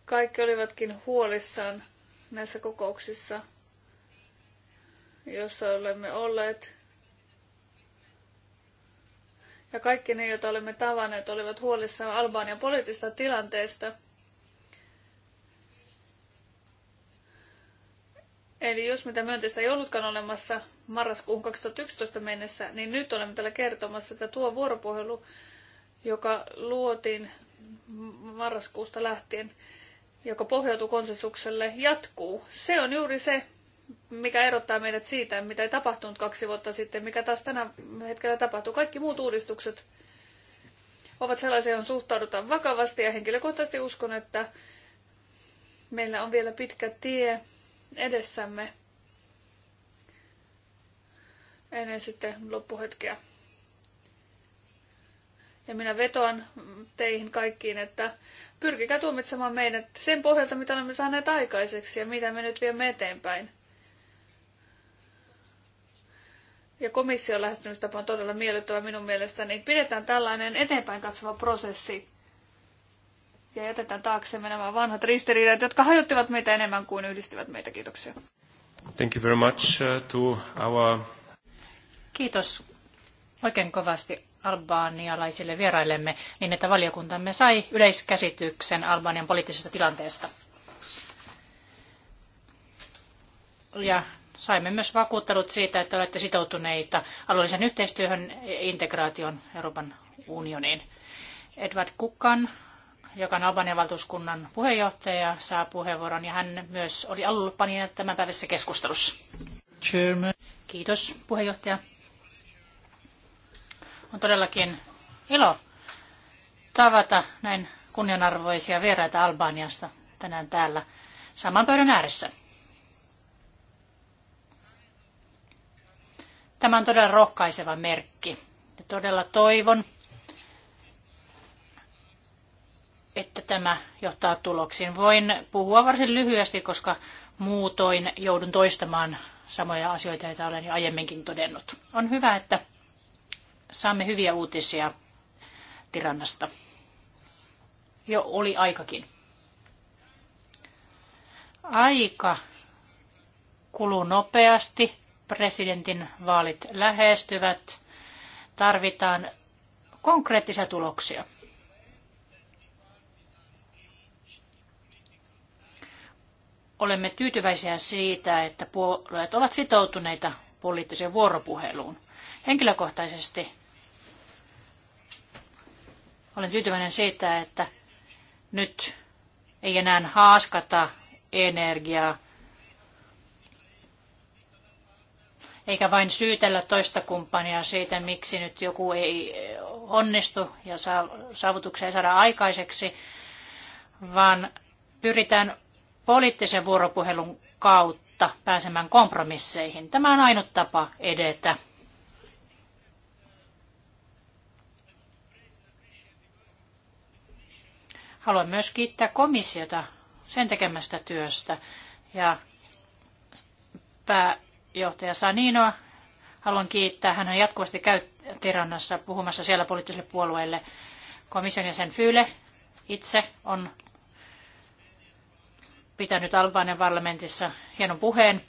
kaikki olivatkin huolissaan näissä kokouksissa, jossa olemme olleet, ja kaikki ne, joita olemme tavanneet, olivat huolissaan Albanian poliittisesta tilanteesta. Eli jos mitä myönteistä ei ollutkaan olemassa marraskuun 2011 mennessä, niin nyt olemme täällä kertomassa, että tuo vuoropuhelu, joka luotiin marraskuusta lähtien, joka pohjautuu konsensukselle, jatkuu. Se on juuri se, mikä erottaa meidät siitä, mitä ei tapahtunut kaksi vuotta sitten, mikä taas tänä hetkellä tapahtuu. Kaikki muut uudistukset ovat sellaisia, joihin suhtaudutaan vakavasti ja henkilökohtaisesti uskon, että meillä on vielä pitkä tie edessämme ennen sitten loppuhetkeä. Ja minä vetoan teihin kaikkiin, että pyrkikää tuomitsemaan meidät sen pohjalta, mitä olemme saaneet aikaiseksi ja mitä me nyt viemme eteenpäin. ja komission lähestymistapa on todella miellyttävä minun mielestäni. Pidetään tällainen eteenpäin katsova prosessi ja jätetään taaksemme nämä vanhat ristiriidat, jotka hajottivat meitä enemmän kuin yhdistivät meitä. Kiitoksia. Thank you very much uh, to our... Kiitos oikein kovasti albaanialaisille vieraillemme niin, että valiokuntamme sai yleiskäsityksen Albanian poliittisesta tilanteesta. Ja saimme myös vakuuttelut siitä, että olette sitoutuneita alueellisen yhteistyöhön ja integraation Euroopan unioniin. Edward Kukan, joka on Albanian valtuuskunnan puheenjohtaja, saa puheenvuoron ja hän myös oli alullupanija tämän päivässä keskustelussa. Chairman. Kiitos puheenjohtaja. On todellakin ilo tavata näin kunnianarvoisia vieraita Albaniasta tänään täällä saman pöydän ääressä. Tämä on todella rohkaiseva merkki. Ja todella toivon, että tämä johtaa tuloksiin. Voin puhua varsin lyhyesti, koska muutoin joudun toistamaan samoja asioita, joita olen jo aiemminkin todennut. On hyvä, että saamme hyviä uutisia Tirannasta. Jo oli aikakin. Aika kuluu nopeasti presidentin vaalit lähestyvät. Tarvitaan konkreettisia tuloksia. Olemme tyytyväisiä siitä, että puolueet ovat sitoutuneita poliittiseen vuoropuheluun. Henkilökohtaisesti olen tyytyväinen siitä, että nyt ei enää haaskata energiaa eikä vain syytellä toista kumppania siitä, miksi nyt joku ei onnistu ja saavutuksia ei saada aikaiseksi, vaan pyritään poliittisen vuoropuhelun kautta pääsemään kompromisseihin. Tämä on ainut tapa edetä. Haluan myös kiittää komissiota sen tekemästä työstä ja pää johtaja Saninoa. Haluan kiittää. Hän on jatkuvasti käy Tirannassa puhumassa siellä poliittisille puolueille. Komission jäsen Fyle itse on pitänyt Albanian parlamentissa hienon puheen.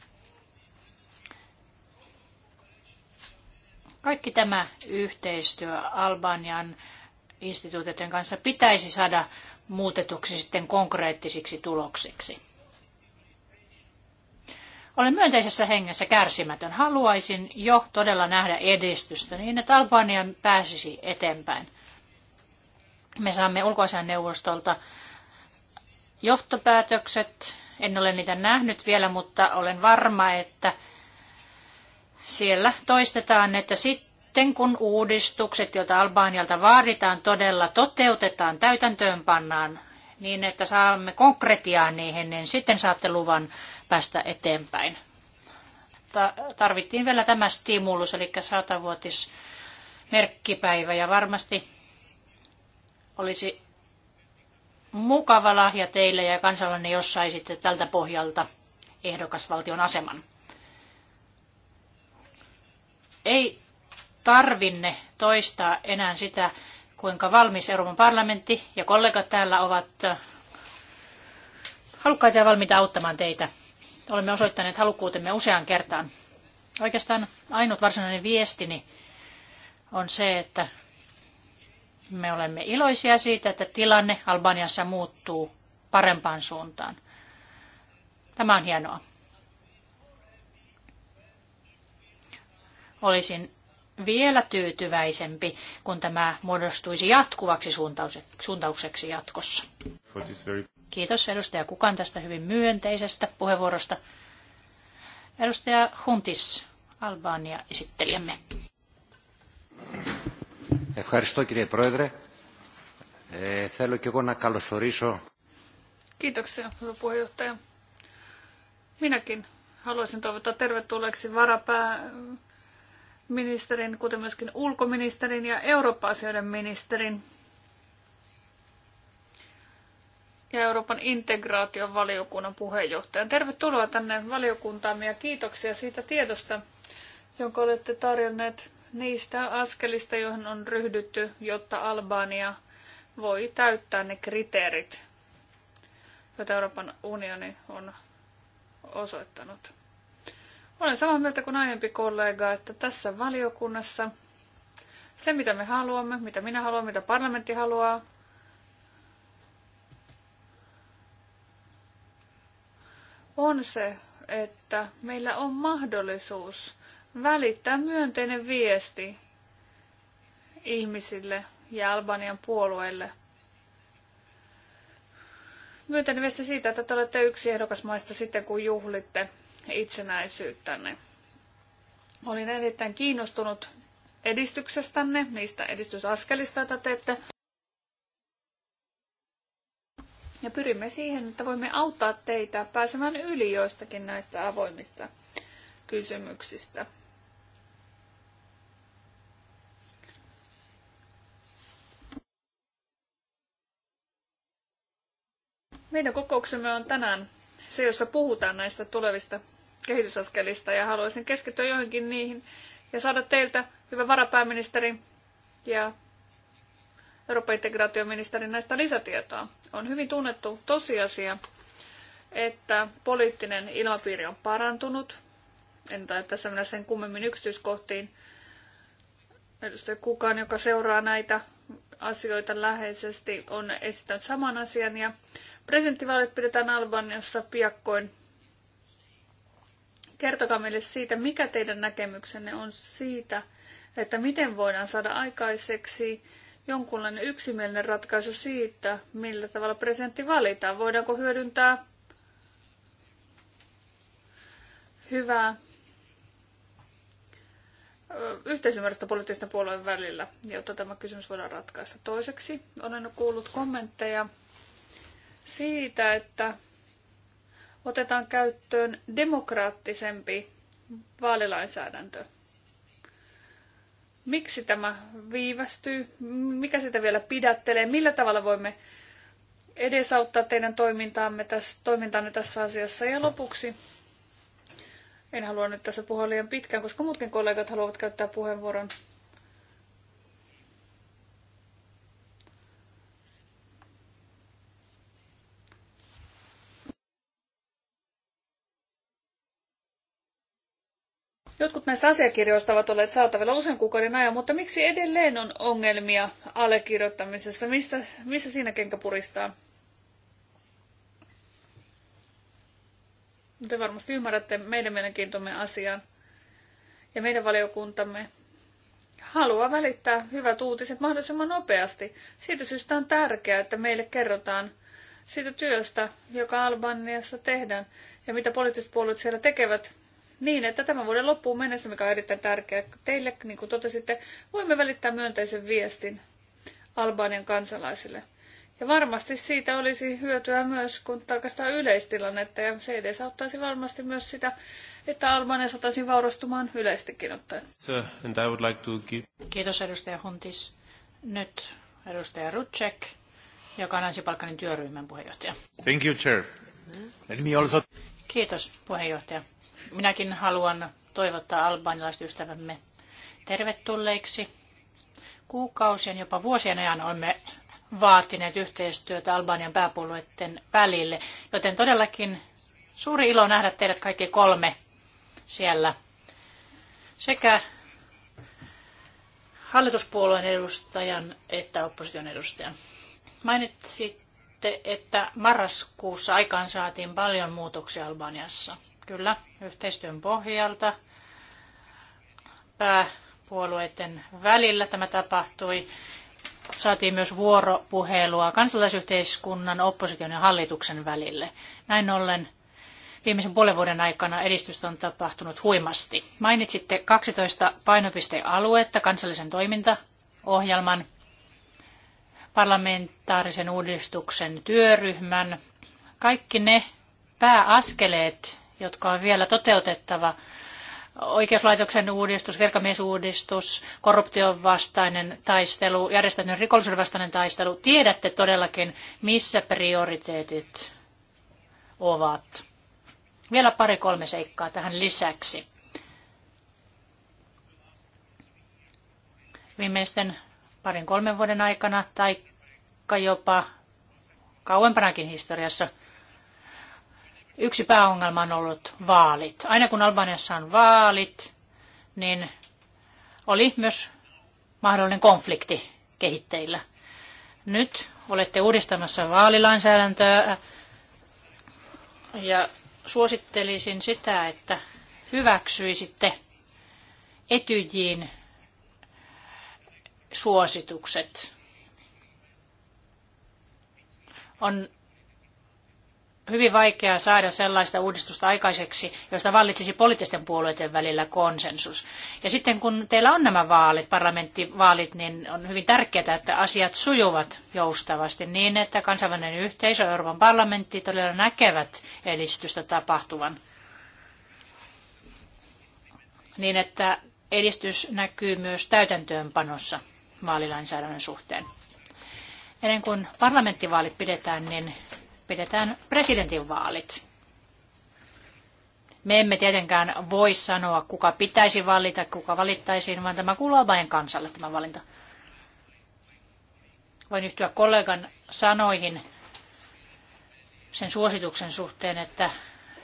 Kaikki tämä yhteistyö Albanian instituutioiden kanssa pitäisi saada muutetuksi sitten konkreettisiksi tuloksiksi. Olen myönteisessä hengessä kärsimätön. Haluaisin jo todella nähdä edistystä niin, että Albania pääsisi eteenpäin. Me saamme ulkoasianneuvostolta johtopäätökset. En ole niitä nähnyt vielä, mutta olen varma, että siellä toistetaan, että sitten kun uudistukset, joita Albanialta vaaditaan, todella toteutetaan, täytäntöön pannaan, niin että saamme konkretiaa niihin, niin sitten saatte luvan päästä eteenpäin. Tarvittiin vielä tämä stimulus, eli satavuotis merkkipäivä ja varmasti olisi mukava lahja teille ja kansalainen, jos saisitte tältä pohjalta ehdokasvaltion aseman. Ei tarvinne toistaa enää sitä, kuinka valmis Euroopan parlamentti ja kollegat täällä ovat halukkaita ja valmiita auttamaan teitä. Olemme osoittaneet halukkuutemme useaan kertaan. Oikeastaan ainut varsinainen viestini on se, että me olemme iloisia siitä, että tilanne Albaniassa muuttuu parempaan suuntaan. Tämä on hienoa. Olisin vielä tyytyväisempi, kun tämä muodostuisi jatkuvaksi suuntaukseksi jatkossa. Kiitos edustaja Kukan tästä hyvin myönteisestä puheenvuorosta. Edustaja Huntis, Albania esittelijämme. Kiitoksia, hyvä puheenjohtaja. Minäkin haluaisin toivottaa tervetulleeksi varapää ministerin, kuten myöskin ulkoministerin ja Eurooppa-asioiden ministerin ja Euroopan integraation valiokunnan puheenjohtajan. Tervetuloa tänne valiokuntaamme ja kiitoksia siitä tiedosta, jonka olette tarjonneet niistä askelista, joihin on ryhdytty, jotta Albania voi täyttää ne kriteerit, joita Euroopan unioni on osoittanut. Olen samaa mieltä kuin aiempi kollega, että tässä valiokunnassa se, mitä me haluamme, mitä minä haluan, mitä parlamentti haluaa, on se, että meillä on mahdollisuus välittää myönteinen viesti ihmisille ja Albanian puolueille. Myönteinen viesti siitä, että te olette yksi ehdokas maista sitten, kun juhlitte itsenäisyyttänne. Olin erittäin kiinnostunut edistyksestänne, niistä edistysaskelista, joita teette. Ja pyrimme siihen, että voimme auttaa teitä pääsemään yli joistakin näistä avoimista kysymyksistä. Meidän kokouksemme on tänään se, jossa puhutaan näistä tulevista kehitysaskelista ja haluaisin keskittyä joihinkin niihin ja saada teiltä, hyvä varapääministeri ja Euroopan integraatioministeri, näistä lisätietoa. On hyvin tunnettu tosiasia, että poliittinen ilmapiiri on parantunut. En tai tässä mennä sen kummemmin yksityiskohtiin. Edustaja Kukaan, joka seuraa näitä asioita läheisesti, on esittänyt saman asian. Ja presidenttivaalit pidetään Albaniassa piakkoin. Kertokaa meille siitä, mikä teidän näkemyksenne on siitä, että miten voidaan saada aikaiseksi jonkunlainen yksimielinen ratkaisu siitä, millä tavalla presidentti valitaan. Voidaanko hyödyntää hyvää yhteisymmärrystä poliittisten puolueen välillä, jotta tämä kysymys voidaan ratkaista. Toiseksi olen kuullut kommentteja siitä, että otetaan käyttöön demokraattisempi vaalilainsäädäntö. Miksi tämä viivästyy? Mikä sitä vielä pidättelee? Millä tavalla voimme edesauttaa teidän toimintaamme tässä, toimintaanne tässä asiassa? Ja lopuksi, en halua nyt tässä puhua liian pitkään, koska muutkin kollegat haluavat käyttää puheenvuoron. näistä asiakirjoista ovat olleet saatavilla usean kuukauden ajan, mutta miksi edelleen on ongelmia allekirjoittamisessa? Missä, missä siinä kenkä puristaa? Te varmasti ymmärrätte meidän mielenkiintomme asian ja meidän valiokuntamme haluaa välittää hyvät uutiset mahdollisimman nopeasti. Siitä syystä on tärkeää, että meille kerrotaan siitä työstä, joka Albaniassa tehdään ja mitä poliittiset puolueet siellä tekevät niin, että tämän vuoden loppuun mennessä, mikä on erittäin tärkeää teille, niin kuin totesitte, voimme välittää myönteisen viestin Albanian kansalaisille. Ja varmasti siitä olisi hyötyä myös, kun tarkastaa yleistilannetta, ja CD auttaisi varmasti myös sitä, että Albania saataisiin vaurastumaan yleistikin ottaen. Sir, and I would like to Kiitos edustaja Huntis. Nyt edustaja Rutschek joka on länsi työryhmän puheenjohtaja. Thank you, Chair. Let me also... Kiitos puheenjohtaja. Minäkin haluan toivottaa albaanilaiset ystävämme tervetulleiksi. Kuukausien, jopa vuosien ajan olemme vaatineet yhteistyötä Albanian pääpuolueiden välille, joten todellakin suuri ilo nähdä teidät kaikki kolme siellä. Sekä hallituspuolueen edustajan että opposition edustajan. Mainitsitte, että marraskuussa aikaan saatiin paljon muutoksia Albaniassa. Kyllä yhteistyön pohjalta pääpuolueiden välillä tämä tapahtui. Saatiin myös vuoropuhelua kansalaisyhteiskunnan, opposition ja hallituksen välille. Näin ollen viimeisen puolen vuoden aikana edistystä on tapahtunut huimasti. Mainitsitte 12 painopistealuetta kansallisen toimintaohjelman, parlamentaarisen uudistuksen työryhmän. Kaikki ne pääaskeleet, jotka on vielä toteutettava. Oikeuslaitoksen uudistus, virkamiesuudistus, korruption vastainen taistelu, järjestäytyneen rikollisuuden vastainen taistelu. Tiedätte todellakin, missä prioriteetit ovat. Vielä pari-kolme seikkaa tähän lisäksi. Viimeisten parin kolmen vuoden aikana tai jopa kauempanakin historiassa – Yksi pääongelma on ollut vaalit. Aina kun Albaniassa on vaalit, niin oli myös mahdollinen konflikti kehitteillä. Nyt olette uudistamassa vaalilainsäädäntöä äh, ja suosittelisin sitä, että hyväksyisitte etyjiin suositukset. On hyvin vaikea saada sellaista uudistusta aikaiseksi, josta vallitsisi poliittisten puolueiden välillä konsensus. Ja sitten kun teillä on nämä vaalit, parlamenttivaalit, niin on hyvin tärkeää, että asiat sujuvat joustavasti niin, että kansainvälinen yhteisö ja Euroopan parlamentti todella näkevät edistystä tapahtuvan. Niin, että edistys näkyy myös täytäntöönpanossa vaalilainsäädännön suhteen. Ennen kuin parlamenttivaalit pidetään, niin pidetään presidentinvaalit. Me emme tietenkään voi sanoa, kuka pitäisi valita, kuka valittaisiin, vaan tämä kuuluu vain kansalle tämä valinta. Voin yhtyä kollegan sanoihin sen suosituksen suhteen, että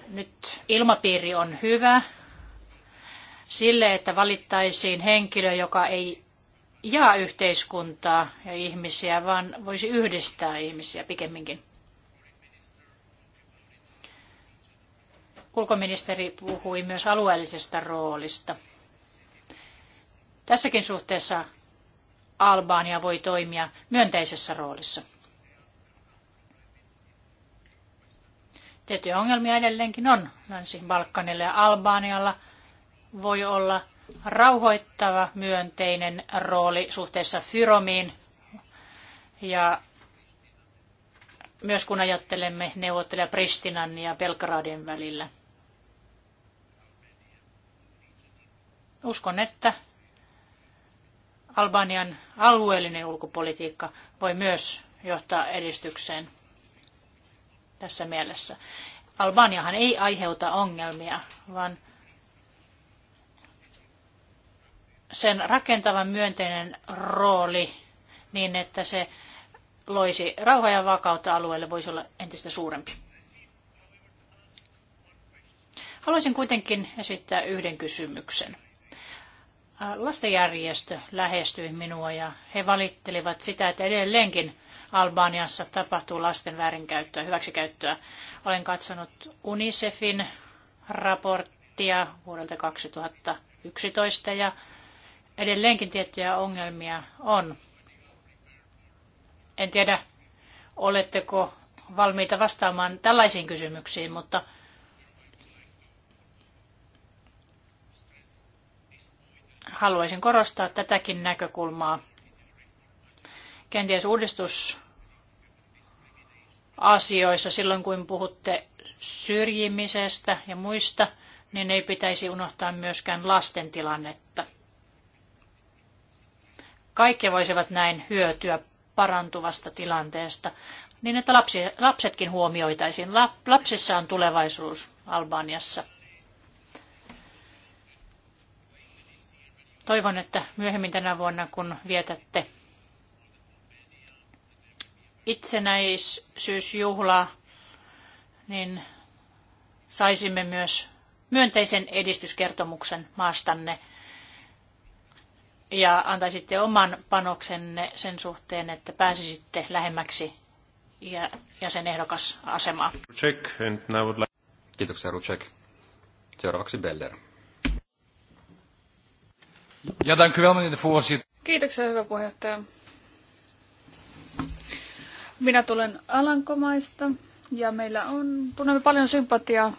nyt ilmapiiri on hyvä sille, että valittaisiin henkilö, joka ei jaa yhteiskuntaa ja ihmisiä, vaan voisi yhdistää ihmisiä pikemminkin. Ulkoministeri puhui myös alueellisesta roolista. Tässäkin suhteessa Albania voi toimia myönteisessä roolissa. Tiettyjä ongelmia edelleenkin on Länsi-Balkanilla ja Albanialla voi olla rauhoittava myönteinen rooli suhteessa Fyromiin ja myös kun ajattelemme neuvotteluja Pristinan ja Belgradin välillä – Uskon, että Albanian alueellinen ulkopolitiikka voi myös johtaa edistykseen tässä mielessä. Albaniahan ei aiheuta ongelmia, vaan sen rakentavan myönteinen rooli niin, että se loisi rauhaa ja vakautta alueelle, voisi olla entistä suurempi. Haluaisin kuitenkin esittää yhden kysymyksen lastenjärjestö lähestyi minua ja he valittelivat sitä, että edelleenkin Albaniassa tapahtuu lasten väärinkäyttöä, hyväksikäyttöä. Olen katsonut UNICEFin raporttia vuodelta 2011 ja edelleenkin tiettyjä ongelmia on. En tiedä, oletteko valmiita vastaamaan tällaisiin kysymyksiin, mutta haluaisin korostaa tätäkin näkökulmaa. Kenties uudistusasioissa silloin, kun puhutte syrjimisestä ja muista, niin ei pitäisi unohtaa myöskään lasten tilannetta. Kaikki voisivat näin hyötyä parantuvasta tilanteesta, niin että lapsi, lapsetkin huomioitaisiin. Lapsissa on tulevaisuus Albaniassa. Toivon, että myöhemmin tänä vuonna, kun vietätte itsenäisyysjuhlaa, niin saisimme myös myönteisen edistyskertomuksen maastanne ja antaisitte oman panoksenne sen suhteen, että pääsisitte lähemmäksi ja, ja sen ehdokas asemaa. Kiitoksia Rucek. Seuraavaksi Beller. Ja, dank u wel, meneer de voorzitter. Kiitoksia, hyvä puheenjohtaja. Minä tulen Alankomaista ja meillä on, tunnemme paljon sympatiaa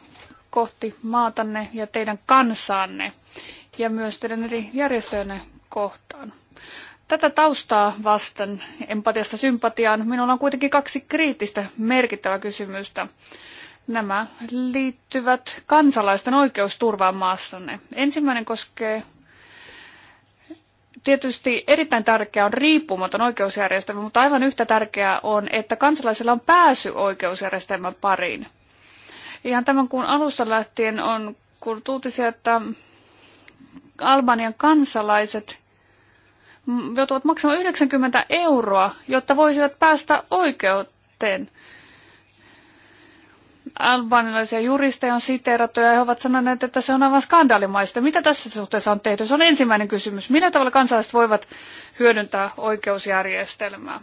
kohti maatanne ja teidän kansaanne ja myös teidän eri järjestöjenne kohtaan. Tätä taustaa vasten empatiasta sympatiaan minulla on kuitenkin kaksi kriittistä merkittävää kysymystä. Nämä liittyvät kansalaisten oikeusturvaan maassanne. Ensimmäinen koskee tietysti erittäin tärkeä on riippumaton oikeusjärjestelmä, mutta aivan yhtä tärkeää on, että kansalaisilla on pääsy oikeusjärjestelmän pariin. Ihan tämän kuun alusta lähtien on kuullut uutisia, että Albanian kansalaiset joutuvat maksamaan 90 euroa, jotta voisivat päästä oikeuteen albanilaisia juristeja on siteerattu ja he ovat sanoneet, että se on aivan skandaalimaista. Mitä tässä suhteessa on tehty? Se on ensimmäinen kysymys. Millä tavalla kansalaiset voivat hyödyntää oikeusjärjestelmää?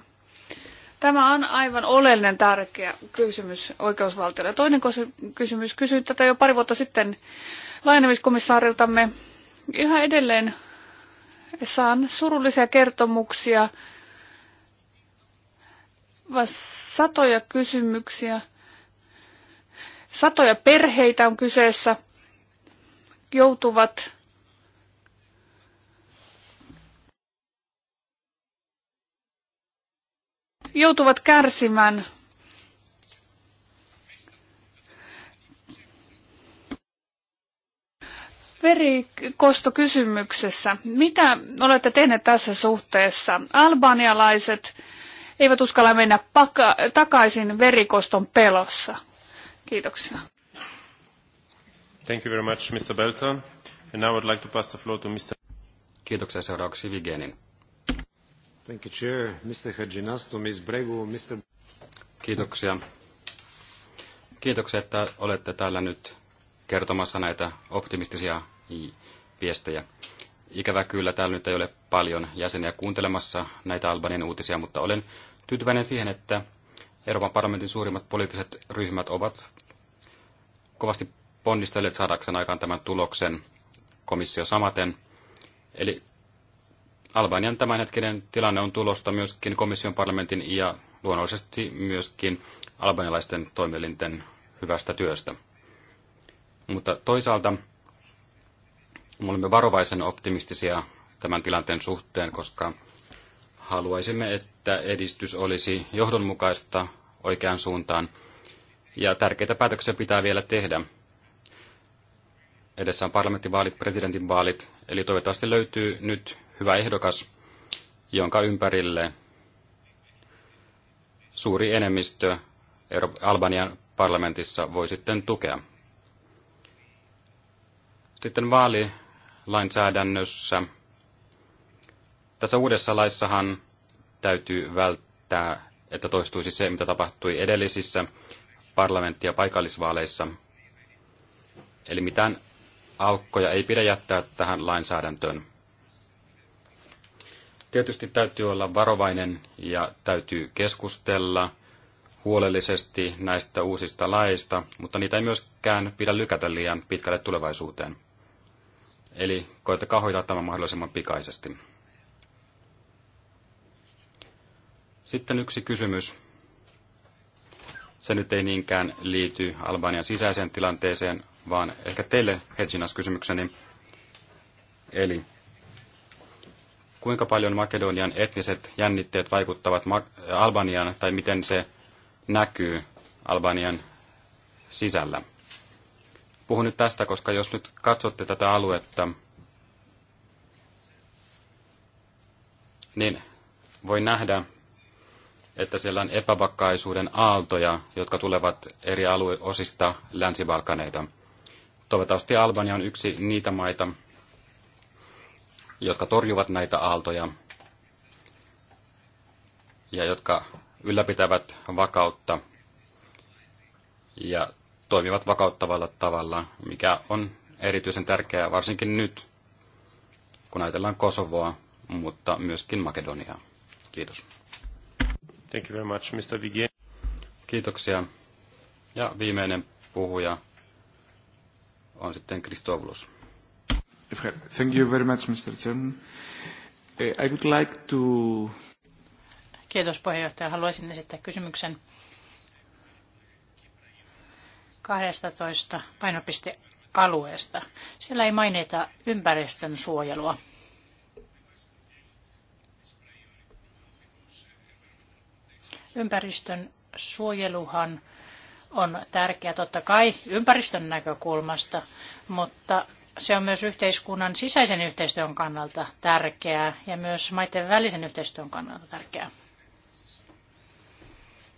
Tämä on aivan oleellinen tärkeä kysymys oikeusvaltiolle. Toinen kysymys, kysyin tätä jo pari vuotta sitten laajenemiskomissaariltamme. Yhä edelleen saan surullisia kertomuksia, satoja kysymyksiä Satoja perheitä on kyseessä, joutuvat joutuvat kärsimään verikostokysymyksessä. Mitä olette tehneet tässä suhteessa? Albanialaiset eivät uskalla mennä takaisin verikoston pelossa. Kiitoksia. Thank you very much, Mr. Belton. And now I'd like to pass the floor to Mr. Kiitoksia seuraavaksi Vigenin. Thank you, Chair. Mr. Hajinasto, Ms. Bregu, Mr. Kiitoksia. Kiitoksia, että olette täällä nyt kertomassa näitä optimistisia viestejä. Ikävä kyllä, täällä nyt ei ole paljon jäseniä kuuntelemassa näitä Albanian uutisia, mutta olen tyytyväinen siihen, että Euroopan parlamentin suurimmat poliittiset ryhmät ovat kovasti ponnistelleet saadakseen aikaan tämän tuloksen, komissio samaten. Eli Albanian tämänhetkinen tilanne on tulosta myöskin komission parlamentin ja luonnollisesti myöskin albanialaisten toimielinten hyvästä työstä. Mutta toisaalta me olemme varovaisen optimistisia tämän tilanteen suhteen, koska haluaisimme, että edistys olisi johdonmukaista oikeaan suuntaan – ja tärkeitä päätöksiä pitää vielä tehdä. Edessä on parlamenttivaalit, presidentinvaalit, eli toivottavasti löytyy nyt hyvä ehdokas, jonka ympärille suuri enemmistö Albanian parlamentissa voi sitten tukea. Sitten vaalilainsäädännössä. Tässä uudessa laissahan täytyy välttää, että toistuisi se, mitä tapahtui edellisissä parlamentti- ja paikallisvaaleissa. Eli mitään aukkoja ei pidä jättää tähän lainsäädäntöön. Tietysti täytyy olla varovainen ja täytyy keskustella huolellisesti näistä uusista laeista, mutta niitä ei myöskään pidä lykätä liian pitkälle tulevaisuuteen. Eli koitakaa hoitaa tämä mahdollisimman pikaisesti. Sitten yksi kysymys, se nyt ei niinkään liity Albanian sisäiseen tilanteeseen, vaan ehkä teille Hedginas kysymykseni. Eli kuinka paljon Makedonian etniset jännitteet vaikuttavat Albanian tai miten se näkyy Albanian sisällä? Puhun nyt tästä, koska jos nyt katsotte tätä aluetta, niin voi nähdä, että siellä on epävakaisuuden aaltoja, jotka tulevat eri alueosista länsivalkaneita. Toivottavasti Albania on yksi niitä maita, jotka torjuvat näitä aaltoja ja jotka ylläpitävät vakautta ja toimivat vakauttavalla tavalla, mikä on erityisen tärkeää varsinkin nyt, kun ajatellaan Kosovoa, mutta myöskin Makedoniaa. Kiitos. Thank you very much, Mr. Vigier. Kiitoksia. Ja viimeinen puhuja on sitten Kristovlos. Thank you very much, Mr. Chairman. Eh, I would like to... Kiitos puheenjohtaja. Haluaisin esittää kysymyksen 12 painopistealueesta. Siellä ei mainita ympäristön suojelua. Ympäristön suojeluhan on tärkeä totta kai ympäristön näkökulmasta, mutta se on myös yhteiskunnan sisäisen yhteistyön kannalta tärkeää ja myös maiden välisen yhteistyön kannalta tärkeää.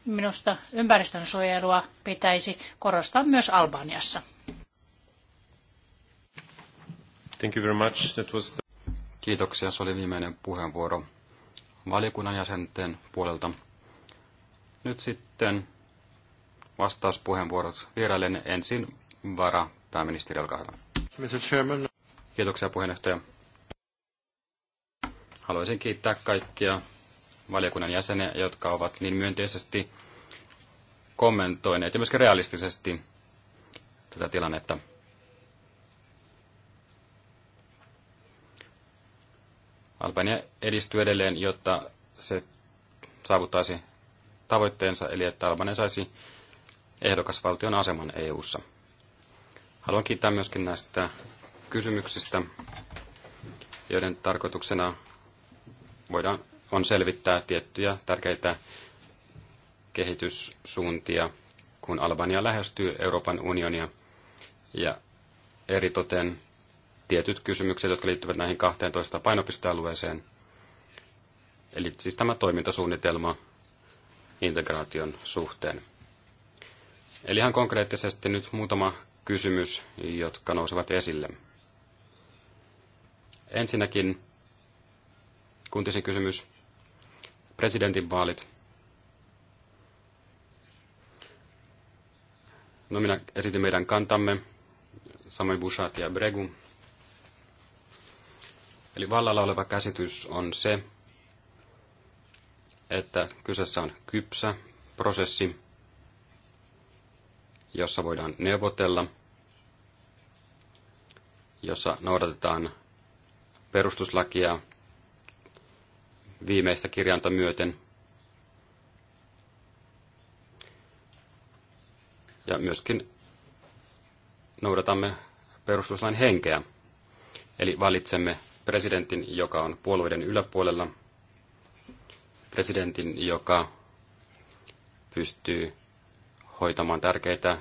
Minusta ympäristön suojelua pitäisi korostaa myös Albaniassa. Thank you very much. That was the... Kiitoksia. Se oli viimeinen puheenvuoro valiokunnan jäsenten puolelta. Nyt sitten vastauspuheenvuorot vieraille ensin vara pääministeri, olkaa hyvä. Mr. Chairman. Kiitoksia puheenjohtaja. Haluaisin kiittää kaikkia valiokunnan jäseniä, jotka ovat niin myönteisesti kommentoineet ja myöskin realistisesti tätä tilannetta. Albania edistyy edelleen, jotta se saavuttaisi tavoitteensa, eli että Albania saisi ehdokasvaltion aseman EU:ssa. Haluan kiittää myöskin näistä kysymyksistä, joiden tarkoituksena voidaan, on selvittää tiettyjä tärkeitä kehityssuuntia, kun Albania lähestyy Euroopan unionia ja eritoten tietyt kysymykset, jotka liittyvät näihin 12 painopistealueeseen. Eli siis tämä toimintasuunnitelma integraation suhteen. Eli ihan konkreettisesti nyt muutama kysymys, jotka nousevat esille. Ensinnäkin kuntisen kysymys, presidentinvaalit. No minä esitin meidän kantamme, samoin Bushat ja Bregu. Eli vallalla oleva käsitys on se, että kyseessä on kypsä prosessi, jossa voidaan neuvotella, jossa noudatetaan perustuslakia viimeistä kirjainta myöten. Ja myöskin noudatamme perustuslain henkeä. Eli valitsemme presidentin, joka on puolueiden yläpuolella – presidentin, joka pystyy hoitamaan tärkeitä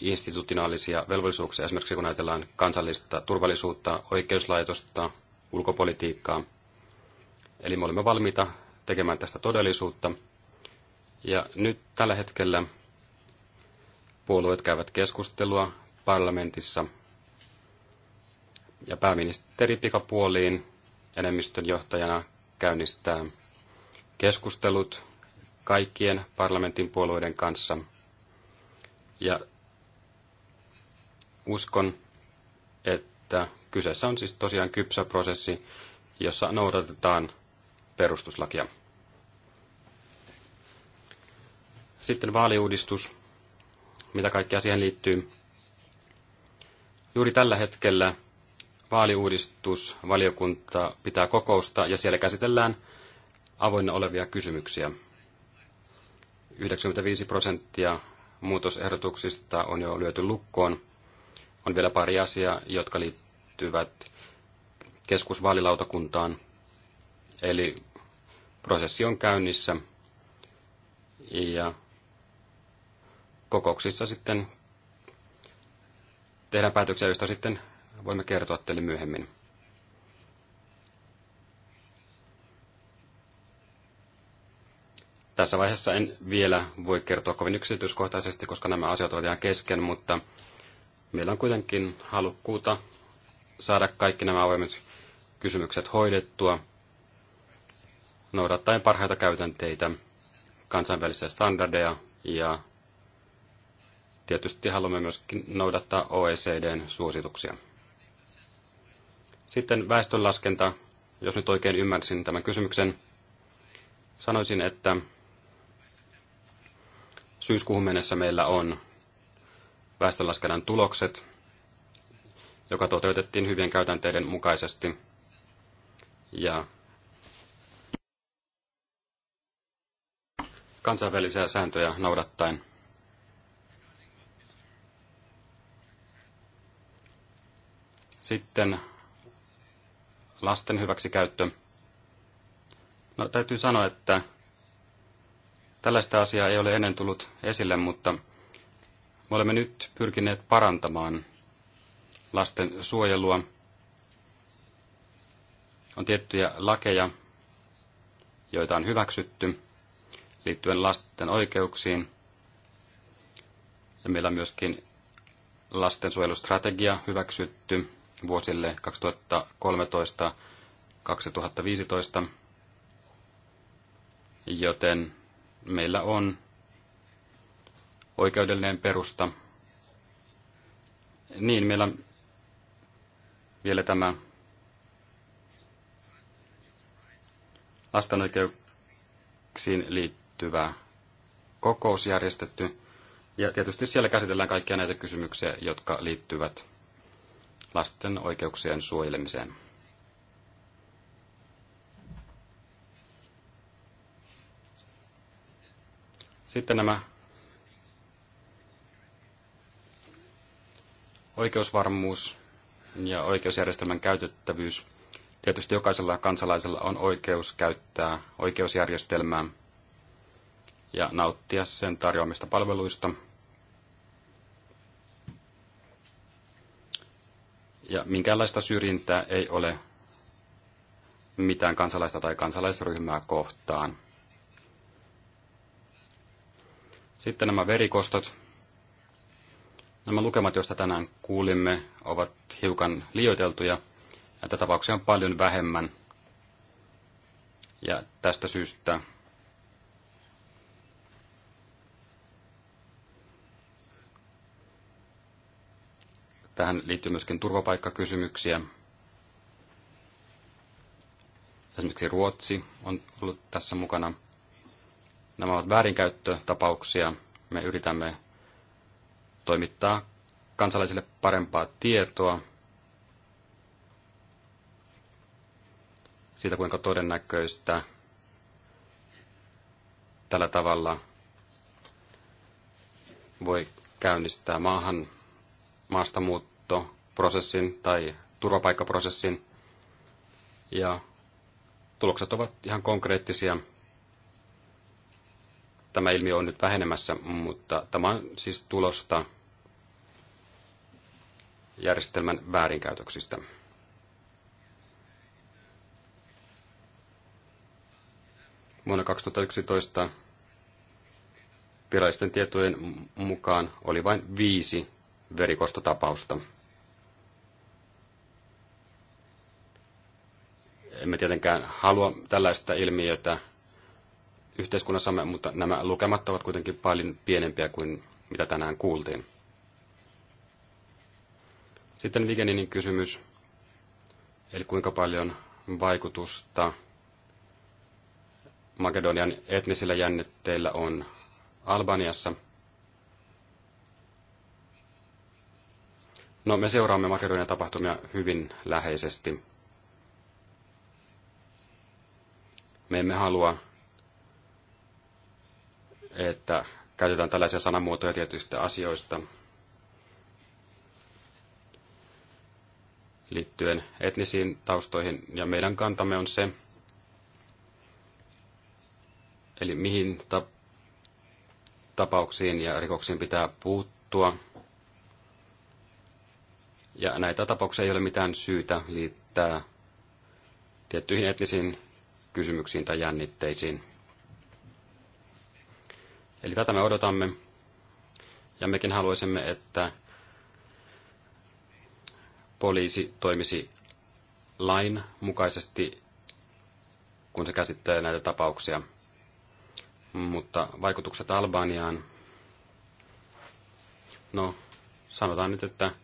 institutionaalisia velvollisuuksia, esimerkiksi kun ajatellaan kansallista turvallisuutta, oikeuslaitosta, ulkopolitiikkaa. Eli me olemme valmiita tekemään tästä todellisuutta. Ja nyt tällä hetkellä puolueet käyvät keskustelua parlamentissa ja pääministeri pikapuoliin enemmistön johtajana käynnistää keskustelut kaikkien parlamentin puolueiden kanssa. Ja uskon, että kyseessä on siis tosiaan kypsä prosessi, jossa noudatetaan perustuslakia. Sitten vaaliuudistus, mitä kaikkea siihen liittyy. Juuri tällä hetkellä vaaliuudistusvaliokunta pitää kokousta ja siellä käsitellään – avoinna olevia kysymyksiä. 95 prosenttia muutosehdotuksista on jo lyöty lukkoon. On vielä pari asiaa, jotka liittyvät keskusvaalilautakuntaan. Eli prosessi on käynnissä ja kokouksissa sitten tehdään päätöksiä, joista sitten voimme kertoa teille myöhemmin. Tässä vaiheessa en vielä voi kertoa kovin yksityiskohtaisesti, koska nämä asiat ovat ihan kesken, mutta meillä on kuitenkin halukkuutta saada kaikki nämä avoimet kysymykset hoidettua noudattaen parhaita käytänteitä, kansainvälisiä standardeja ja tietysti haluamme myöskin noudattaa OECDn suosituksia. Sitten väestönlaskenta, jos nyt oikein ymmärsin tämän kysymyksen, sanoisin, että Syyskuuhun mennessä meillä on väestönlaskennan tulokset, joka toteutettiin hyvien käytänteiden mukaisesti. Ja kansainvälisiä sääntöjä noudattaen. Sitten lasten hyväksikäyttö. No, täytyy sanoa, että Tällaista asiaa ei ole ennen tullut esille, mutta me olemme nyt pyrkineet parantamaan lasten suojelua. On tiettyjä lakeja, joita on hyväksytty liittyen lasten oikeuksiin. Ja meillä on myöskin lastensuojelustrategia hyväksytty vuosille 2013-2015, joten meillä on oikeudellinen perusta. Niin, meillä vielä tämä lasten oikeuksiin liittyvä kokous järjestetty. Ja tietysti siellä käsitellään kaikkia näitä kysymyksiä, jotka liittyvät lasten oikeuksien suojelemiseen. Sitten nämä oikeusvarmuus ja oikeusjärjestelmän käytettävyys. Tietysti jokaisella kansalaisella on oikeus käyttää oikeusjärjestelmää ja nauttia sen tarjoamista palveluista. Ja minkäänlaista syrjintää ei ole mitään kansalaista tai kansalaisryhmää kohtaan – Sitten nämä verikostot. Nämä lukemat, joista tänään kuulimme, ovat hiukan liioiteltuja. Näitä tapauksia on paljon vähemmän. Ja tästä syystä tähän liittyy myöskin turvapaikkakysymyksiä. Esimerkiksi Ruotsi on ollut tässä mukana. Nämä ovat väärinkäyttötapauksia. Me yritämme toimittaa kansalaisille parempaa tietoa siitä, kuinka todennäköistä tällä tavalla voi käynnistää maahan maastamuuttoprosessin tai turvapaikkaprosessin. Ja tulokset ovat ihan konkreettisia tämä ilmiö on nyt vähenemässä, mutta tämä on siis tulosta järjestelmän väärinkäytöksistä. Vuonna 2011 virallisten tietojen mukaan oli vain viisi verikostotapausta. Emme tietenkään halua tällaista ilmiötä yhteiskunnassamme, mutta nämä lukemat ovat kuitenkin paljon pienempiä kuin mitä tänään kuultiin. Sitten Vigeninin kysymys, eli kuinka paljon vaikutusta Makedonian etnisillä jännitteillä on Albaniassa. No, me seuraamme Makedonian tapahtumia hyvin läheisesti. Me emme halua että käytetään tällaisia sanamuotoja tietyistä asioista liittyen etnisiin taustoihin. Ja meidän kantamme on se, eli mihin ta- tapauksiin ja rikoksiin pitää puuttua. Ja näitä tapauksia ei ole mitään syytä liittää tiettyihin etnisiin kysymyksiin tai jännitteisiin. Eli tätä me odotamme. Ja mekin haluaisimme, että poliisi toimisi lain mukaisesti, kun se käsittelee näitä tapauksia. Mutta vaikutukset Albaniaan, no sanotaan nyt, että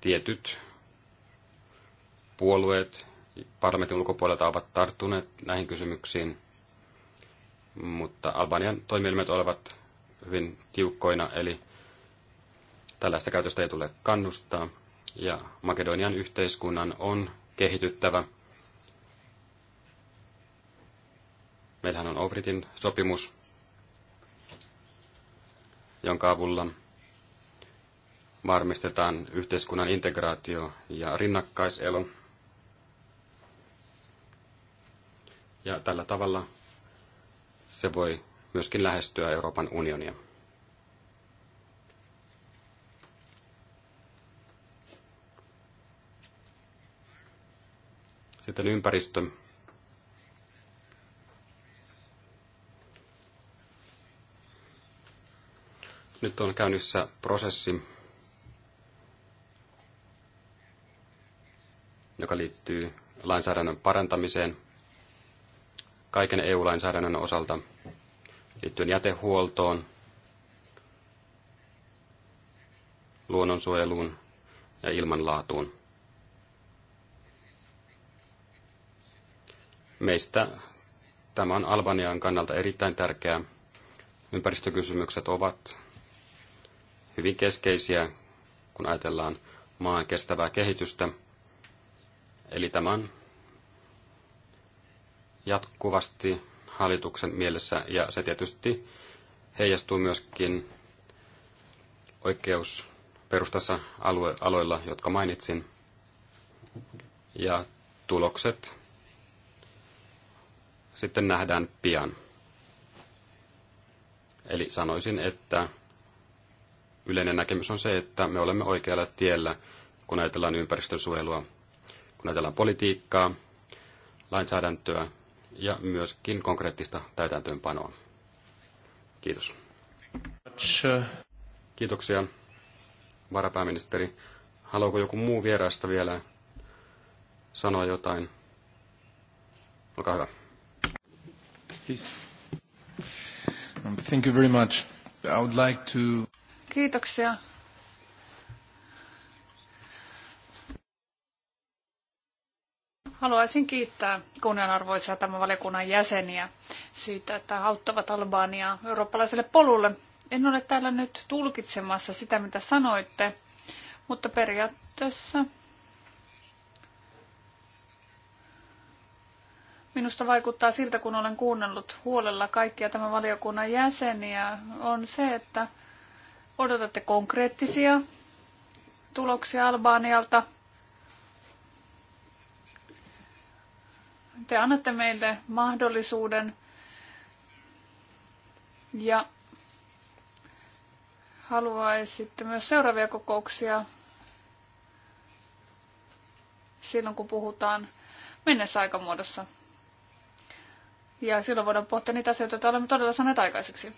tietyt puolueet parlamentin ulkopuolelta ovat tarttuneet näihin kysymyksiin, mutta Albanian toimielimet olivat hyvin tiukkoina, eli tällaista käytöstä ei tule kannustaa, ja Makedonian yhteiskunnan on kehityttävä. Meillähän on ovritin sopimus, jonka avulla varmistetaan yhteiskunnan integraatio ja rinnakkaiselo. ja tällä tavalla se voi myöskin lähestyä Euroopan unionia. Sitten ympäristö. Nyt on käynnissä prosessi, joka liittyy lainsäädännön parantamiseen – kaiken EU-lainsäädännön osalta liittyen jätehuoltoon, luonnonsuojeluun ja ilmanlaatuun. Meistä tämä on Albanian kannalta erittäin tärkeää. Ympäristökysymykset ovat hyvin keskeisiä, kun ajatellaan maan kestävää kehitystä. Eli tämä on jatkuvasti hallituksen mielessä ja se tietysti heijastuu myöskin oikeusperustassa alue, aloilla, jotka mainitsin. Ja tulokset sitten nähdään pian. Eli sanoisin, että yleinen näkemys on se, että me olemme oikealla tiellä, kun ajatellaan ympäristönsuojelua, kun ajatellaan politiikkaa, lainsäädäntöä ja myöskin konkreettista täytäntöönpanoa. Kiitos. Kiitoksia, varapääministeri. Haluaako joku muu vieraista vielä sanoa jotain? Olkaa hyvä. Um, thank you very much. I would like to... Kiitoksia. Haluaisin kiittää kunnianarvoisia tämän valiokunnan jäseniä siitä, että auttavat Albaniaa eurooppalaiselle polulle. En ole täällä nyt tulkitsemassa sitä, mitä sanoitte, mutta periaatteessa minusta vaikuttaa siltä, kun olen kuunnellut huolella kaikkia tämän valiokunnan jäseniä, on se, että odotatte konkreettisia tuloksia Albaanialta – Te annatte meille mahdollisuuden ja haluaisitte myös seuraavia kokouksia silloin, kun puhutaan mennessä aikamuodossa. Ja silloin voidaan pohtia niitä asioita, joita olemme todella saaneet aikaiseksi.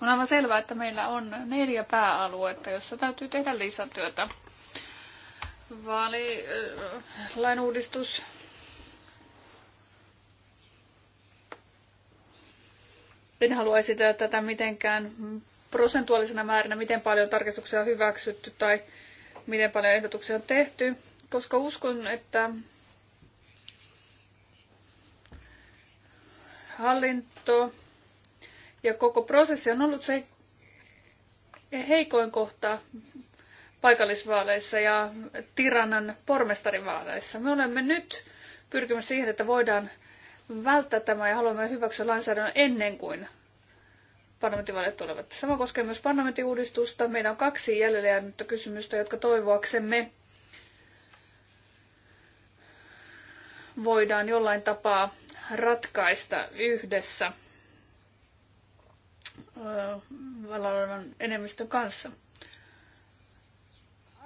On aivan selvää, että meillä on neljä pääaluetta, jossa täytyy tehdä lisätyötä. Vaalilain äh, uudistus, en halua esitellä tätä mitenkään prosentuaalisena määränä, miten paljon tarkistuksia on hyväksytty tai miten paljon ehdotuksia on tehty, koska uskon, että hallinto ja koko prosessi on ollut se heikoin kohta paikallisvaaleissa ja Tirannan pormestarivaaleissa. Me olemme nyt pyrkimässä siihen, että voidaan välttää tämä ja haluamme hyväksyä lainsäädännön ennen kuin parlamenttivaaleet tulevat. Sama koskee myös parlamenttiuudistusta. Meillä on kaksi jäljellä jäänyttä kysymystä, jotka toivoaksemme voidaan jollain tapaa ratkaista yhdessä – Äh, vallan enemmistön kanssa.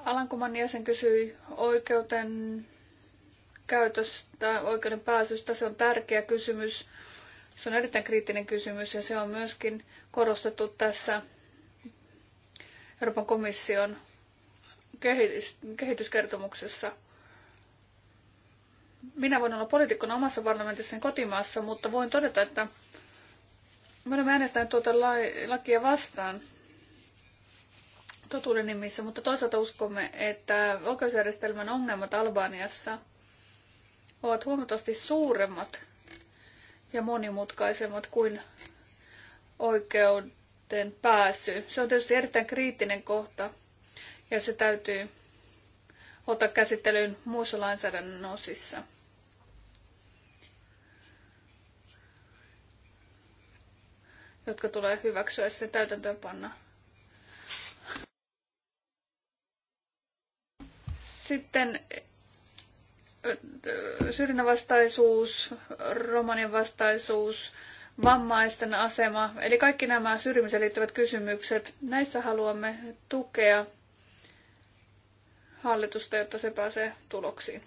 Alankoman jäsen kysyi oikeuden käytöstä, oikeuden pääsystä. Se on tärkeä kysymys. Se on erittäin kriittinen kysymys ja se on myöskin korostettu tässä Euroopan komission kehityskertomuksessa. Minä voin olla poliitikkona omassa parlamentissani kotimaassa, mutta voin todeta, että Mä olemme äänestäneet tuota lai, lakia vastaan totuuden nimissä, mutta toisaalta uskomme, että oikeusjärjestelmän ongelmat Albaniassa ovat huomattavasti suuremmat ja monimutkaisemmat kuin oikeuden pääsy. Se on tietysti erittäin kriittinen kohta ja se täytyy ottaa käsittelyyn muissa lainsäädännön osissa. jotka tulee hyväksyä ja sitten täytäntöön panna. Sitten syrjinnänvastaisuus, romanin vastaisuus, vammaisten asema, eli kaikki nämä syrjimiseen liittyvät kysymykset. Näissä haluamme tukea hallitusta, jotta se pääsee tuloksiin.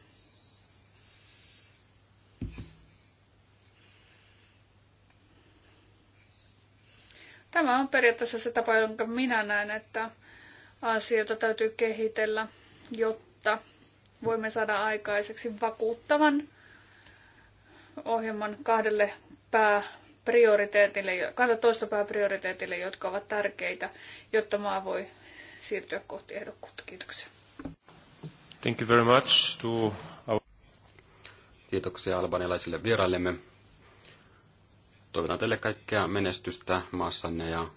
Tämä on periaatteessa se tapa, jonka minä näen, että asioita täytyy kehitellä, jotta voimme saada aikaiseksi vakuuttavan ohjelman kahdelle pääprioriteetille, toista pääprioriteetille, jotka ovat tärkeitä, jotta maa voi siirtyä kohti ehdokkuutta. Kiitoksia. Thank you very much to our... Kiitoksia albanilaisille vieraillemme toivotan teille kaikkea menestystä maassanne ja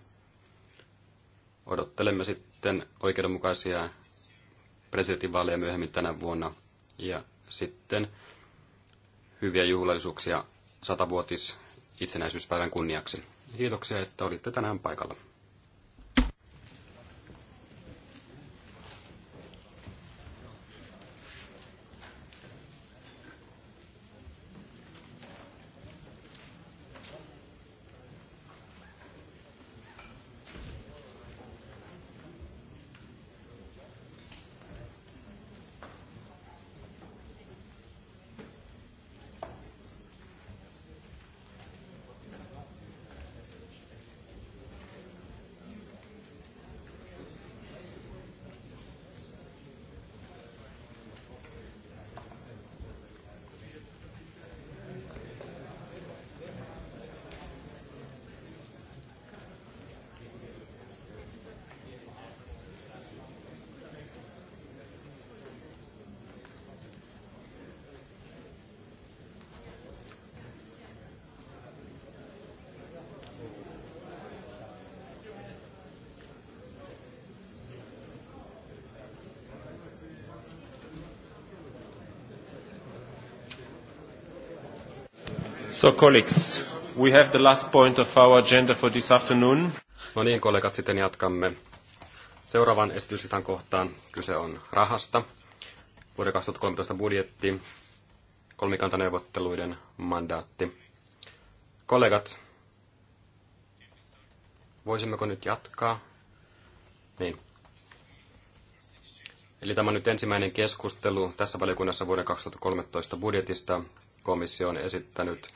odottelemme sitten oikeudenmukaisia presidentinvaaleja myöhemmin tänä vuonna ja sitten hyviä juhlallisuuksia satavuotis itsenäisyyspäivän kunniaksi. Kiitoksia, että olitte tänään paikalla. So colleagues, we have the last point of our agenda for this afternoon. No niin, kollegat, sitten jatkamme. Seuraavan esitysitän kohtaan kyse on rahasta. Vuoden 2013 budjetti, kolmikantaneuvotteluiden mandaatti. Kollegat, voisimmeko nyt jatkaa? Niin. Eli tämä on nyt ensimmäinen keskustelu tässä valiokunnassa vuoden 2013 budjetista Komissio on esittänyt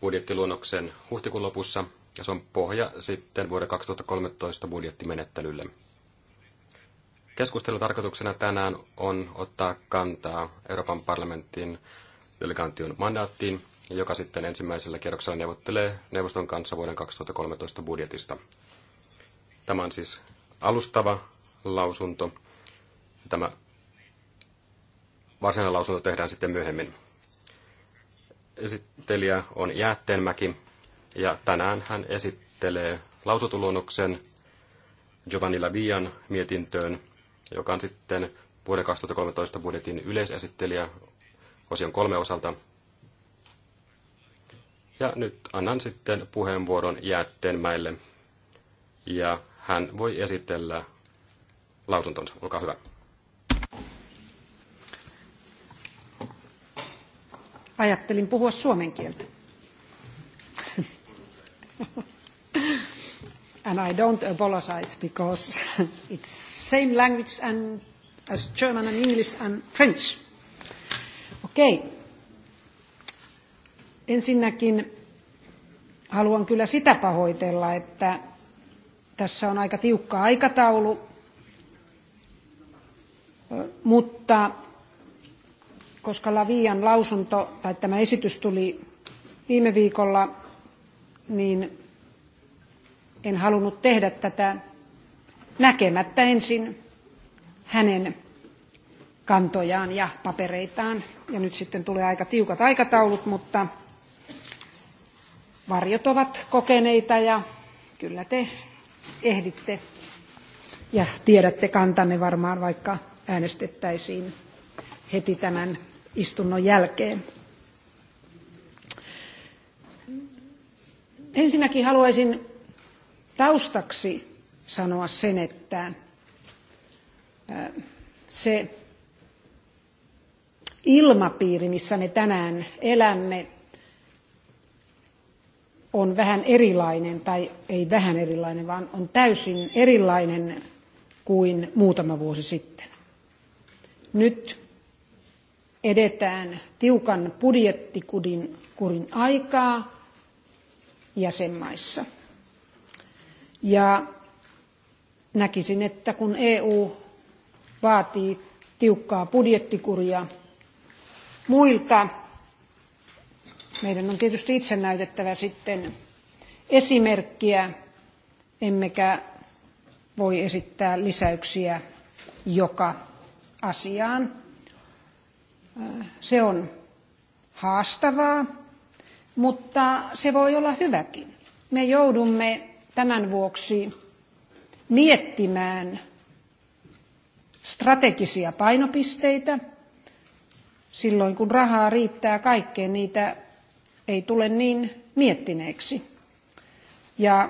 budjettiluonnoksen huhtikuun lopussa, ja se on pohja sitten vuoden 2013 budjettimenettelylle. Keskustelun tarkoituksena tänään on ottaa kantaa Euroopan parlamentin delegaation mandaattiin, joka sitten ensimmäisellä kierroksella neuvottelee neuvoston kanssa vuoden 2013 budjetista. Tämä on siis alustava lausunto. Tämä varsinainen lausunto tehdään sitten myöhemmin esittelijä on Jäätteenmäki ja tänään hän esittelee lausutuluonnoksen Giovanni Lavian mietintöön, joka on sitten vuoden 2013 budjetin yleisesittelijä osion kolme osalta. Ja nyt annan sitten puheenvuoron Jäätteenmäelle ja hän voi esitellä lausuntonsa. Olkaa hyvä. Ajattelin puhua suomen kieltä. and I don't apologize because it's same language and as German and English and French. Okei. Okay. Ensinnäkin haluan kyllä sitä pahoitella, että tässä on aika tiukka aikataulu, mutta koska Lavian lausunto tai tämä esitys tuli viime viikolla, niin en halunnut tehdä tätä näkemättä ensin hänen kantojaan ja papereitaan. Ja nyt sitten tulee aika tiukat aikataulut, mutta varjot ovat kokeneita ja kyllä te ehditte ja tiedätte kantanne varmaan, vaikka äänestettäisiin heti tämän istunnon jälkeen. Ensinnäkin haluaisin taustaksi sanoa sen, että se ilmapiiri, missä me tänään elämme, on vähän erilainen, tai ei vähän erilainen, vaan on täysin erilainen kuin muutama vuosi sitten. Nyt edetään tiukan budjettikurin kurin aikaa jäsenmaissa. Ja näkisin, että kun EU vaatii tiukkaa budjettikuria muilta, meidän on tietysti itse näytettävä sitten esimerkkiä, emmekä voi esittää lisäyksiä joka asiaan se on haastavaa, mutta se voi olla hyväkin. Me joudumme tämän vuoksi miettimään strategisia painopisteitä. Silloin kun rahaa riittää kaikkeen, niitä ei tule niin miettineeksi. Ja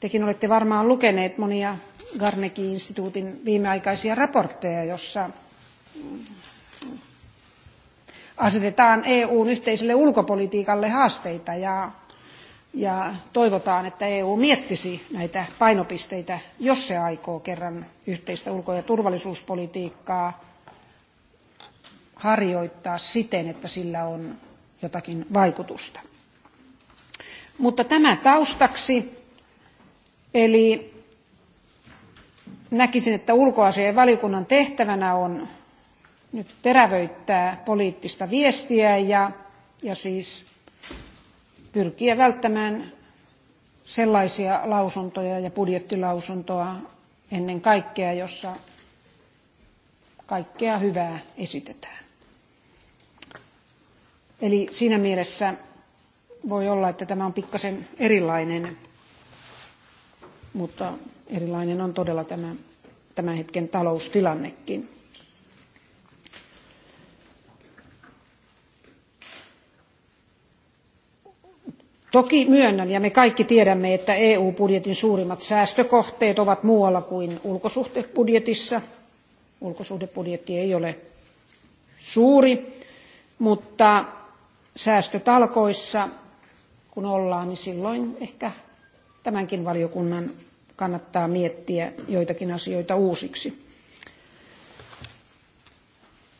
tekin olette varmaan lukeneet monia Garnegin instituutin viimeaikaisia raportteja, jossa asetetaan EUn yhteiselle ulkopolitiikalle haasteita ja, ja toivotaan, että EU miettisi näitä painopisteitä, jos se aikoo kerran yhteistä ulko- ja turvallisuuspolitiikkaa harjoittaa siten, että sillä on jotakin vaikutusta. Mutta tämä taustaksi, eli näkisin, että ulkoasian valiokunnan tehtävänä on nyt terävöittää poliittista viestiä ja, ja siis pyrkiä välttämään sellaisia lausuntoja ja budjettilausuntoa ennen kaikkea, jossa kaikkea hyvää esitetään. Eli siinä mielessä voi olla, että tämä on pikkasen erilainen, mutta erilainen on todella tämä tämän hetken taloustilannekin. Toki myönnän ja me kaikki tiedämme, että EU-budjetin suurimmat säästökohteet ovat muualla kuin ulkosuhdebudjetissa. Ulkosuhdebudjetti ei ole suuri, mutta säästötalkoissa kun ollaan, niin silloin ehkä tämänkin valiokunnan kannattaa miettiä joitakin asioita uusiksi.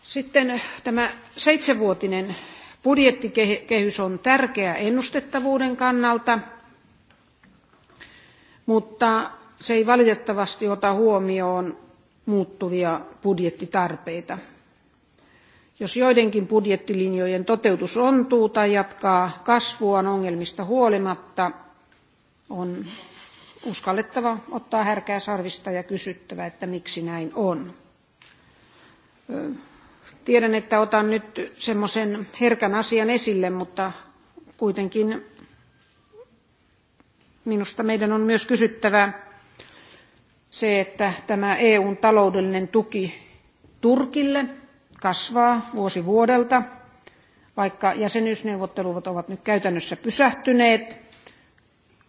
Sitten tämä seitsemänvuotinen budjettikehys on tärkeä ennustettavuuden kannalta mutta se ei valitettavasti ota huomioon muuttuvia budjettitarpeita. Jos joidenkin budjettilinjojen toteutus ontuu tai jatkaa kasvuaan ongelmista huolimatta, on uskallettava ottaa härkää sarvista ja kysyttävä, että miksi näin on. Tiedän, että otan nyt semmoisen herkän asian esille, mutta kuitenkin minusta meidän on myös kysyttävä se, että tämä EUn taloudellinen tuki Turkille kasvaa vuosi vuodelta, vaikka jäsenyysneuvottelut ovat nyt käytännössä pysähtyneet.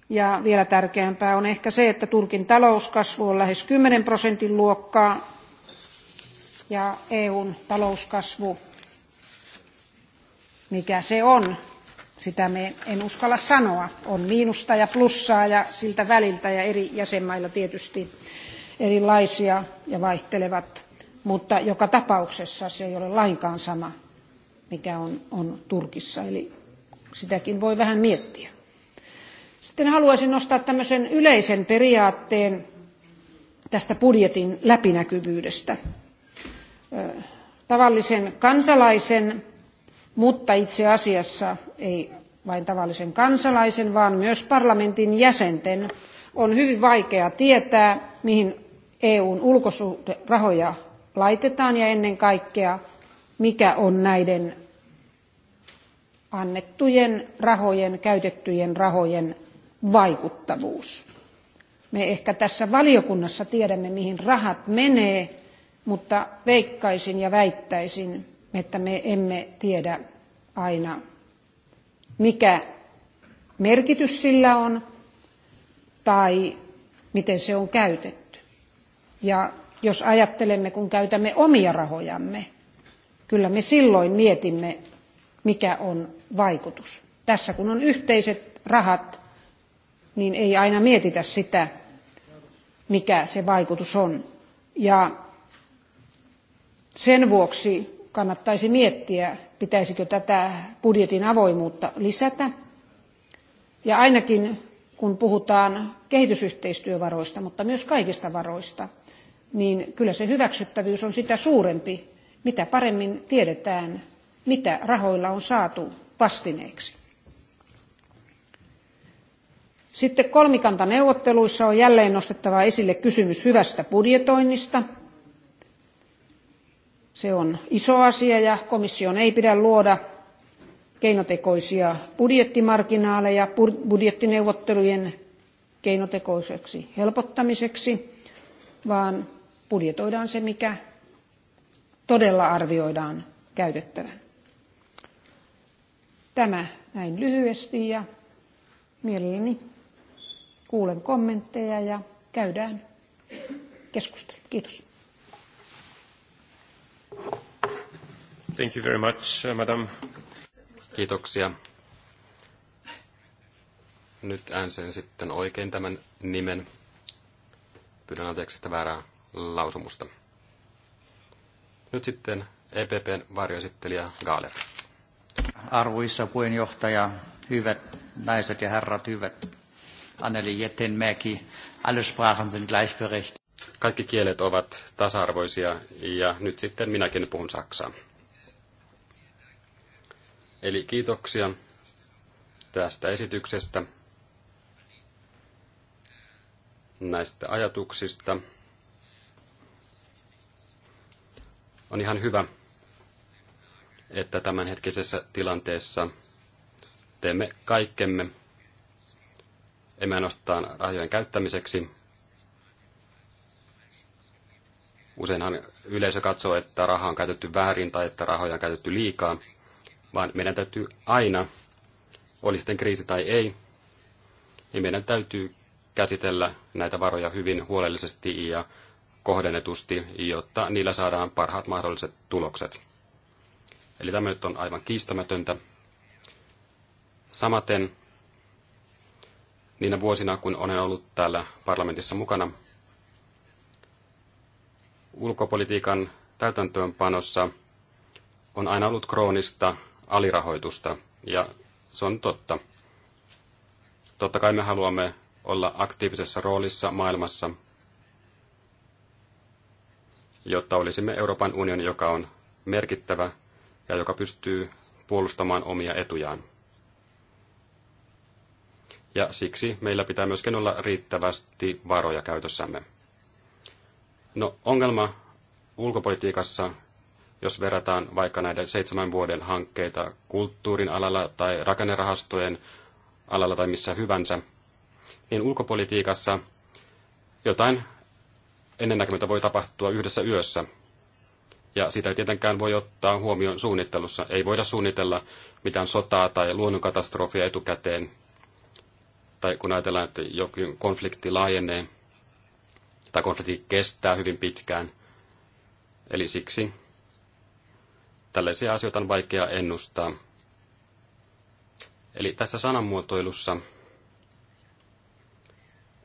Ja vielä tärkeämpää on ehkä se, että Turkin talouskasvu on lähes 10 prosentin luokkaa ja EUn talouskasvu, mikä se on, sitä me en uskalla sanoa. On miinusta ja plussaa ja siltä väliltä ja eri jäsenmailla tietysti erilaisia ja vaihtelevat, mutta joka tapauksessa se ei ole lainkaan sama, mikä on, on Turkissa, eli sitäkin voi vähän miettiä. Sitten haluaisin nostaa tämmöisen yleisen periaatteen tästä budjetin läpinäkyvyydestä tavallisen kansalaisen, mutta itse asiassa ei vain tavallisen kansalaisen, vaan myös parlamentin jäsenten on hyvin vaikea tietää, mihin EUn ulkosuhderahoja laitetaan ja ennen kaikkea, mikä on näiden annettujen rahojen, käytettyjen rahojen vaikuttavuus. Me ehkä tässä valiokunnassa tiedämme, mihin rahat menee, mutta veikkaisin ja väittäisin, että me emme tiedä aina, mikä merkitys sillä on tai miten se on käytetty. Ja jos ajattelemme, kun käytämme omia rahojamme, kyllä me silloin mietimme, mikä on vaikutus. Tässä kun on yhteiset rahat, niin ei aina mietitä sitä, mikä se vaikutus on. Ja sen vuoksi kannattaisi miettiä, pitäisikö tätä budjetin avoimuutta lisätä. Ja ainakin kun puhutaan kehitysyhteistyövaroista, mutta myös kaikista varoista, niin kyllä se hyväksyttävyys on sitä suurempi, mitä paremmin tiedetään, mitä rahoilla on saatu vastineeksi. Sitten kolmikantaneuvotteluissa on jälleen nostettava esille kysymys hyvästä budjetoinnista – se on iso asia ja komission ei pidä luoda keinotekoisia budjettimarginaaleja budjettineuvottelujen keinotekoiseksi helpottamiseksi, vaan budjetoidaan se, mikä todella arvioidaan käytettävän. Tämä näin lyhyesti ja mielelläni kuulen kommentteja ja käydään keskustelu. Kiitos. Thank you very much, uh, madam. Kiitoksia. Nyt äänsin sitten oikein tämän nimen. Pyydän anteeksi sitä väärää lausumusta. Nyt sitten EPPn varjoesittelijä Gaaler. Arvoisa puheenjohtaja, hyvät naiset ja herrat, hyvät Anneli Jettenmäki, alle sprachen sind gleichberechtigt. Kaikki kielet ovat tasa-arvoisia ja nyt sitten minäkin puhun saksaa. Eli kiitoksia tästä esityksestä, näistä ajatuksista. On ihan hyvä, että tämänhetkisessä tilanteessa teemme kaikkemme, emänostaan rahojen käyttämiseksi. Useinhan yleisö katsoo, että rahaa on käytetty väärin tai että rahoja on käytetty liikaa – vaan meidän täytyy aina, oli sitten kriisi tai ei, niin meidän täytyy käsitellä näitä varoja hyvin huolellisesti ja kohdennetusti, jotta niillä saadaan parhaat mahdolliset tulokset. Eli tämä nyt on aivan kiistämätöntä. Samaten niinä vuosina, kun olen ollut täällä parlamentissa mukana, ulkopolitiikan täytäntöönpanossa on aina ollut kroonista alirahoitusta, ja se on totta. Totta kai me haluamme olla aktiivisessa roolissa maailmassa, jotta olisimme Euroopan unioni, joka on merkittävä ja joka pystyy puolustamaan omia etujaan. Ja siksi meillä pitää myöskin olla riittävästi varoja käytössämme. No, ongelma ulkopolitiikassa jos verrataan vaikka näiden seitsemän vuoden hankkeita kulttuurin alalla tai rakennerahastojen alalla tai missä hyvänsä, niin ulkopolitiikassa jotain ennennäkemättä voi tapahtua yhdessä yössä. Ja sitä ei tietenkään voi ottaa huomioon suunnittelussa. Ei voida suunnitella mitään sotaa tai luonnonkatastrofia etukäteen. Tai kun ajatellaan, että jokin konflikti laajenee tai konflikti kestää hyvin pitkään. Eli siksi tällaisia asioita on vaikea ennustaa. Eli tässä sanamuotoilussa,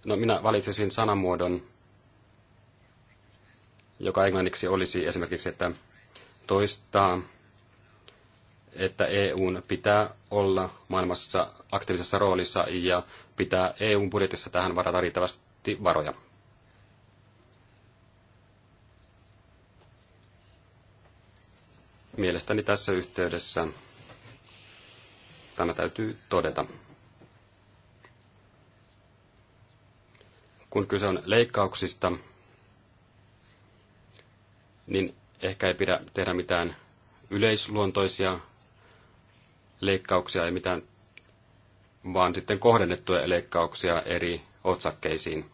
no minä valitsisin sanamuodon, joka englanniksi olisi esimerkiksi, että toistaa, että EUn pitää olla maailmassa aktiivisessa roolissa ja pitää EUn budjetissa tähän varata riittävästi varoja. Mielestäni tässä yhteydessä tämä täytyy todeta. Kun kyse on leikkauksista, niin ehkä ei pidä tehdä mitään yleisluontoisia leikkauksia ja mitään, vaan sitten kohdennettuja leikkauksia eri otsakkeisiin.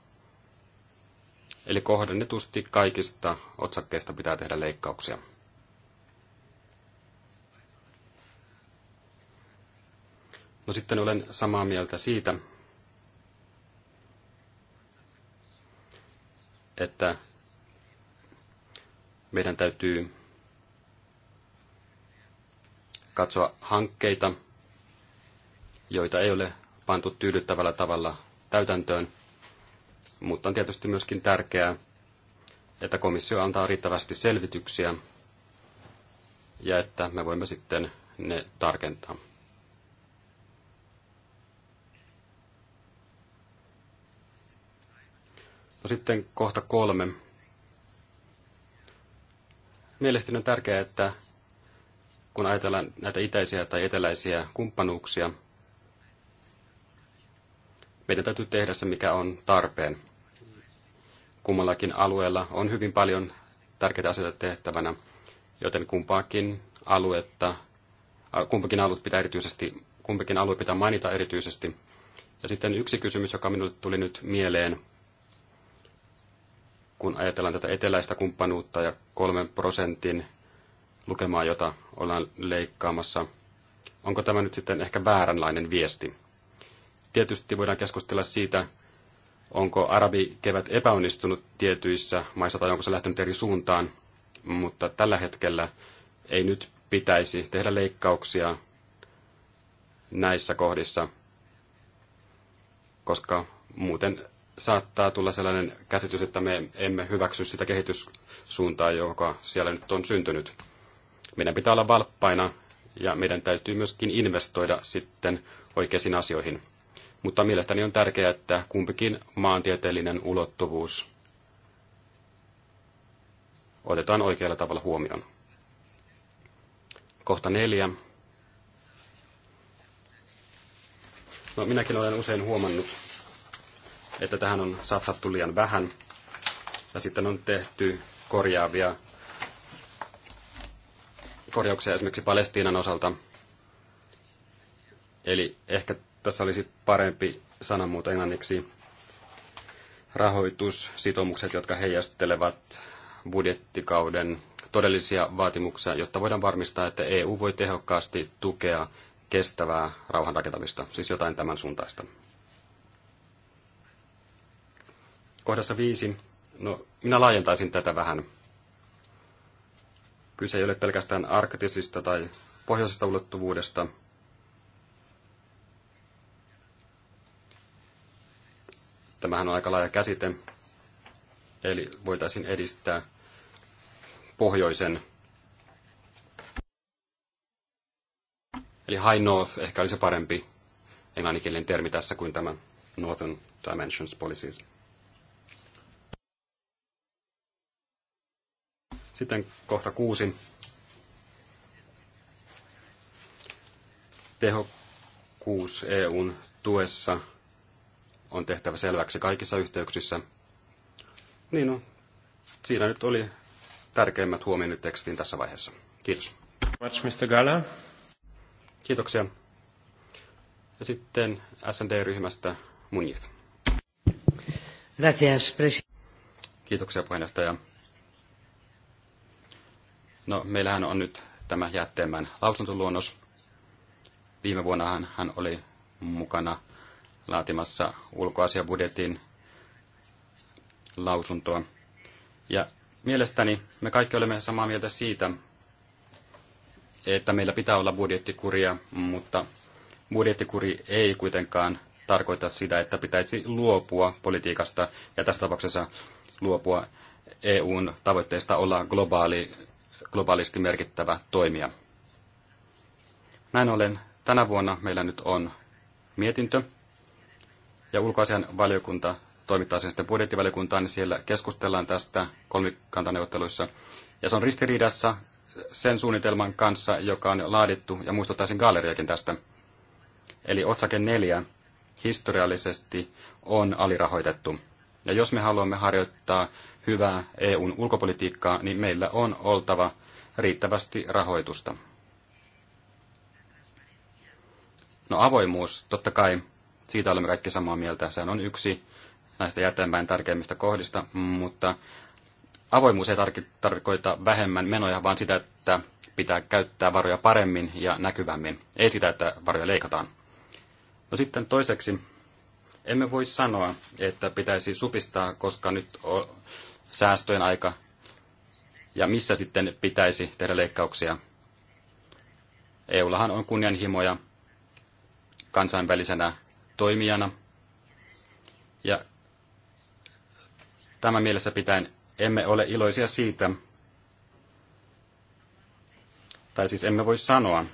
Eli kohdennetusti kaikista otsakkeista pitää tehdä leikkauksia. No sitten olen samaa mieltä siitä, että meidän täytyy katsoa hankkeita, joita ei ole pantu tyydyttävällä tavalla täytäntöön, mutta on tietysti myöskin tärkeää, että komissio antaa riittävästi selvityksiä ja että me voimme sitten ne tarkentaa. No sitten kohta kolme. Mielestäni on tärkeää, että kun ajatellaan näitä itäisiä tai eteläisiä kumppanuuksia, meidän täytyy tehdä se, mikä on tarpeen. Kummallakin alueella on hyvin paljon tärkeitä asioita tehtävänä, joten kumpaakin aluetta, kumpakin alue pitää erityisesti, kumpikin alue pitää mainita erityisesti. Ja sitten yksi kysymys, joka minulle tuli nyt mieleen, kun ajatellaan tätä eteläistä kumppanuutta ja kolmen prosentin lukemaa, jota ollaan leikkaamassa, onko tämä nyt sitten ehkä vääränlainen viesti? Tietysti voidaan keskustella siitä, onko arabi kevät epäonnistunut tietyissä maissa tai onko se lähtenyt eri suuntaan, mutta tällä hetkellä ei nyt pitäisi tehdä leikkauksia näissä kohdissa, koska muuten saattaa tulla sellainen käsitys, että me emme hyväksy sitä kehityssuuntaa, joka siellä nyt on syntynyt. Meidän pitää olla valppaina ja meidän täytyy myöskin investoida sitten oikeisiin asioihin. Mutta mielestäni on tärkeää, että kumpikin maantieteellinen ulottuvuus otetaan oikealla tavalla huomioon. Kohta neljä. No, minäkin olen usein huomannut, että tähän on satsattu liian vähän. Ja sitten on tehty korjaavia korjauksia esimerkiksi Palestiinan osalta. Eli ehkä tässä olisi parempi sanamuoto englanniksi rahoitussitoumukset, jotka heijastelevat budjettikauden todellisia vaatimuksia, jotta voidaan varmistaa, että EU voi tehokkaasti tukea kestävää rauhanrakentamista, siis jotain tämän suuntaista. kohdassa viisi, no minä laajentaisin tätä vähän. Kyse ei ole pelkästään arktisista tai pohjoisesta ulottuvuudesta. Tämähän on aika laaja käsite, eli voitaisiin edistää pohjoisen. Eli high north ehkä olisi parempi englanninkielinen termi tässä kuin tämä northern dimensions policies. Sitten kohta kuusi. Tehokkuus EUn tuessa on tehtävä selväksi kaikissa yhteyksissä. Niin no, siinä nyt oli tärkeimmät huomioni tekstiin tässä vaiheessa. Kiitos. Much, Mr. Gala. Kiitoksia. Ja sitten SND-ryhmästä Munjit. Gracias, Kiitoksia puheenjohtaja. No, meillähän on nyt tämä jätteemän lausuntoluonnos. Viime vuonnahan hän oli mukana laatimassa ulkoasiabudjetin lausuntoa. Ja mielestäni me kaikki olemme samaa mieltä siitä, että meillä pitää olla budjettikuria, mutta budjettikuri ei kuitenkaan tarkoita sitä, että pitäisi luopua politiikasta ja tässä tapauksessa luopua EUn tavoitteesta olla globaali globaalisti merkittävä toimija. Näin ollen tänä vuonna meillä nyt on mietintö ja ulkoasian valiokunta toimittaa sen sitten budjettivaliokuntaan, niin siellä keskustellaan tästä kolmikantaneuvotteluissa. Ja se on ristiriidassa sen suunnitelman kanssa, joka on laadittu, ja muistuttaisin galleriakin tästä. Eli otsake neljä historiallisesti on alirahoitettu. Ja jos me haluamme harjoittaa hyvää EUn ulkopolitiikkaa, niin meillä on oltava riittävästi rahoitusta. No avoimuus, totta kai, siitä olemme kaikki samaa mieltä. Sehän on yksi näistä jäteenpäin tärkeimmistä kohdista, mutta avoimuus ei tarkoita vähemmän menoja, vaan sitä, että pitää käyttää varoja paremmin ja näkyvämmin. Ei sitä, että varoja leikataan. No sitten toiseksi, emme voi sanoa, että pitäisi supistaa, koska nyt on säästöjen aika ja missä sitten pitäisi tehdä leikkauksia. EUllahan on kunnianhimoja kansainvälisenä toimijana. Ja tämä mielessä pitäen emme ole iloisia siitä, tai siis emme voi sanoa,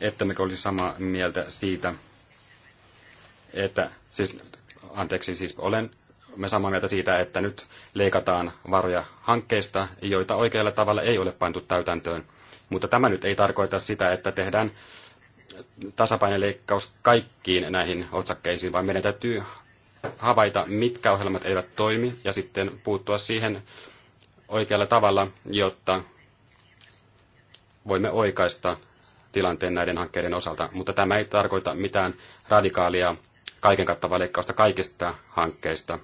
että me olisi samaa mieltä siitä, että, siis, anteeksi, siis olen me samaa mieltä siitä, että nyt leikataan varoja hankkeista, joita oikealla tavalla ei ole pantu täytäntöön. Mutta tämä nyt ei tarkoita sitä, että tehdään tasapainoleikkaus kaikkiin näihin otsakkeisiin, vaan meidän täytyy havaita, mitkä ohjelmat eivät toimi, ja sitten puuttua siihen oikealla tavalla, jotta voimme oikaista tilanteen näiden hankkeiden osalta. Mutta tämä ei tarkoita mitään radikaalia, kaiken kattavaa leikkausta kaikista hankkeista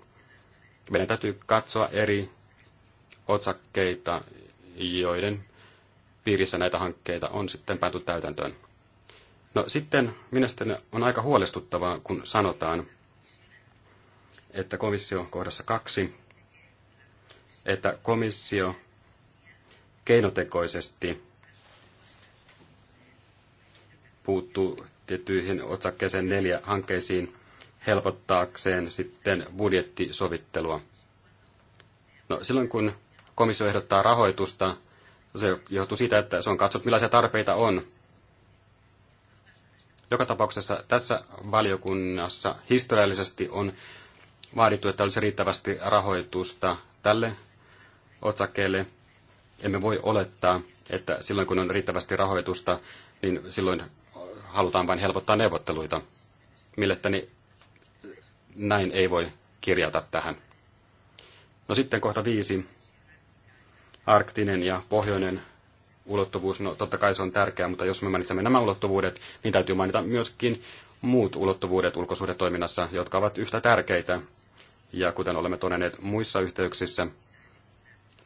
meidän täytyy katsoa eri otsakkeita, joiden piirissä näitä hankkeita on sitten pääty täytäntöön. No sitten minusta on aika huolestuttavaa, kun sanotaan, että komissio kohdassa kaksi, että komissio keinotekoisesti puuttuu tiettyihin otsakkeeseen neljä hankkeisiin, helpottaakseen sitten budjettisovittelua. No, silloin kun komissio ehdottaa rahoitusta, se johtuu siitä, että se on katsottu, millaisia tarpeita on. Joka tapauksessa tässä valiokunnassa historiallisesti on vaadittu, että olisi riittävästi rahoitusta tälle otsakkeelle. Emme voi olettaa, että silloin kun on riittävästi rahoitusta, niin silloin halutaan vain helpottaa neuvotteluita. Mielestäni näin ei voi kirjata tähän. No sitten kohta viisi. Arktinen ja pohjoinen ulottuvuus, no totta kai se on tärkeää, mutta jos me mainitsemme nämä ulottuvuudet, niin täytyy mainita myöskin muut ulottuvuudet ulkosuhdetoiminnassa, jotka ovat yhtä tärkeitä. Ja kuten olemme todenneet muissa yhteyksissä,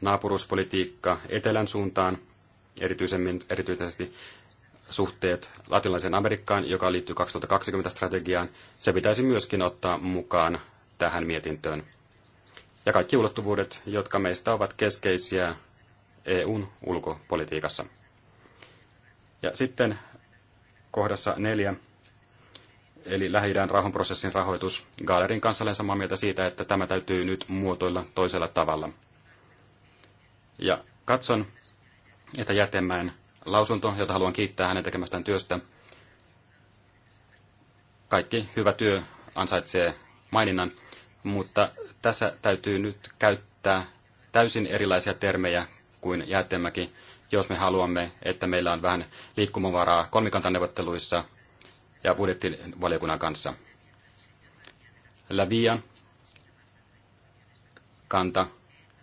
naapuruspolitiikka etelän suuntaan, erityisemmin, erityisesti suhteet latinalaiseen Amerikkaan, joka liittyy 2020-strategiaan, se pitäisi myöskin ottaa mukaan tähän mietintöön. Ja kaikki ulottuvuudet, jotka meistä ovat keskeisiä EUn ulkopolitiikassa. Ja sitten kohdassa neljä, eli lähi rauhanprosessin rahoitus. Gaalerin kanssa olen samaa mieltä siitä, että tämä täytyy nyt muotoilla toisella tavalla. Ja katson, että jätemään lausunto, jota haluan kiittää hänen tekemästään työstä. Kaikki hyvä työ ansaitsee maininnan, mutta tässä täytyy nyt käyttää täysin erilaisia termejä kuin Jäätemäki, jos me haluamme, että meillä on vähän liikkumavaraa kolmikantaneuvotteluissa ja budjettivaliokunnan kanssa. Lävian kanta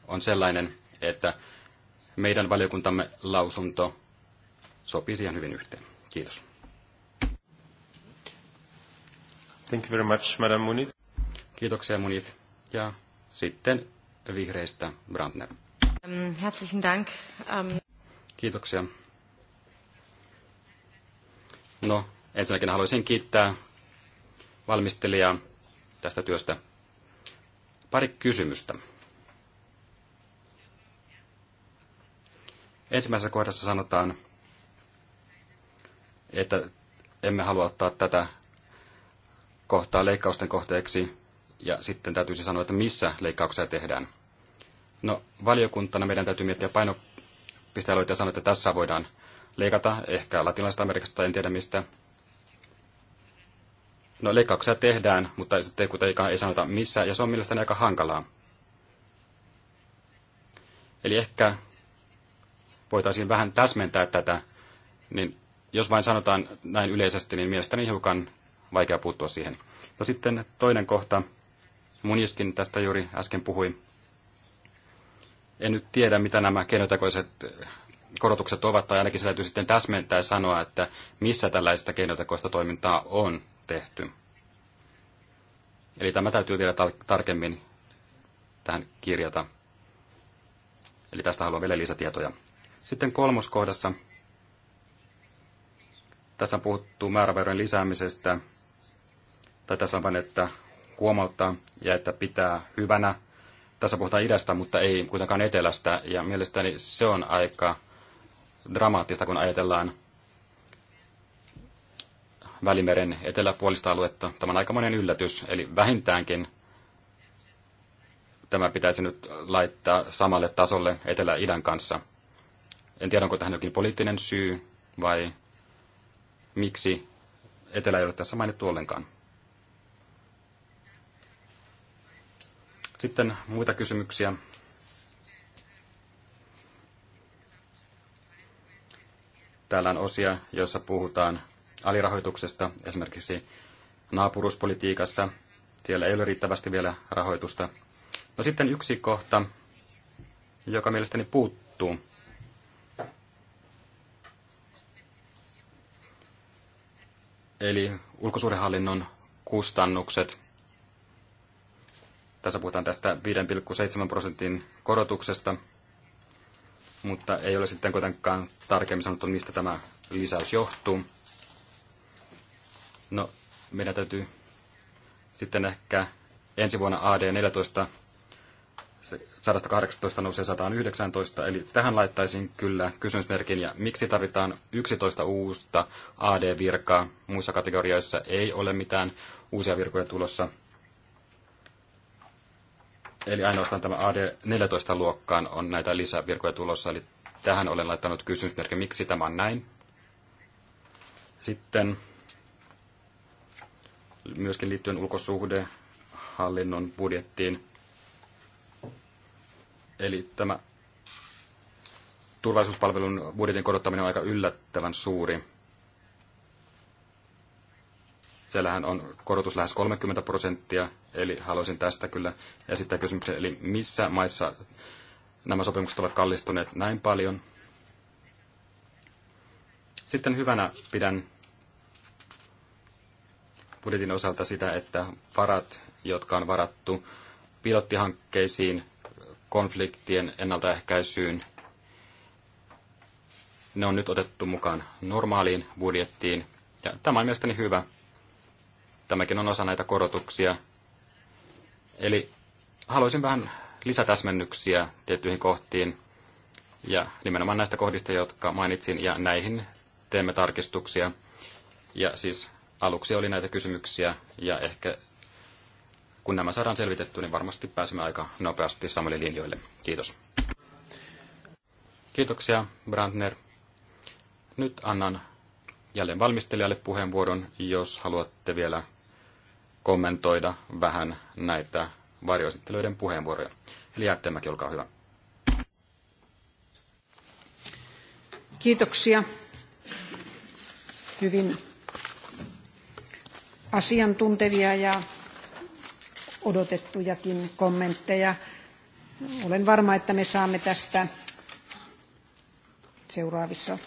on sellainen, että meidän valiokuntamme lausunto sopii siihen hyvin yhteen. Kiitos. Thank you very much, Madam Munit. Kiitoksia Munit. Ja sitten vihreistä Brandner. Um, herzlichen Dank. Um... Kiitoksia. No, ensinnäkin haluaisin kiittää valmistelijaa tästä työstä. Pari kysymystä. Ensimmäisessä kohdassa sanotaan, että emme halua ottaa tätä kohtaa leikkausten kohteeksi, ja sitten täytyisi sanoa, että missä leikkauksia tehdään. No, valiokuntana meidän täytyy miettiä painopistealueita ja sanoa, että tässä voidaan leikata ehkä latinalaisesta Amerikasta tai en tiedä mistä. No, leikkauksia tehdään, mutta sitten kuitenkaan ei sanota missä, ja se on mielestäni aika hankalaa. Eli ehkä voitaisiin vähän täsmentää tätä, niin jos vain sanotaan näin yleisesti, niin mielestäni hiukan vaikea puuttua siihen. No sitten toinen kohta. Muniskin tästä juuri äsken puhui. En nyt tiedä, mitä nämä keinotekoiset korotukset ovat, tai ainakin se täytyy sitten täsmentää ja sanoa, että missä tällaista keinotekoista toimintaa on tehty. Eli tämä täytyy vielä tarkemmin tähän kirjata. Eli tästä haluan vielä lisätietoja. Sitten kolmoskohdassa tässä on puhuttu määräverojen lisäämisestä, tai tässä on vain, että huomauttaa ja että pitää hyvänä. Tässä puhutaan idästä, mutta ei kuitenkaan etelästä, ja mielestäni se on aika dramaattista, kun ajatellaan Välimeren eteläpuolista aluetta. Tämä on aikamoinen yllätys, eli vähintäänkin tämä pitäisi nyt laittaa samalle tasolle Etelä-idän kanssa. En tiedä, onko tähän jokin poliittinen syy vai miksi Etelä ei ole tässä mainittu ollenkaan. Sitten muita kysymyksiä. Täällä on osia, joissa puhutaan alirahoituksesta, esimerkiksi naapuruspolitiikassa. Siellä ei ole riittävästi vielä rahoitusta. No sitten yksi kohta, joka mielestäni puuttuu Eli ulkosuhdehallinnon kustannukset. Tässä puhutaan tästä 5,7 prosentin korotuksesta, mutta ei ole sitten kuitenkaan tarkemmin sanottu, mistä tämä lisäys johtuu. No, meidän täytyy sitten ehkä ensi vuonna AD14 se 118 nousee 119, eli tähän laittaisin kyllä kysymysmerkin, ja miksi tarvitaan 11 uusta AD-virkaa? Muissa kategorioissa ei ole mitään uusia virkoja tulossa. Eli ainoastaan tämä AD14-luokkaan on näitä lisävirkoja tulossa, eli tähän olen laittanut kysymysmerkin, miksi tämä on näin. Sitten myöskin liittyen ulkosuhdehallinnon budjettiin, Eli tämä turvallisuuspalvelun budjetin korottaminen on aika yllättävän suuri. Siellähän on korotus lähes 30 prosenttia, eli haluaisin tästä kyllä esittää kysymyksen, eli missä maissa nämä sopimukset ovat kallistuneet näin paljon. Sitten hyvänä pidän budjetin osalta sitä, että varat, jotka on varattu pilottihankkeisiin, konfliktien ennaltaehkäisyyn. Ne on nyt otettu mukaan normaaliin budjettiin. Ja tämä on mielestäni hyvä. Tämäkin on osa näitä korotuksia. Eli haluaisin vähän lisätäsmennyksiä tiettyihin kohtiin ja nimenomaan näistä kohdista, jotka mainitsin, ja näihin teemme tarkistuksia. Ja siis aluksi oli näitä kysymyksiä, ja ehkä kun nämä saadaan selvitetty, niin varmasti pääsemme aika nopeasti samalle linjoille. Kiitos. Kiitoksia, Brandner. Nyt annan jälleen valmistelijalle puheenvuoron, jos haluatte vielä kommentoida vähän näitä varjoesittelyiden puheenvuoroja. Eli Jäätteenmäki, olkaa hyvä. Kiitoksia hyvin asiantuntevia ja odotettujakin kommentteja. Olen varma, että me saamme tästä seuraavissa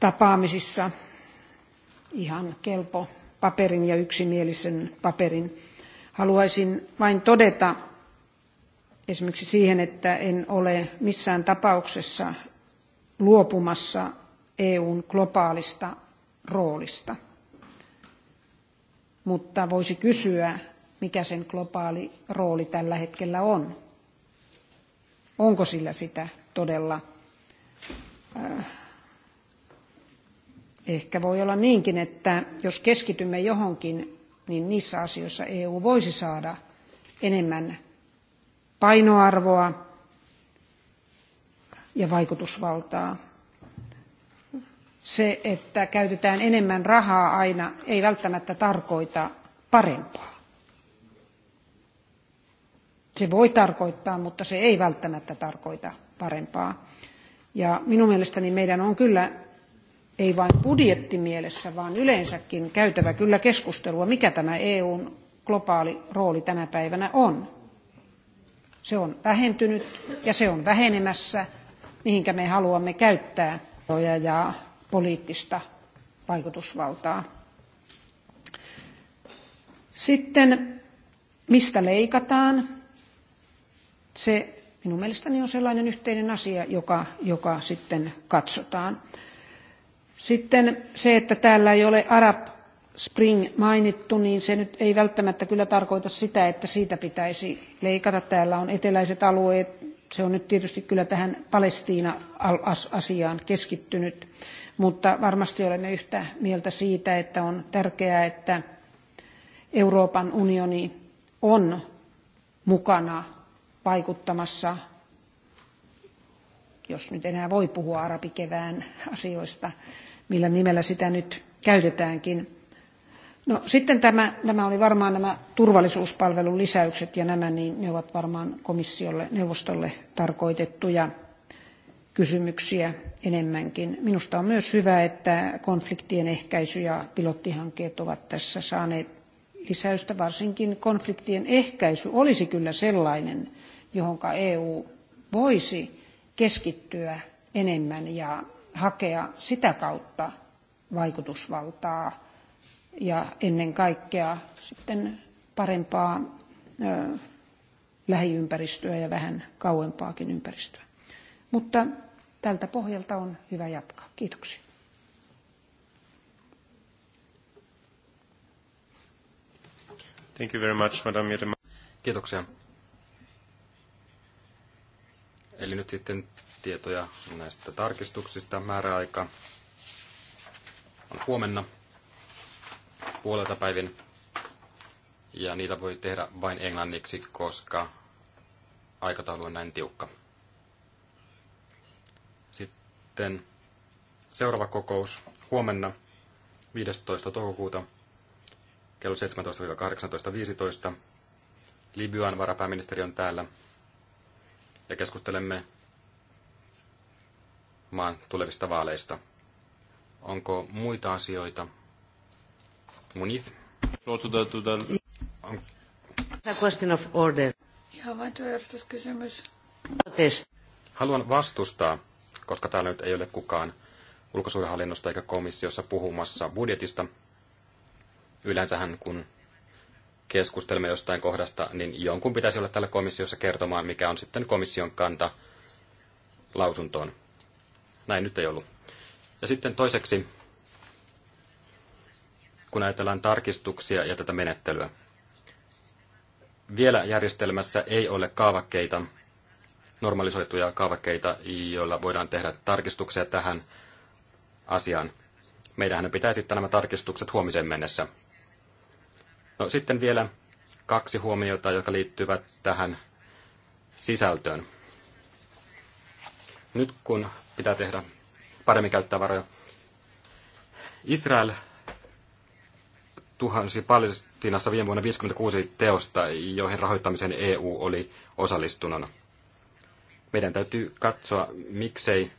tapaamisissa ihan kelpo paperin ja yksimielisen paperin. Haluaisin vain todeta esimerkiksi siihen, että en ole missään tapauksessa luopumassa EUn globaalista roolista mutta voisi kysyä, mikä sen globaali rooli tällä hetkellä on. Onko sillä sitä todella? Äh, ehkä voi olla niinkin, että jos keskitymme johonkin, niin niissä asioissa EU voisi saada enemmän painoarvoa ja vaikutusvaltaa se, että käytetään enemmän rahaa aina, ei välttämättä tarkoita parempaa. Se voi tarkoittaa, mutta se ei välttämättä tarkoita parempaa. Ja minun mielestäni meidän on kyllä, ei vain budjettimielessä, vaan yleensäkin käytävä kyllä keskustelua, mikä tämä EUn globaali rooli tänä päivänä on. Se on vähentynyt ja se on vähenemässä, mihinkä me haluamme käyttää varoja ja poliittista vaikutusvaltaa. Sitten mistä leikataan? Se minun mielestäni on sellainen yhteinen asia, joka, joka sitten katsotaan. Sitten se, että täällä ei ole Arab Spring mainittu, niin se nyt ei välttämättä kyllä tarkoita sitä, että siitä pitäisi leikata. Täällä on eteläiset alueet, se on nyt tietysti kyllä tähän Palestiina-asiaan keskittynyt, mutta varmasti olemme yhtä mieltä siitä, että on tärkeää, että Euroopan unioni on mukana vaikuttamassa, jos nyt enää voi puhua arabikevään asioista, millä nimellä sitä nyt käytetäänkin, No, sitten tämä, nämä oli varmaan nämä turvallisuuspalvelun lisäykset ja nämä, niin ne ovat varmaan komissiolle, neuvostolle tarkoitettuja kysymyksiä enemmänkin. Minusta on myös hyvä, että konfliktien ehkäisy ja pilottihankkeet ovat tässä saaneet lisäystä. Varsinkin konfliktien ehkäisy olisi kyllä sellainen, johon EU voisi keskittyä enemmän ja hakea sitä kautta vaikutusvaltaa ja ennen kaikkea sitten parempaa ö, lähiympäristöä ja vähän kauempaakin ympäristöä. Mutta tältä pohjalta on hyvä jatkaa. Kiitoksia. Thank you very much, Madam Kiitoksia. Eli nyt sitten tietoja näistä tarkistuksista. Määräaika on huomenna puolelta päivin. Ja niitä voi tehdä vain englanniksi, koska aikataulu on näin tiukka. Sitten seuraava kokous huomenna 15. toukokuuta kello 17-18.15. Libyan varapääministeri on täällä ja keskustelemme maan tulevista vaaleista. Onko muita asioita? Muniz. A question of order. Ihan vain työjärjestyskysymys. Haluan vastustaa, koska täällä nyt ei ole kukaan ulkosuojahallinnosta eikä komissiossa puhumassa budjetista. Yleensähän kun keskustelemme jostain kohdasta, niin jonkun pitäisi olla täällä komissiossa kertomaan, mikä on sitten komission kanta lausuntoon. Näin nyt ei ollut. Ja sitten toiseksi kun ajatellaan tarkistuksia ja tätä menettelyä. Vielä järjestelmässä ei ole kaavakkeita, normalisoituja kaavakkeita, joilla voidaan tehdä tarkistuksia tähän asiaan. Meidän pitää esittää nämä tarkistukset huomiseen mennessä. No, sitten vielä kaksi huomiota, jotka liittyvät tähän sisältöön. Nyt kun pitää tehdä paremmin käyttää varoja, Israel tuhansi Palestinassa viime vuonna 56 teosta, joihin rahoittamisen EU oli osallistunut. Meidän täytyy katsoa, miksei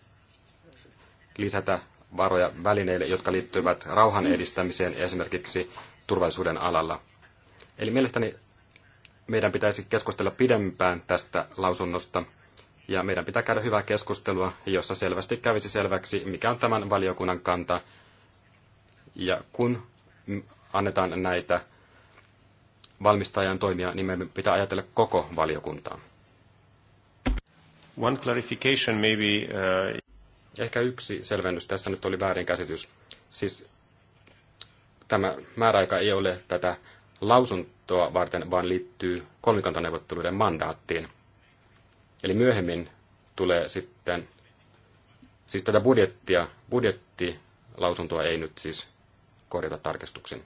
lisätä varoja välineille, jotka liittyvät rauhan edistämiseen esimerkiksi turvallisuuden alalla. Eli mielestäni meidän pitäisi keskustella pidempään tästä lausunnosta, ja meidän pitää käydä hyvää keskustelua, jossa selvästi kävisi selväksi, mikä on tämän valiokunnan kanta. Ja kun annetaan näitä valmistajan toimia, niin meidän pitää ajatella koko valiokuntaa. One clarification maybe, uh... Ehkä yksi selvennys. Tässä nyt oli väärinkäsitys. Siis tämä määräaika ei ole tätä lausuntoa varten, vaan liittyy kolmikantaneuvotteluiden mandaattiin. Eli myöhemmin tulee sitten, siis tätä budjettia, budjettilausuntoa ei nyt siis korjata tarkistuksen.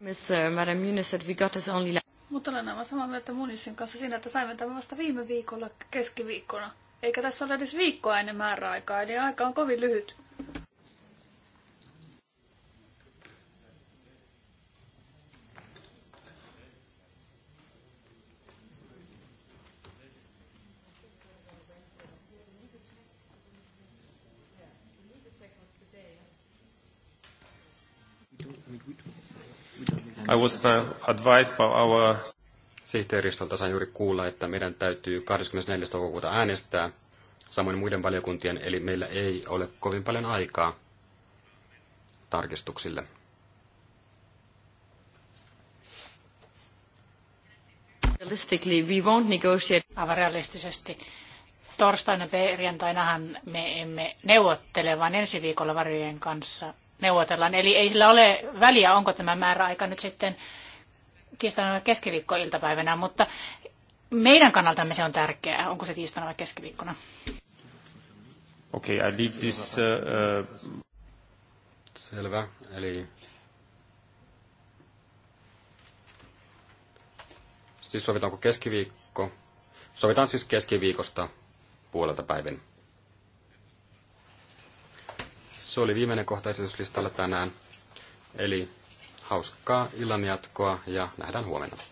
Uh, Mutta olen aivan samaa mieltä Munisin kanssa siinä, että saimme tämän vasta viime viikolla keskiviikkona. Eikä tässä ole edes viikkoa ennen määräaikaa, eli aika on kovin lyhyt. I was advised by our... Sihteeristolta sain juuri kuulla, että meidän täytyy 24. toukokuuta äänestää, samoin muiden valiokuntien, eli meillä ei ole kovin paljon aikaa tarkistuksille. Aivan realistisesti. Torstaina perjantainahan me emme neuvottele, vaan ensi viikolla varjojen kanssa neuvotellaan. Eli ei sillä ole väliä, onko tämä määräaika nyt sitten tiistaina vai keskiviikkoiltapäivänä, mutta meidän kannaltamme se on tärkeää, onko se tiistaina vai keskiviikkona. Okei, okay, I leave this... Uh, uh... Selvä, eli... Siis sovitaanko keskiviikko? Sovitaan siis keskiviikosta puolelta päivin. Se oli viimeinen kohta esityslistalla tänään. Eli hauskaa illanjatkoa ja nähdään huomenna.